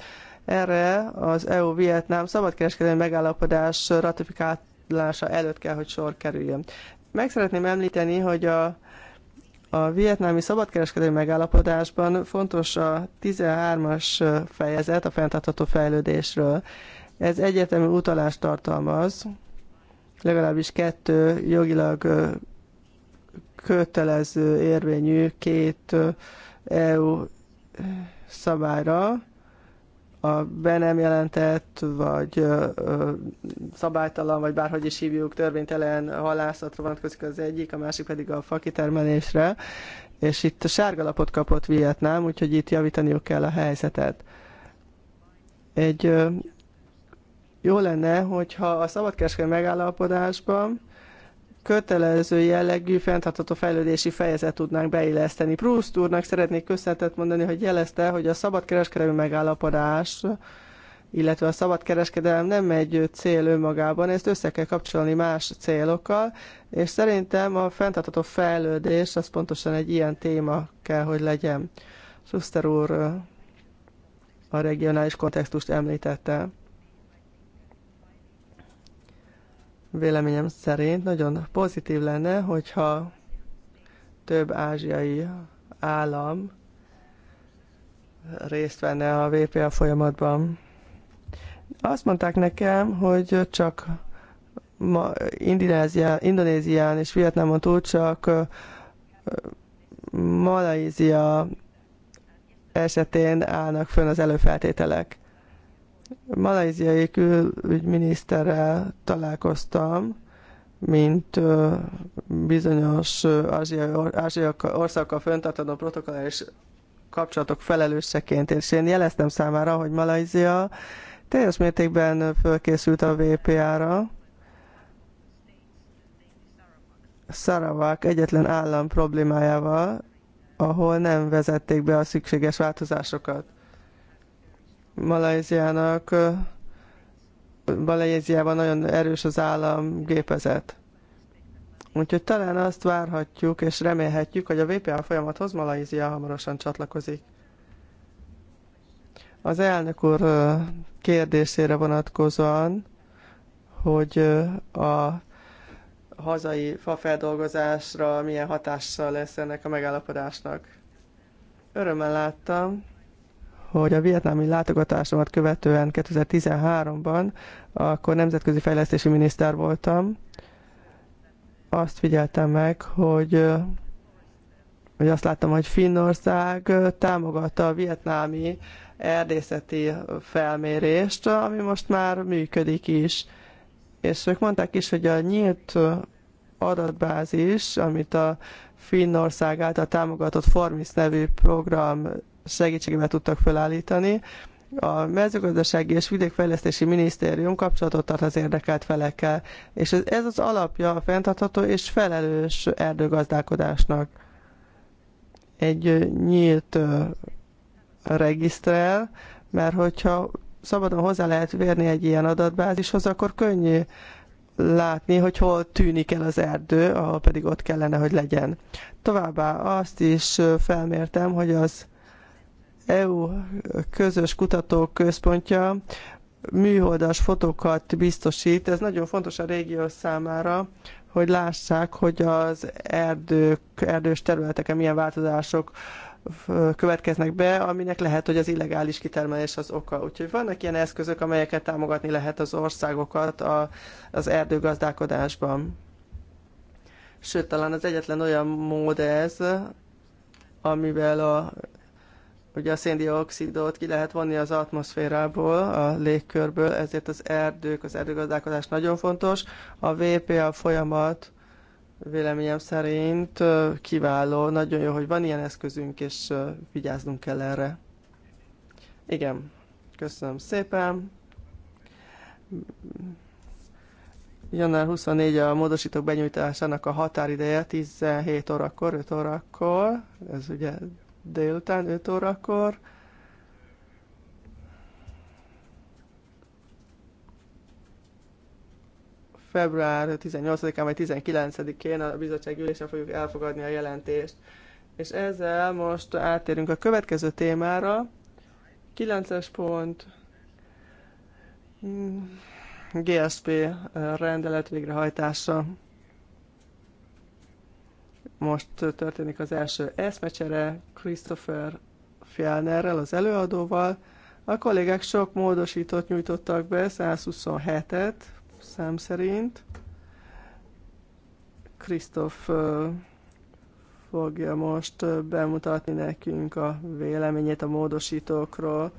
erre az EU-Vietnám szabadkereskedelmi megállapodás ratifikálása előtt kell, hogy sor kerüljön. Meg szeretném említeni, hogy a a vietnámi szabadkereskedelmi megállapodásban fontos a 13-as fejezet a fenntartható fejlődésről. Ez egyértelmű utalást tartalmaz, legalábbis kettő jogilag kötelező érvényű két EU szabályra, a be nem jelentett, vagy ö, ö, szabálytalan, vagy bárhogy is hívjuk, törvénytelen halászatra vonatkozik az egyik, a másik pedig a fakitermelésre. És itt a sárgalapot kapott Vietnám, úgyhogy itt javítaniuk kell a helyzetet. Egy ö, jó lenne, hogyha a szabadkereskedelmi megállapodásban kötelező jellegű fenntartható fejlődési fejezet tudnánk beilleszteni. Proust úrnak szeretnék köszönetet mondani, hogy jelezte, hogy a szabadkereskedelmi megállapodás illetve a kereskedelem nem egy cél önmagában, ezt össze kell kapcsolni más célokkal, és szerintem a fenntartható fejlődés az pontosan egy ilyen téma kell, hogy legyen. Suster úr a regionális kontextust említette. Véleményem szerint nagyon pozitív lenne, hogyha több ázsiai állam részt venne a VPA folyamatban. Azt mondták nekem, hogy csak ma Indonézián, Indonézián és Vietnámon túl csak Malajzia esetén állnak fönn az előfeltételek malajziai külügyminiszterrel találkoztam, mint bizonyos ázsiai, a országokkal protokoll és kapcsolatok felelőseként, és én jeleztem számára, hogy Malajzia teljes mértékben fölkészült a VPA-ra. Szaravák egyetlen állam problémájával, ahol nem vezették be a szükséges változásokat. Malajziának Malajziában nagyon erős az állam gépezet. Úgyhogy talán azt várhatjuk és remélhetjük, hogy a VPA folyamathoz Malajzia hamarosan csatlakozik. Az elnök úr kérdésére vonatkozóan, hogy a hazai fafeldolgozásra milyen hatással lesz ennek a megállapodásnak. Örömmel láttam, hogy a vietnámi látogatásomat követően 2013-ban, akkor nemzetközi fejlesztési miniszter voltam, azt figyeltem meg, hogy, hogy azt láttam, hogy Finnország támogatta a vietnámi erdészeti felmérést, ami most már működik is. És ők mondták is, hogy a nyílt adatbázis, amit a Finnország által támogatott Formis nevű program segítségével tudtak felállítani. A mezőgazdasági és vidékfejlesztési minisztérium kapcsolatot tart az érdekelt felekkel, és ez az alapja a fenntartható és felelős erdőgazdálkodásnak. Egy nyílt regisztrel, mert hogyha szabadon hozzá lehet vérni egy ilyen adatbázishoz, akkor könnyű látni, hogy hol tűnik el az erdő, ahol pedig ott kellene, hogy legyen. Továbbá azt is felmértem, hogy az EU közös kutatóközpontja műholdas fotókat biztosít. Ez nagyon fontos a régió számára, hogy lássák, hogy az erdők, erdős területeken milyen változások következnek be, aminek lehet, hogy az illegális kitermelés az oka. Úgyhogy vannak ilyen eszközök, amelyeket támogatni lehet az országokat a, az erdőgazdálkodásban. Sőt, talán az egyetlen olyan mód ez, amivel a Ugye a széndiokszidot ki lehet vonni az atmoszférából, a légkörből, ezért az erdők, az erdőgazdálkodás nagyon fontos. A VPA folyamat véleményem szerint kiváló, nagyon jó, hogy van ilyen eszközünk, és vigyáznunk kell erre. Igen, köszönöm szépen. Január 24 a módosítók benyújtásának a határideje 17 órakor, 5 órakor, ez ugye délután 5 órakor. Február 18-án vagy 19-én a bizottság ülésen fogjuk elfogadni a jelentést. És ezzel most átérünk a következő témára. 9-es pont. Mm, GSP rendelet végrehajtása. Most történik az első eszmecsere Christopher Fjellnerrel, az előadóval. A kollégák sok módosított nyújtottak be, 127-et szám szerint. Krisztof fogja most bemutatni nekünk a véleményét a módosítókról.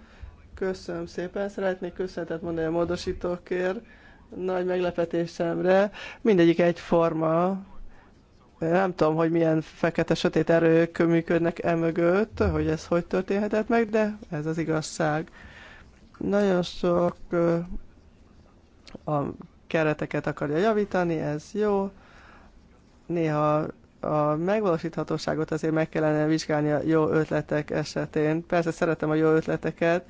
Köszönöm szépen, szeretnék köszönetet mondani a módosítókért, nagy meglepetésemre. Mindegyik egyforma, nem tudom, hogy milyen fekete-sötét erők működnek e mögött, hogy ez hogy történhetett meg, de ez az igazság. Nagyon sok a kereteket akarja javítani, ez jó. Néha a megvalósíthatóságot azért meg kellene vizsgálni a jó ötletek esetén. Persze szeretem a jó ötleteket,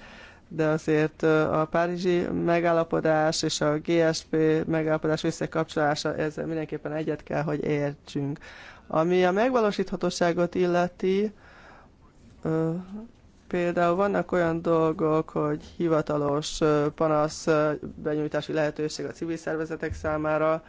de azért a párizsi megállapodás és a GSP megállapodás összekapcsolása, ezzel mindenképpen egyet kell, hogy értsünk. Ami a megvalósíthatóságot illeti, például vannak olyan dolgok, hogy hivatalos panasz benyújtási lehetőség a civil szervezetek számára,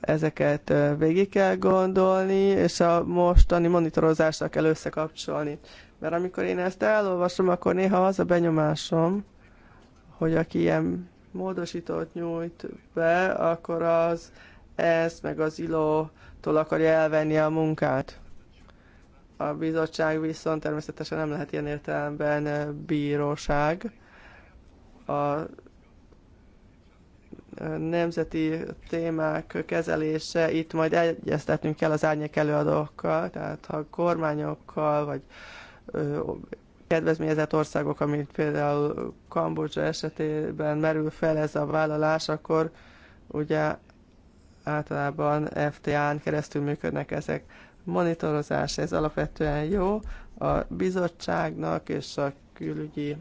ezeket végig kell gondolni, és a mostani monitorozásra kell összekapcsolni. Mert amikor én ezt elolvasom, akkor néha az a benyomásom, hogy aki ilyen módosítót nyújt be, akkor az ez meg az ilótól akarja elvenni a munkát. A bizottság viszont természetesen nem lehet ilyen értelemben bíróság. A nemzeti témák kezelése, itt majd egyeztetnünk kell az árnyék előadókkal, tehát ha kormányokkal, vagy kedvezményezett országok, amit például Kambodzsa esetében merül fel ez a vállalás, akkor ugye általában FTA-n keresztül működnek ezek. Monitorozás, ez alapvetően jó. A bizottságnak és a külügyi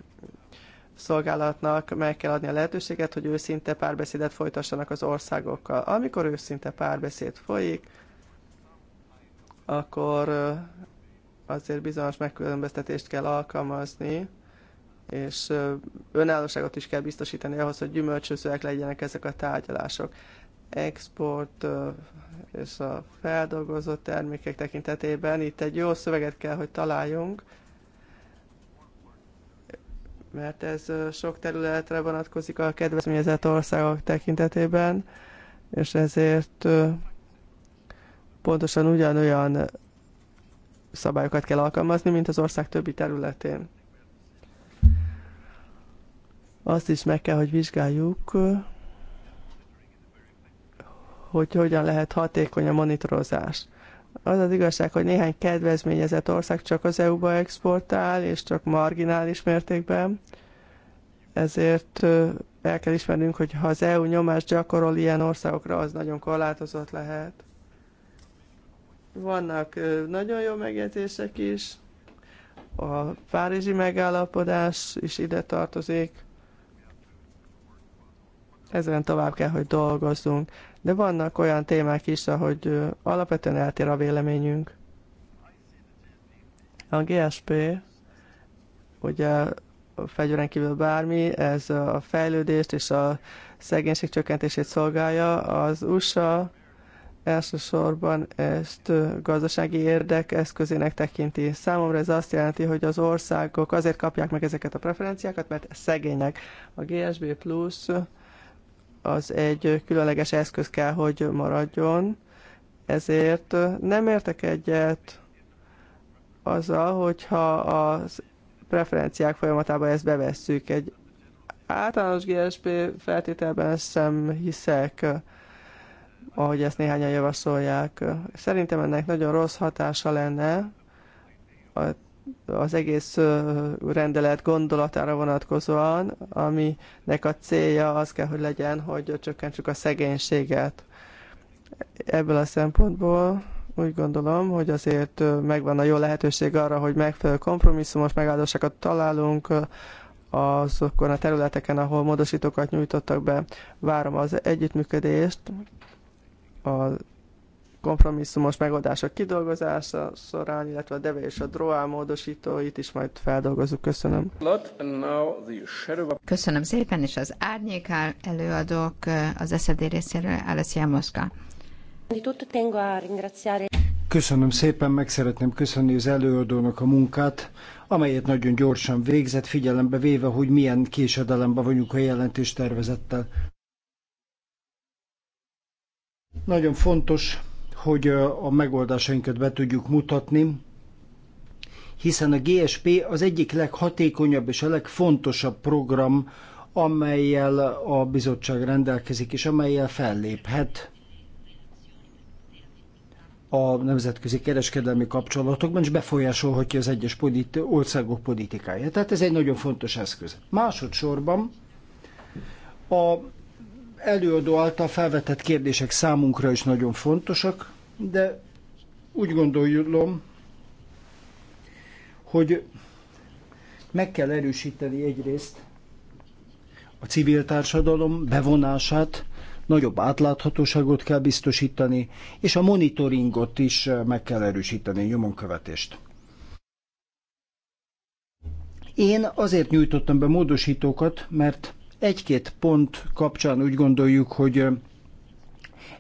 szolgálatnak meg kell adni a lehetőséget, hogy őszinte párbeszédet folytassanak az országokkal. Amikor őszinte párbeszéd folyik, akkor azért bizonyos megkülönböztetést kell alkalmazni, és önállóságot is kell biztosítani ahhoz, hogy gyümölcsözőek legyenek ezek a tárgyalások. Export és a feldolgozott termékek tekintetében itt egy jó szöveget kell, hogy találjunk, mert ez sok területre vonatkozik a kedvezményezett országok tekintetében, és ezért pontosan ugyanolyan szabályokat kell alkalmazni, mint az ország többi területén. Azt is meg kell, hogy vizsgáljuk, hogy hogyan lehet hatékony a monitorozás. Az az igazság, hogy néhány kedvezményezett ország csak az EU-ba exportál, és csak marginális mértékben. Ezért el kell ismernünk, hogy ha az EU nyomást gyakorol ilyen országokra, az nagyon korlátozott lehet. Vannak nagyon jó megjegyzések is. A Párizsi megállapodás is ide tartozik. Ezen tovább kell, hogy dolgozzunk de vannak olyan témák is, ahogy alapvetően eltér a véleményünk. A GSP, ugye a fegyveren kívül bármi, ez a fejlődést és a szegénység csökkentését szolgálja. Az USA elsősorban ezt gazdasági érdek eszközének tekinti. Számomra ez azt jelenti, hogy az országok azért kapják meg ezeket a preferenciákat, mert szegények. A GSB plusz az egy különleges eszköz kell, hogy maradjon. Ezért nem értek egyet azzal, hogyha a preferenciák folyamatába ezt bevesszük. Egy általános GSP feltételben sem hiszek, ahogy ezt néhányan javasolják. Szerintem ennek nagyon rossz hatása lenne a az egész rendelet gondolatára vonatkozóan, aminek a célja az kell, hogy legyen, hogy csökkentsük a szegénységet. Ebből a szempontból úgy gondolom, hogy azért megvan a jó lehetőség arra, hogy megfelelő kompromisszumos megáldásokat találunk azokon a területeken, ahol módosítókat nyújtottak be. Várom az együttműködést a kompromisszumos megoldások kidolgozása során, illetve a DEVE és a DROA módosítóit is majd feldolgozunk. Köszönöm. Köszönöm szépen, és az árnyékál előadók eh, az SZD részéről, Alessia Moszka. Köszönöm szépen, meg szeretném köszönni az előadónak a munkát, amelyet nagyon gyorsan végzett, figyelembe véve, hogy milyen késedelemben vagyunk a jelentés tervezettel. Nagyon fontos, hogy a megoldásainkat be tudjuk mutatni, hiszen a GSP az egyik leghatékonyabb és a legfontosabb program, amelyel a bizottság rendelkezik, és amelyel felléphet a nemzetközi kereskedelmi kapcsolatokban, és befolyásolhatja az egyes politi- országok politikáját. Tehát ez egy nagyon fontos eszköz. Másodszorban a előadó által felvetett kérdések számunkra is nagyon fontosak, de úgy gondolom, hogy meg kell erősíteni egyrészt a civil társadalom bevonását, nagyobb átláthatóságot kell biztosítani, és a monitoringot is meg kell erősíteni, nyomonkövetést. Én azért nyújtottam be módosítókat, mert egy-két pont kapcsán úgy gondoljuk, hogy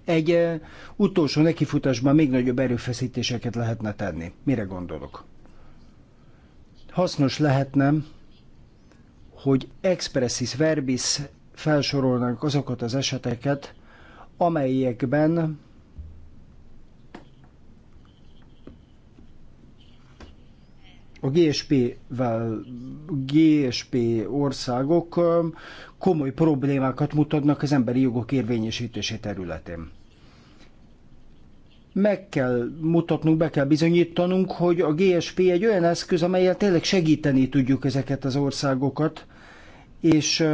egy utolsó nekifutásban még nagyobb erőfeszítéseket lehetne tenni. Mire gondolok? Hasznos lehetne, hogy expressis verbis felsorolnánk azokat az eseteket, amelyekben a GSP-vel, GSP országok komoly problémákat mutatnak az emberi jogok érvényesítési területén. Meg kell mutatnunk, be kell bizonyítanunk, hogy a GSP egy olyan eszköz, amelyel tényleg segíteni tudjuk ezeket az országokat, és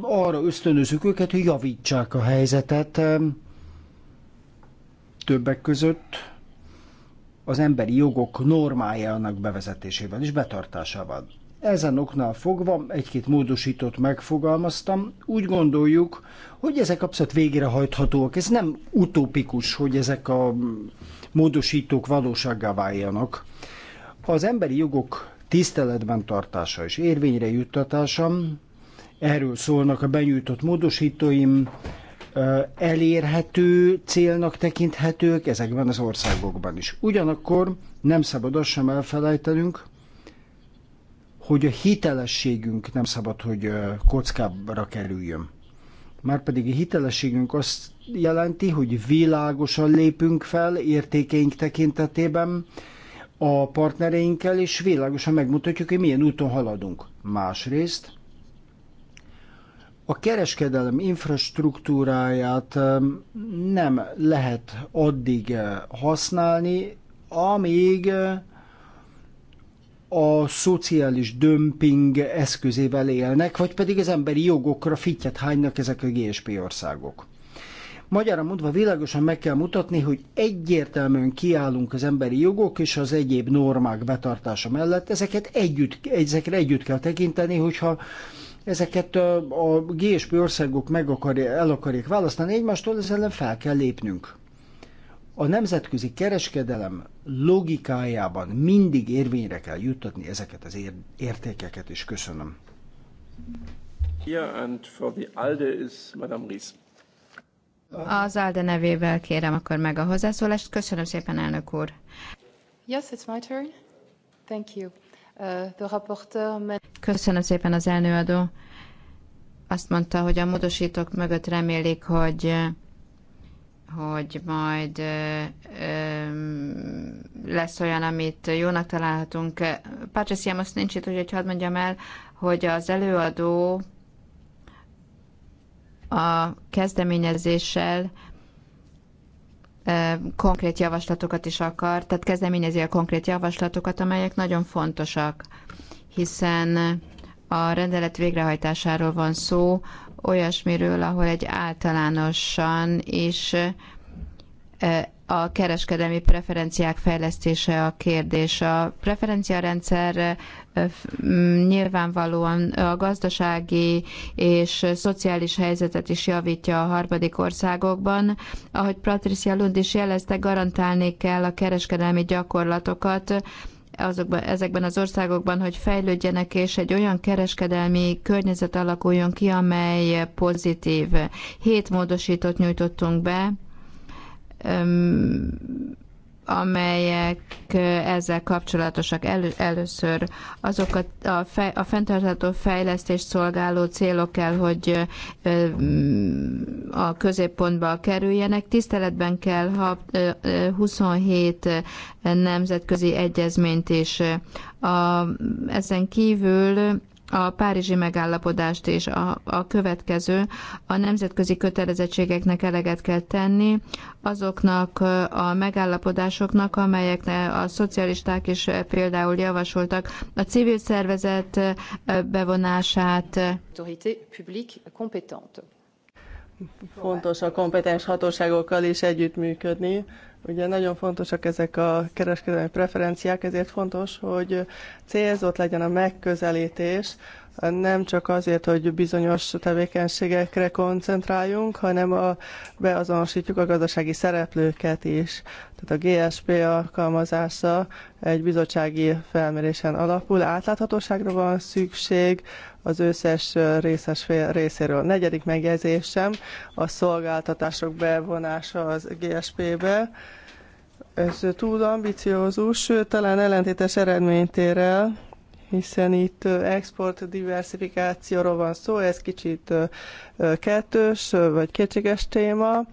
arra ösztönözzük őket, hogy javítsák a helyzetet többek között az emberi jogok normájának bevezetésével és betartásával. Ezen oknál fogva egy-két módosítót megfogalmaztam. Úgy gondoljuk, hogy ezek abszolút végrehajthatóak. Ez nem utópikus, hogy ezek a módosítók valósággá váljanak. Az emberi jogok tiszteletben tartása és érvényre juttatása, erről szólnak a benyújtott módosítóim, elérhető célnak tekinthetők ezekben az országokban is. Ugyanakkor nem szabad azt sem elfelejtenünk, hogy a hitelességünk nem szabad, hogy kockábra kerüljön. Márpedig a hitelességünk azt jelenti, hogy világosan lépünk fel értékeink tekintetében a partnereinkkel, és világosan megmutatjuk, hogy milyen úton haladunk. Másrészt a kereskedelem infrastruktúráját nem lehet addig használni, amíg a szociális dömping eszközével élnek, vagy pedig az emberi jogokra fittyet hánynak ezek a GSP országok. Magyarra mondva világosan meg kell mutatni, hogy egyértelműen kiállunk az emberi jogok és az egyéb normák betartása mellett. Ezeket együtt, ezekre együtt kell tekinteni, hogyha ezeket a GSP országok meg akarja, el akarják választani egymástól, ezzel fel kell lépnünk a nemzetközi kereskedelem logikájában mindig érvényre kell juttatni ezeket az értékeket, és köszönöm. Az ALDE nevével kérem akkor meg a hozzászólást. Köszönöm szépen, elnök úr. Yes, it's my turn. Thank you. Uh, the rapporteur... Köszönöm szépen az elnőadó. Azt mondta, hogy a módosítók mögött remélik, hogy hogy majd ö, ö, lesz olyan, amit jónak találhatunk. Pácsis azt nincs itt, úgyhogy hadd mondjam el, hogy az előadó a kezdeményezéssel ö, konkrét javaslatokat is akar, tehát kezdeményezi a konkrét javaslatokat, amelyek nagyon fontosak, hiszen a rendelet végrehajtásáról van szó, olyasmiről, ahol egy általánosan is a kereskedelmi preferenciák fejlesztése a kérdés. A preferenciarendszer nyilvánvalóan a gazdasági és szociális helyzetet is javítja a harmadik országokban. Ahogy Patricia Lund is jelezte, garantálni kell a kereskedelmi gyakorlatokat, azokban, ezekben az országokban, hogy fejlődjenek, és egy olyan kereskedelmi környezet alakuljon ki, amely pozitív. Hét módosítót nyújtottunk be, amelyek ezzel kapcsolatosak elő, először. Azokat a, fej, a fenntartható fejlesztést szolgáló célok kell, hogy mm, a középpontba kerüljenek. Tiszteletben kell ha 27 nemzetközi egyezményt is. A, ezen kívül a párizsi megállapodást és a, a következő, a nemzetközi kötelezettségeknek eleget kell tenni, azoknak a megállapodásoknak, amelyek a szocialisták is például javasoltak, a civil szervezet bevonását. Fontos a kompetens hatóságokkal is együttműködni, Ugye nagyon fontosak ezek a kereskedelmi preferenciák, ezért fontos, hogy célzott legyen a megközelítés, nem csak azért, hogy bizonyos tevékenységekre koncentráljunk, hanem a, beazonosítjuk a gazdasági szereplőket is. Tehát a GSP alkalmazása egy bizottsági felmérésen alapul. Átláthatóságra van szükség, az összes részes fél részéről. A negyedik megjegyzésem a szolgáltatások bevonása az GSP-be. Ez túl ambiciózus, talán ellentétes eredményt ér el, hiszen itt export diversifikációról van szó, ez kicsit kettős vagy kétséges téma.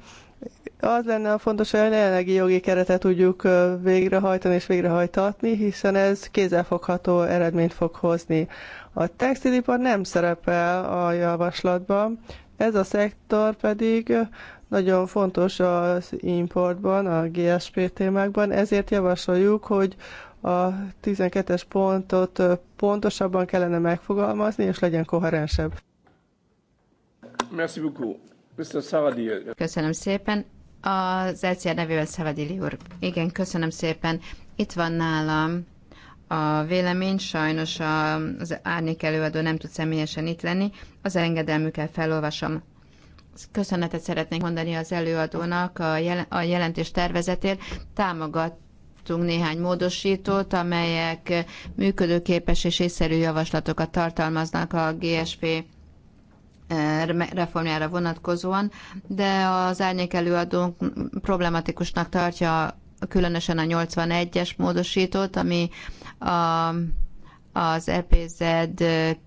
Az lenne a fontos, hogy a jelenlegi jogi keretet tudjuk végrehajtani és végrehajtatni, hiszen ez kézzelfogható eredményt fog hozni. A textilipar nem szerepel a javaslatban, ez a szektor pedig nagyon fontos az importban, a GSP témákban, ezért javasoljuk, hogy a 12-es pontot pontosabban kellene megfogalmazni, és legyen koherensebb. Köszönöm szépen. Az ECR nevével Szevadili úr. Igen, köszönöm szépen. Itt van nálam a vélemény, sajnos az árnyék előadó nem tud személyesen itt lenni, az engedelmükkel felolvasom. Köszönetet szeretnék mondani az előadónak a, jel- a jelentés tervezetét. Támogat néhány módosítót, amelyek működőképes és észszerű javaslatokat tartalmaznak a GSP Eh, reformjára vonatkozóan, de az árnyék előadónk problematikusnak tartja különösen a 81-es módosítót, ami a az EPZ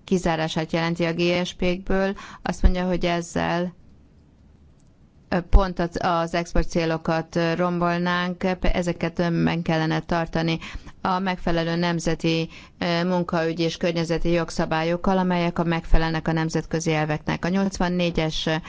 kizárását jelenti a GSP-kből. Azt mondja, hogy ezzel pont az export célokat rombolnánk, ezeket meg kellene tartani a megfelelő nemzeti munkaügyi és környezeti jogszabályokkal, amelyek a megfelelnek a nemzetközi elveknek. A 84-es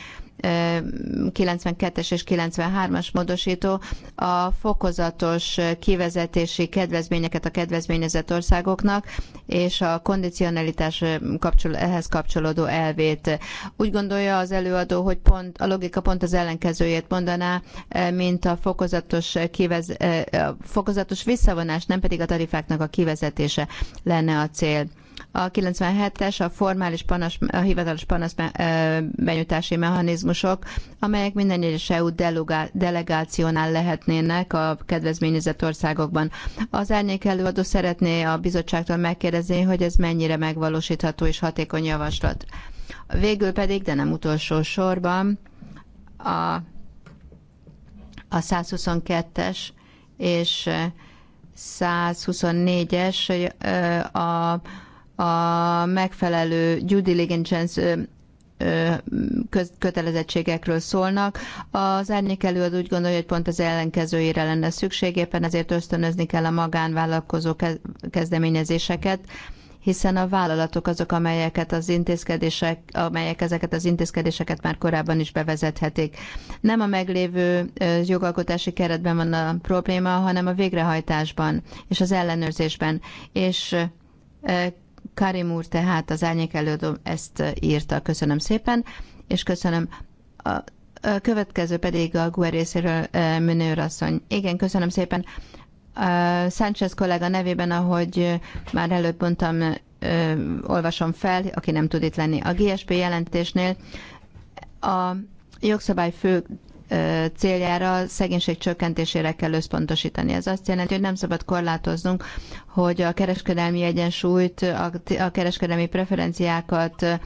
92-es és 93-as módosító a fokozatos kivezetési kedvezményeket a kedvezményezett országoknak, és a kondicionalitás kapcsoló, ehhez kapcsolódó elvét. Úgy gondolja az előadó, hogy pont, a logika pont az ellenkezőjét mondaná, e, mint a fokozatos, kivez, e, fokozatos visszavonás, nem pedig a tarifáknak a kivezetése lenne a cél a 97-es a formális panasz, a hivatalos panasz benyújtási mechanizmusok, amelyek minden egyes EU delegációnál lehetnének a kedvezményezett országokban. Az elnék előadó szeretné a bizottságtól megkérdezni, hogy ez mennyire megvalósítható és hatékony javaslat. Végül pedig, de nem utolsó sorban, a, a 122-es és 124-es a a megfelelő due diligence kötelezettségekről szólnak. Az árnyék előad úgy gondolja, hogy pont az ellenkezőjére lenne szükség, éppen ezért ösztönözni kell a magánvállalkozó kezdeményezéseket, hiszen a vállalatok azok, amelyeket az intézkedések, amelyek ezeket az intézkedéseket már korábban is bevezethetik. Nem a meglévő jogalkotási keretben van a probléma, hanem a végrehajtásban és az ellenőrzésben. És Karim úr tehát az árnyék előadó ezt írta. Köszönöm szépen, és köszönöm a következő pedig a GUE részéről Münőr asszony. Igen, köszönöm szépen. Sánchez kollega nevében, ahogy már előbb mondtam, olvasom fel, aki nem tud itt lenni. A GSP jelentésnél a jogszabály fő céljára a szegénység csökkentésére kell összpontosítani. Ez azt jelenti, hogy nem szabad korlátoznunk, hogy a kereskedelmi egyensúlyt, a kereskedelmi preferenciákat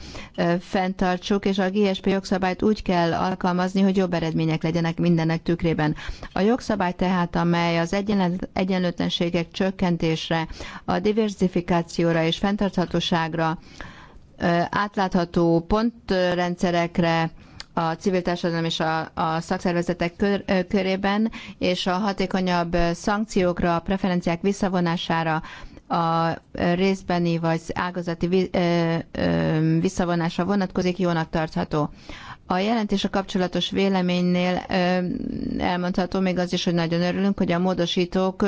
fenntartsuk, és a GSP jogszabályt úgy kell alkalmazni, hogy jobb eredmények legyenek mindennek tükrében. A jogszabály tehát, amely az egyenlőtlenségek csökkentésre, a diversifikációra és fenntarthatóságra átlátható pontrendszerekre, a civil társadalom és a, a szakszervezetek kör, körében, és a hatékonyabb szankciókra, a preferenciák visszavonására, a részbeni vagy ágazati visszavonásra vonatkozik, jónak tartható. A jelentés a kapcsolatos véleménynél elmondható még az is, hogy nagyon örülünk, hogy a módosítók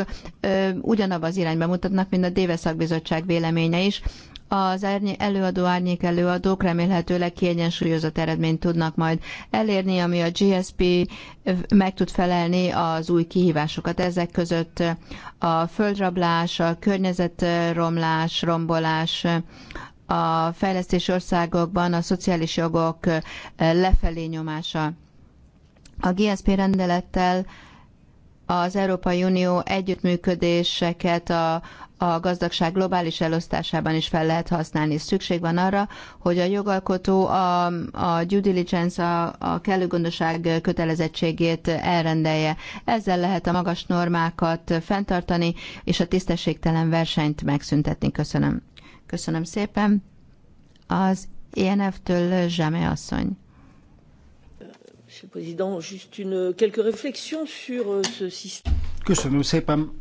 ugyanabban az irányba mutatnak, mint a Déve szakbizottság véleménye is, az előadó árnyék előadók remélhetőleg kiegyensúlyozott eredményt tudnak majd elérni, ami a GSP meg tud felelni az új kihívásokat. Ezek között a földrablás, a környezetromlás, rombolás, a fejlesztési országokban a szociális jogok lefelé nyomása. A GSP rendelettel az Európai Unió együttműködéseket a, a gazdagság globális elosztásában is fel lehet használni. Szükség van arra, hogy a jogalkotó a, a due diligence, a, a kellő gondosság kötelezettségét elrendelje. Ezzel lehet a magas normákat fenntartani, és a tisztességtelen versenyt megszüntetni. Köszönöm. Köszönöm szépen. Az INF-től e Zsáme asszony. Euh, Köszönöm szépen.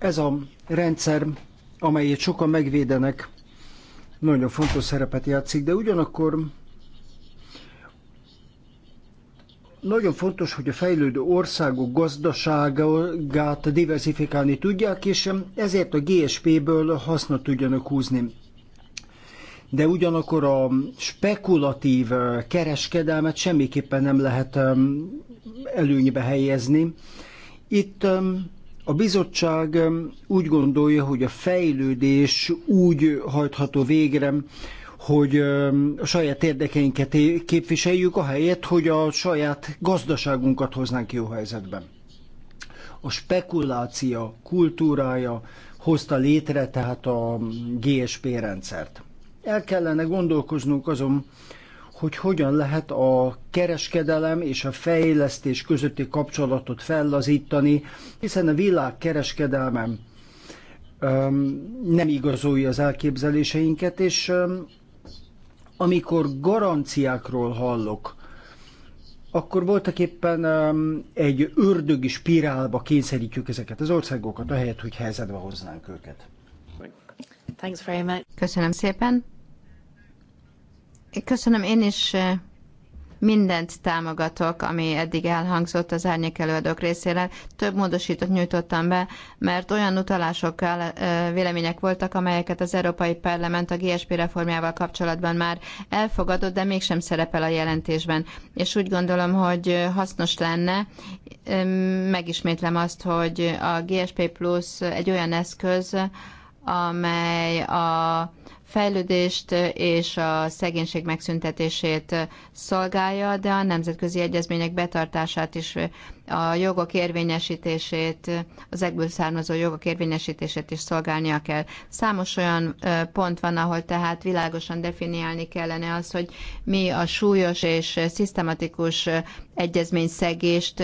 Ez a rendszer, amelyet sokan megvédenek, nagyon fontos szerepet játszik, de ugyanakkor nagyon fontos, hogy a fejlődő országok gazdaságát diversifikálni tudják, és ezért a GSP-ből hasznot tudjanak húzni. De ugyanakkor a spekulatív kereskedelmet semmiképpen nem lehet um, előnybe helyezni. Itt um, a bizottság úgy gondolja, hogy a fejlődés úgy hajtható végre, hogy a saját érdekeinket képviseljük, ahelyett, hogy a saját gazdaságunkat hoznánk jó helyzetben. A spekuláció kultúrája hozta létre tehát a GSP rendszert. El kellene gondolkoznunk azon, hogy hogyan lehet a kereskedelem és a fejlesztés közötti kapcsolatot fellazítani, hiszen a világ kereskedelmem nem igazolja az elképzeléseinket, és amikor garanciákról hallok, akkor voltak éppen egy ördögi spirálba kényszerítjük ezeket az országokat, ahelyett, hogy helyzetbe hoznánk őket. Köszönöm szépen. Köszönöm, én is eh, mindent támogatok, ami eddig elhangzott az árnyék előadók részéről. Több módosítót nyújtottam be, mert olyan utalásokkal eh, vélemények voltak, amelyeket az Európai Parlament a GSP reformjával kapcsolatban már elfogadott, de mégsem szerepel a jelentésben. És úgy gondolom, hogy eh, hasznos lenne, megismétlem azt, hogy a GSP Plus egy olyan eszköz, amely a fejlődést és a szegénység megszüntetését szolgálja, de a nemzetközi egyezmények betartását is, a jogok érvényesítését, az egből származó jogok érvényesítését is szolgálnia kell. Számos olyan pont van, ahol tehát világosan definiálni kellene az, hogy mi a súlyos és szisztematikus egyezményszegést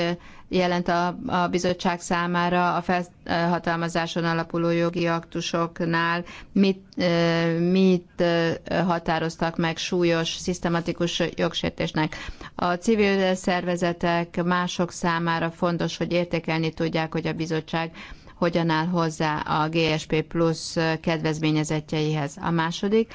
jelent a, a bizottság számára a felhatalmazáson alapuló jogi aktusoknál, mit, mit határoztak meg súlyos, szisztematikus jogsértésnek. A civil szervezetek mások számára fontos, hogy értékelni tudják, hogy a bizottság hogyan áll hozzá a GSP plusz kedvezményezetjeihez. A második,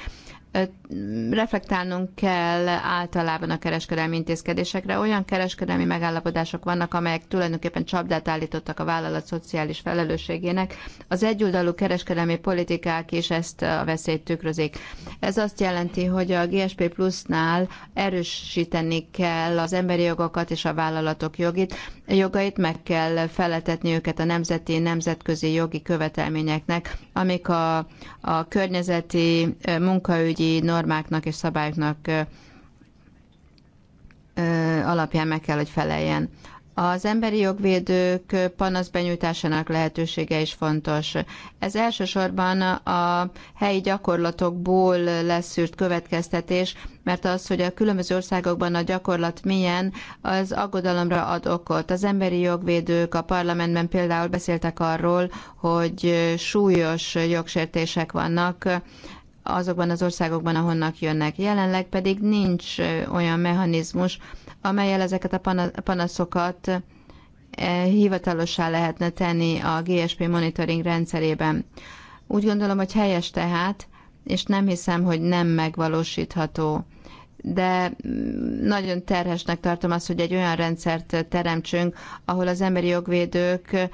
reflektálnunk kell általában a kereskedelmi intézkedésekre. Olyan kereskedelmi megállapodások vannak, amelyek tulajdonképpen csapdát állítottak a vállalat szociális felelősségének. Az egyoldalú kereskedelmi politikák is ezt a veszélyt tükrözik. Ez azt jelenti, hogy a GSP Plusnál erősíteni kell az emberi jogokat és a vállalatok jogit, jogait, meg kell feletetni őket a nemzeti, nemzetközi jogi követelményeknek, amik a, a környezeti munkaügyi pénzügyi normáknak és szabályoknak alapján meg kell, hogy feleljen. Az emberi jogvédők panasz benyújtásának lehetősége is fontos. Ez elsősorban a helyi gyakorlatokból leszűrt következtetés, mert az, hogy a különböző országokban a gyakorlat milyen, az aggodalomra ad okot. Az emberi jogvédők a parlamentben például beszéltek arról, hogy súlyos jogsértések vannak, azokban az országokban, ahonnak jönnek. Jelenleg pedig nincs olyan mechanizmus, amelyel ezeket a panaszokat e, hivatalossá lehetne tenni a GSP monitoring rendszerében. Úgy gondolom, hogy helyes tehát, és nem hiszem, hogy nem megvalósítható. De mm, nagyon terhesnek tartom azt, hogy egy olyan rendszert teremtsünk, ahol az emberi jogvédők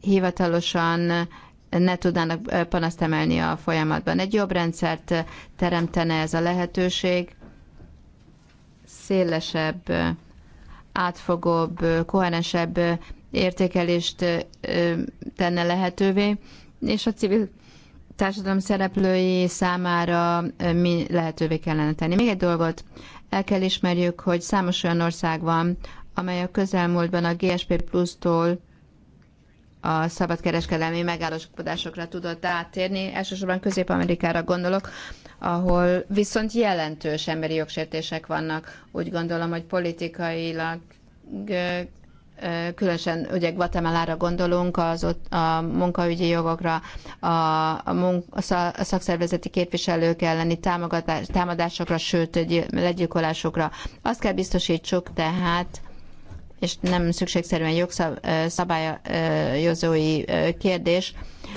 hivatalosan ne tudnának panaszt emelni a folyamatban. Egy jobb rendszert teremtene ez a lehetőség, szélesebb, átfogóbb, koherensebb értékelést tenne lehetővé, és a civil társadalom szereplői számára mi lehetővé kellene tenni. Még egy dolgot el kell ismerjük, hogy számos olyan ország van, amely a közelmúltban a GSP Plus-tól a szabadkereskedelmi megállapodásokra tudott áttérni. Elsősorban Közép-Amerikára gondolok, ahol viszont jelentős emberi jogsértések vannak. Úgy gondolom, hogy politikailag különösen ugye Guatemala-ra gondolunk, az ott a munkaügyi jogokra, a, a, munk, a szakszervezeti képviselők elleni támadásokra, sőt legyilkolásokra. Azt kell biztosítsuk tehát, és nem szükségszerűen jogszabályozói kérdés,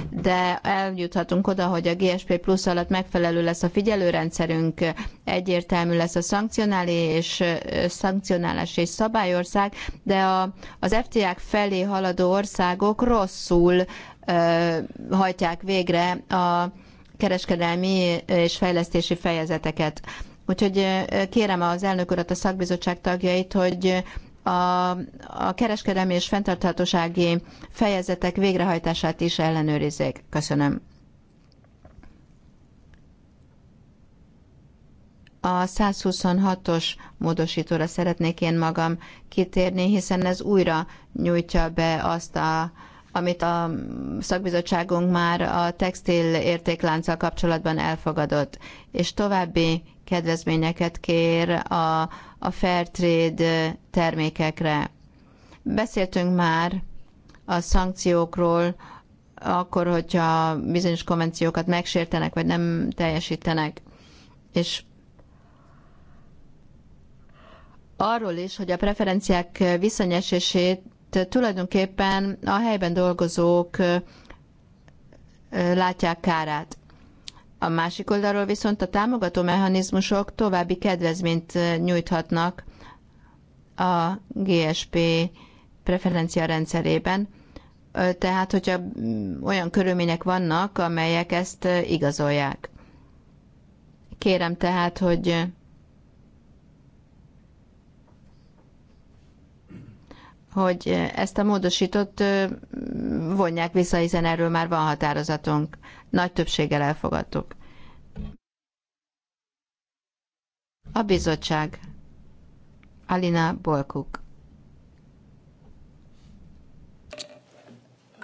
de eljuthatunk oda, hogy a GSP plusz alatt megfelelő lesz a figyelőrendszerünk, egyértelmű lesz a szankcionálé és szankcionálás és szabályország, de a, az FTA-k felé haladó országok rosszul ö, hajtják végre a kereskedelmi és fejlesztési fejezeteket. Úgyhogy kérem az elnök urat, a szakbizottság tagjait, hogy a, a kereskedelmi és fenntarthatósági fejezetek végrehajtását is ellenőrizzék. Köszönöm. A 126-os módosítóra szeretnék én magam kitérni, hiszen ez újra nyújtja be azt a amit a szakbizottságunk már a textil értéklánccal kapcsolatban elfogadott, és további kedvezményeket kér a a Fairtrade termékekre. Beszéltünk már a szankciókról, akkor, hogyha bizonyos konvenciókat megsértenek, vagy nem teljesítenek. És arról is, hogy a preferenciák viszonyesését tulajdonképpen a helyben dolgozók látják kárát. A másik oldalról viszont a támogató mechanizmusok további kedvezményt nyújthatnak a GSP preferencia rendszerében, tehát hogyha mm, olyan körülmények vannak, amelyek ezt igazolják. Kérem tehát, hogy hogy ezt a módosított vonják vissza, hiszen erről már van határozatunk nagy többséggel elfogadtuk. A bizottság. Alina Bolkuk.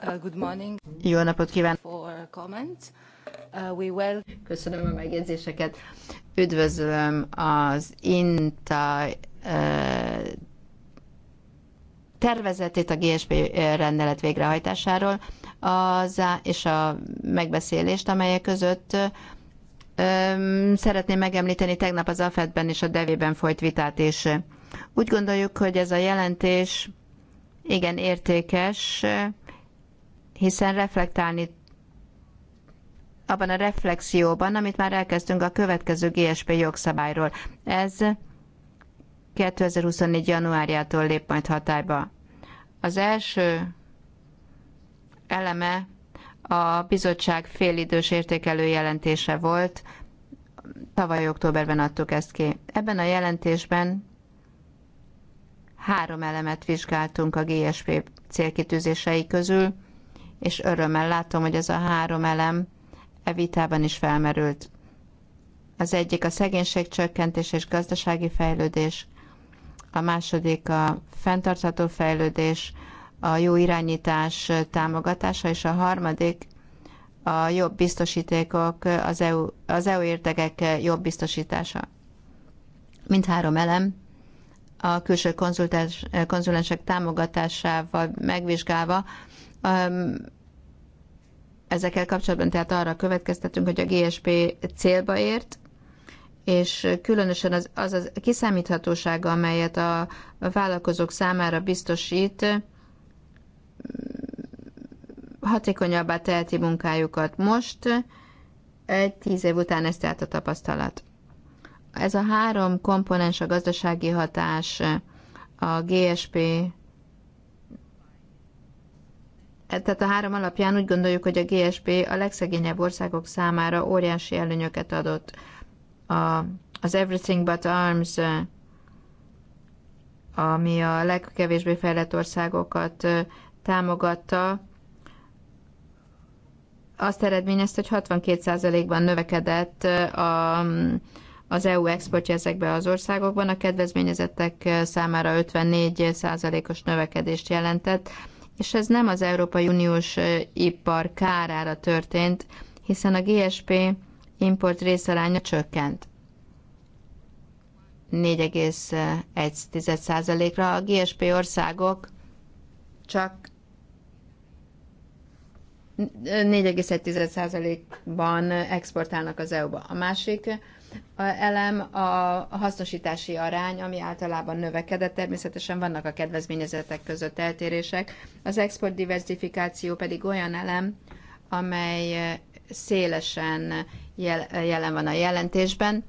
Uh, good morning. Jó napot kívánok! For uh, well... Köszönöm a megjegyzéseket. Üdvözlöm az INTA uh, tervezetét a GSP rendelet végrehajtásáról, az, és a megbeszélést, amelyek között öm, szeretném megemlíteni tegnap az AFED-ben és a Devi-ben folyt vitát is. Úgy gondoljuk, hogy ez a jelentés igen értékes, hiszen reflektálni abban a reflexióban, amit már elkezdtünk a következő GSP jogszabályról. Ez 2024. januárjától lép majd hatályba. Az első eleme a bizottság félidős értékelő jelentése volt, tavaly októberben adtuk ezt ki. Ebben a jelentésben három elemet vizsgáltunk a GSP célkitűzései közül, és örömmel látom, hogy ez a három elem e vitában is felmerült. Az egyik a szegénység csökkentés és gazdasági fejlődés, a második a fenntartható fejlődés, a jó irányítás támogatása, és a harmadik a jobb biztosítékok, az EU, az EU értegek jobb biztosítása. Mindhárom elem a külső konzulensek támogatásával megvizsgálva ezekkel kapcsolatban tehát arra következtetünk, hogy a GSP célba ért, és különösen az, az a kiszámíthatósága, amelyet a, a vállalkozók számára biztosít, hatékonyabbá teheti munkájukat. Most egy tíz év után ez tehát a tapasztalat. Ez a három komponens, a gazdasági hatás, a GSP, tehát a három alapján úgy gondoljuk, hogy a GSP a legszegényebb országok számára óriási előnyöket adott a, az Everything But Arms, ami a legkevésbé fejlett országokat támogatta, azt eredményezte, hogy 62%-ban növekedett a, az EU exportja ezekbe az országokban, a kedvezményezettek számára 54%-os növekedést jelentett, és ez nem az Európai Uniós ipar kárára történt, hiszen a GSP import részaránya csökkent. 4,1%-ra a GSP országok csak 4,1%-ban exportálnak az EU-ba. A másik elem a hasznosítási arány, ami általában növekedett, természetesen vannak a kedvezményezetek között eltérések. Az export diversifikáció pedig olyan elem, amely szélesen jelen van a jelentésben,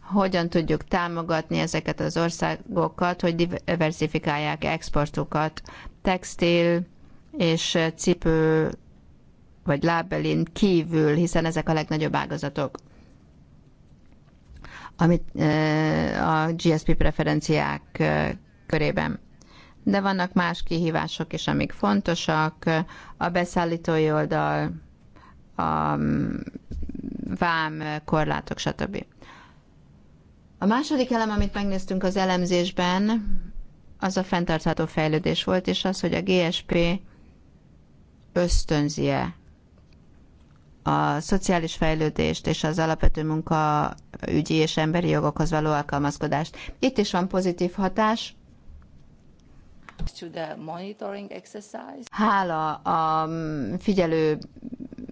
hogyan tudjuk támogatni ezeket az országokat, hogy diversifikálják exportukat, textil és cipő vagy lábelin kívül, hiszen ezek a legnagyobb ágazatok, amit a GSP preferenciák körében. De vannak más kihívások is, amik fontosak, a beszállítói oldal, a mm, vám korlátok, stb. A második elem, amit megnéztünk az elemzésben, az a fenntartható fejlődés volt, és az, hogy a GSP ösztönzie a szociális fejlődést és az alapvető munka ügyi és emberi jogokhoz való alkalmazkodást. Itt is van pozitív hatás. Hála a mm, figyelő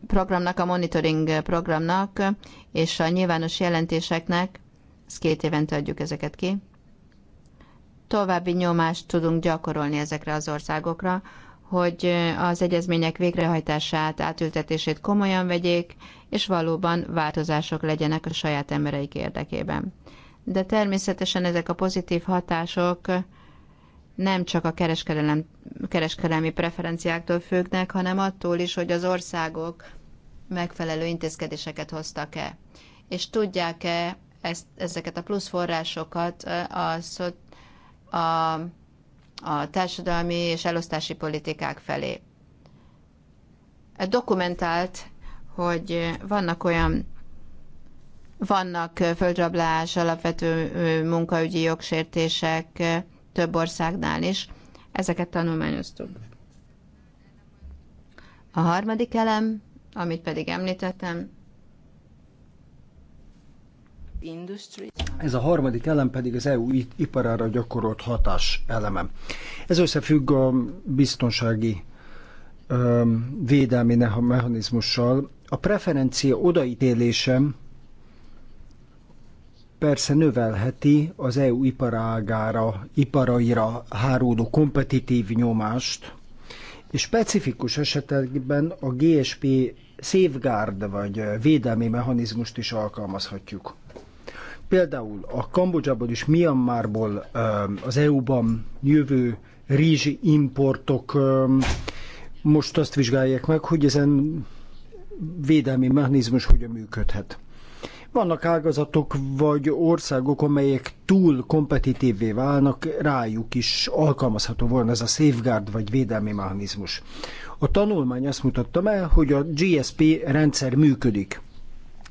programnak, a monitoring programnak és a nyilvános jelentéseknek, ezt két évente adjuk ezeket ki, további nyomást tudunk gyakorolni ezekre az országokra, hogy az egyezmények végrehajtását, átültetését komolyan vegyék, és valóban változások legyenek a saját embereik érdekében. De természetesen ezek a pozitív hatások nem csak a kereskedelem, kereskedelmi preferenciáktól függnek, hanem attól is, hogy az országok megfelelő intézkedéseket hoztak-e, és tudják-e ezt, ezeket a plusz forrásokat a, a, a társadalmi és elosztási politikák felé. E dokumentált, hogy vannak olyan vannak földrablás, alapvető munkaügyi jogsértések több országnál is. Ezeket tanulmányoztuk. A harmadik elem amit pedig említettem. Ez a harmadik elem pedig az EU iparára gyakorolt hatás eleme. Ez összefügg a biztonsági védelmi mechanizmussal. A preferencia odaítélése persze növelheti az EU iparágára, iparaira háródó kompetitív nyomást, és specifikus esetekben a GSP safeguard vagy védelmi mechanizmust is alkalmazhatjuk. Például a Kambodzsából és Myanmarból az EU-ban jövő rizs importok most azt vizsgálják meg, hogy ezen védelmi mechanizmus hogyan működhet. Vannak ágazatok vagy országok, amelyek túl kompetitívvé válnak, rájuk is alkalmazható volna ez a safeguard vagy védelmi mechanizmus. A tanulmány azt mutatta meg, hogy a GSP rendszer működik.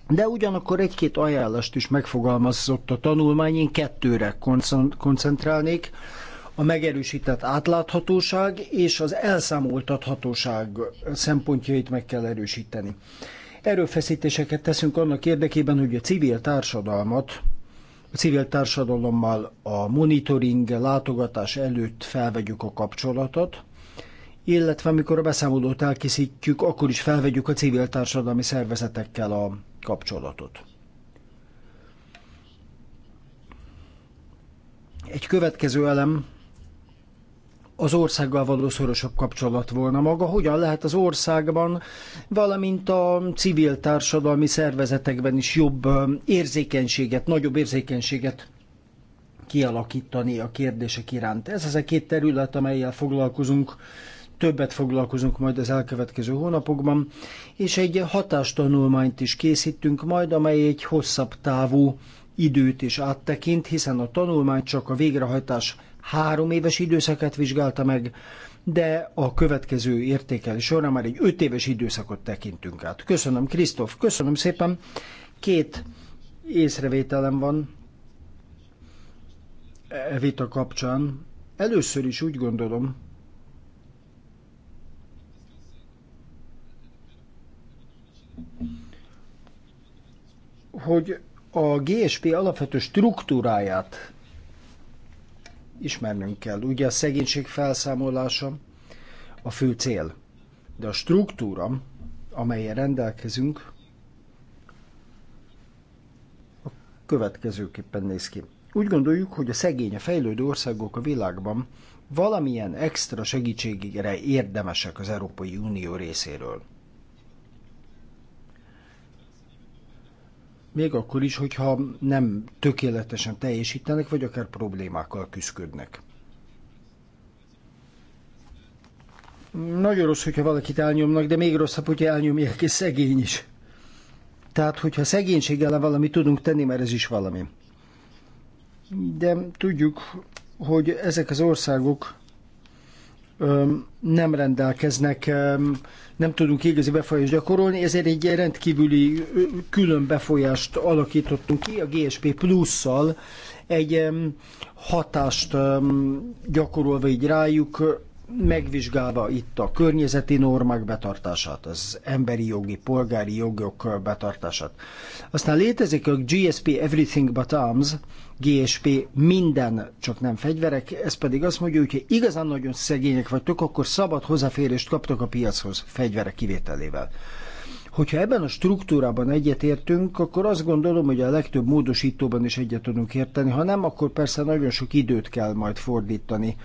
De ugyanakkor egy-két ajánlást is megfogalmazott a tanulmány, én kettőre koncentrálnék a megerősített átláthatóság és az elszámoltathatóság szempontjait meg kell erősíteni erőfeszítéseket teszünk annak érdekében, hogy a civil társadalmat, a civil társadalommal a monitoring látogatás előtt felvegyük a kapcsolatot, illetve amikor a beszámolót elkészítjük, akkor is felvegyük a civil társadalmi szervezetekkel a kapcsolatot. Egy következő elem az országgal való szorosabb kapcsolat volna maga, hogyan lehet az országban, valamint a civil társadalmi szervezetekben is jobb érzékenységet, nagyobb érzékenységet kialakítani a kérdések iránt. Ez az a két terület, amelyel foglalkozunk, többet foglalkozunk majd az elkövetkező hónapokban, és egy hatástanulmányt is készítünk majd, amely egy hosszabb távú időt is áttekint, hiszen a tanulmány csak a végrehajtás három éves időszakát vizsgálta meg, de a következő értékelés során már egy öt éves időszakot tekintünk át. Köszönöm, Krisztóf, köszönöm szépen. Két észrevételem van e vita kapcsán. Először is úgy gondolom, hogy a GSP alapvető struktúráját ismernünk kell. Ugye a szegénység felszámolása a fő cél, de a struktúra, amelyen rendelkezünk, a következőképpen néz ki. Úgy gondoljuk, hogy a szegény, a fejlődő országok a világban valamilyen extra segítségére érdemesek az Európai Unió részéről. még akkor is, hogyha nem tökéletesen teljesítenek, vagy akár problémákkal küzdködnek. Nagyon rossz, hogyha valakit elnyomnak, de még rosszabb, hogyha elnyomják egy szegény is. Tehát, hogyha szegénység ellen valamit tudunk tenni, mert ez is valami. De tudjuk, hogy ezek az országok nem rendelkeznek, nem tudunk igazi befolyást gyakorolni, ezért egy rendkívüli külön befolyást alakítottunk ki a GSP plusszal, egy hatást gyakorolva így rájuk, megvizsgálva itt a környezeti normák betartását, az emberi jogi, polgári jogok betartását. Aztán létezik a GSP Everything But Arms, GSP minden, csak nem fegyverek, ez pedig azt mondja, hogy ha igazán nagyon szegények vagytok, akkor szabad hozzáférést kaptok a piachoz, fegyverek kivételével. Hogyha ebben a struktúrában egyetértünk, akkor azt gondolom, hogy a legtöbb módosítóban is egyet tudunk érteni, ha nem, akkor persze nagyon sok időt kell majd fordítani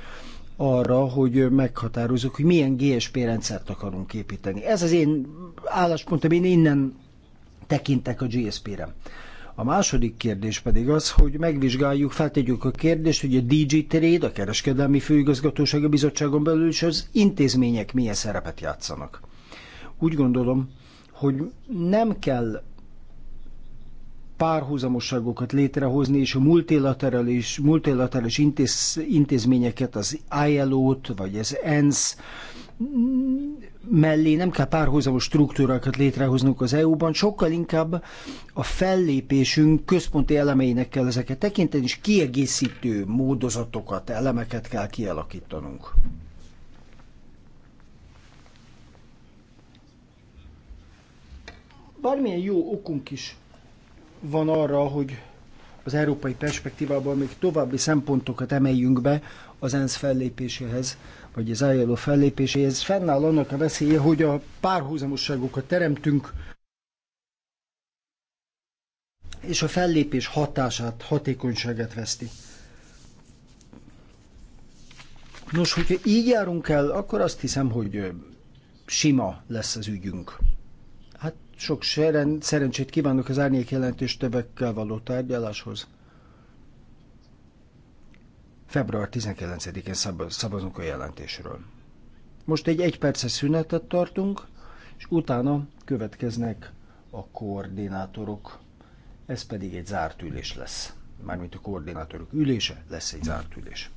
arra, hogy meghatározzuk, hogy milyen GSP rendszert akarunk építeni. Ez az én álláspontom, én innen tekintek a GSP-re. A második kérdés pedig az, hogy megvizsgáljuk, feltegyük a kérdést, hogy a DG Trade, a Kereskedelmi Főigazgatósági Bizottságon belül is az intézmények milyen szerepet játszanak. Úgy gondolom, hogy nem kell párhuzamoságokat létrehozni, és a multilaterális, multilaterális intéz, intézményeket, az ILO-t, vagy az ENSZ, mellé nem kell párhuzamos struktúrákat létrehoznunk az EU-ban, sokkal inkább a fellépésünk központi elemeinek kell ezeket tekinteni, és kiegészítő módozatokat, elemeket kell kialakítanunk. Bármilyen jó okunk is van arra, hogy az európai perspektívában még további szempontokat emeljünk be az ENSZ fellépéséhez, vagy az ILO fellépéséhez, fennáll annak a veszélye, hogy a párhuzamosságokat teremtünk, és a fellépés hatását, hatékonyságát veszti. Nos, hogyha így járunk el, akkor azt hiszem, hogy sima lesz az ügyünk. Hát sok szerencsét kívánok az árnyék jelentés többekkel való tárgyaláshoz. Február 19-én szavazunk a jelentésről. Most egy perce szünetet tartunk, és utána következnek a koordinátorok. Ez pedig egy zárt ülés lesz. Mármint a koordinátorok ülése lesz egy zárt ülés.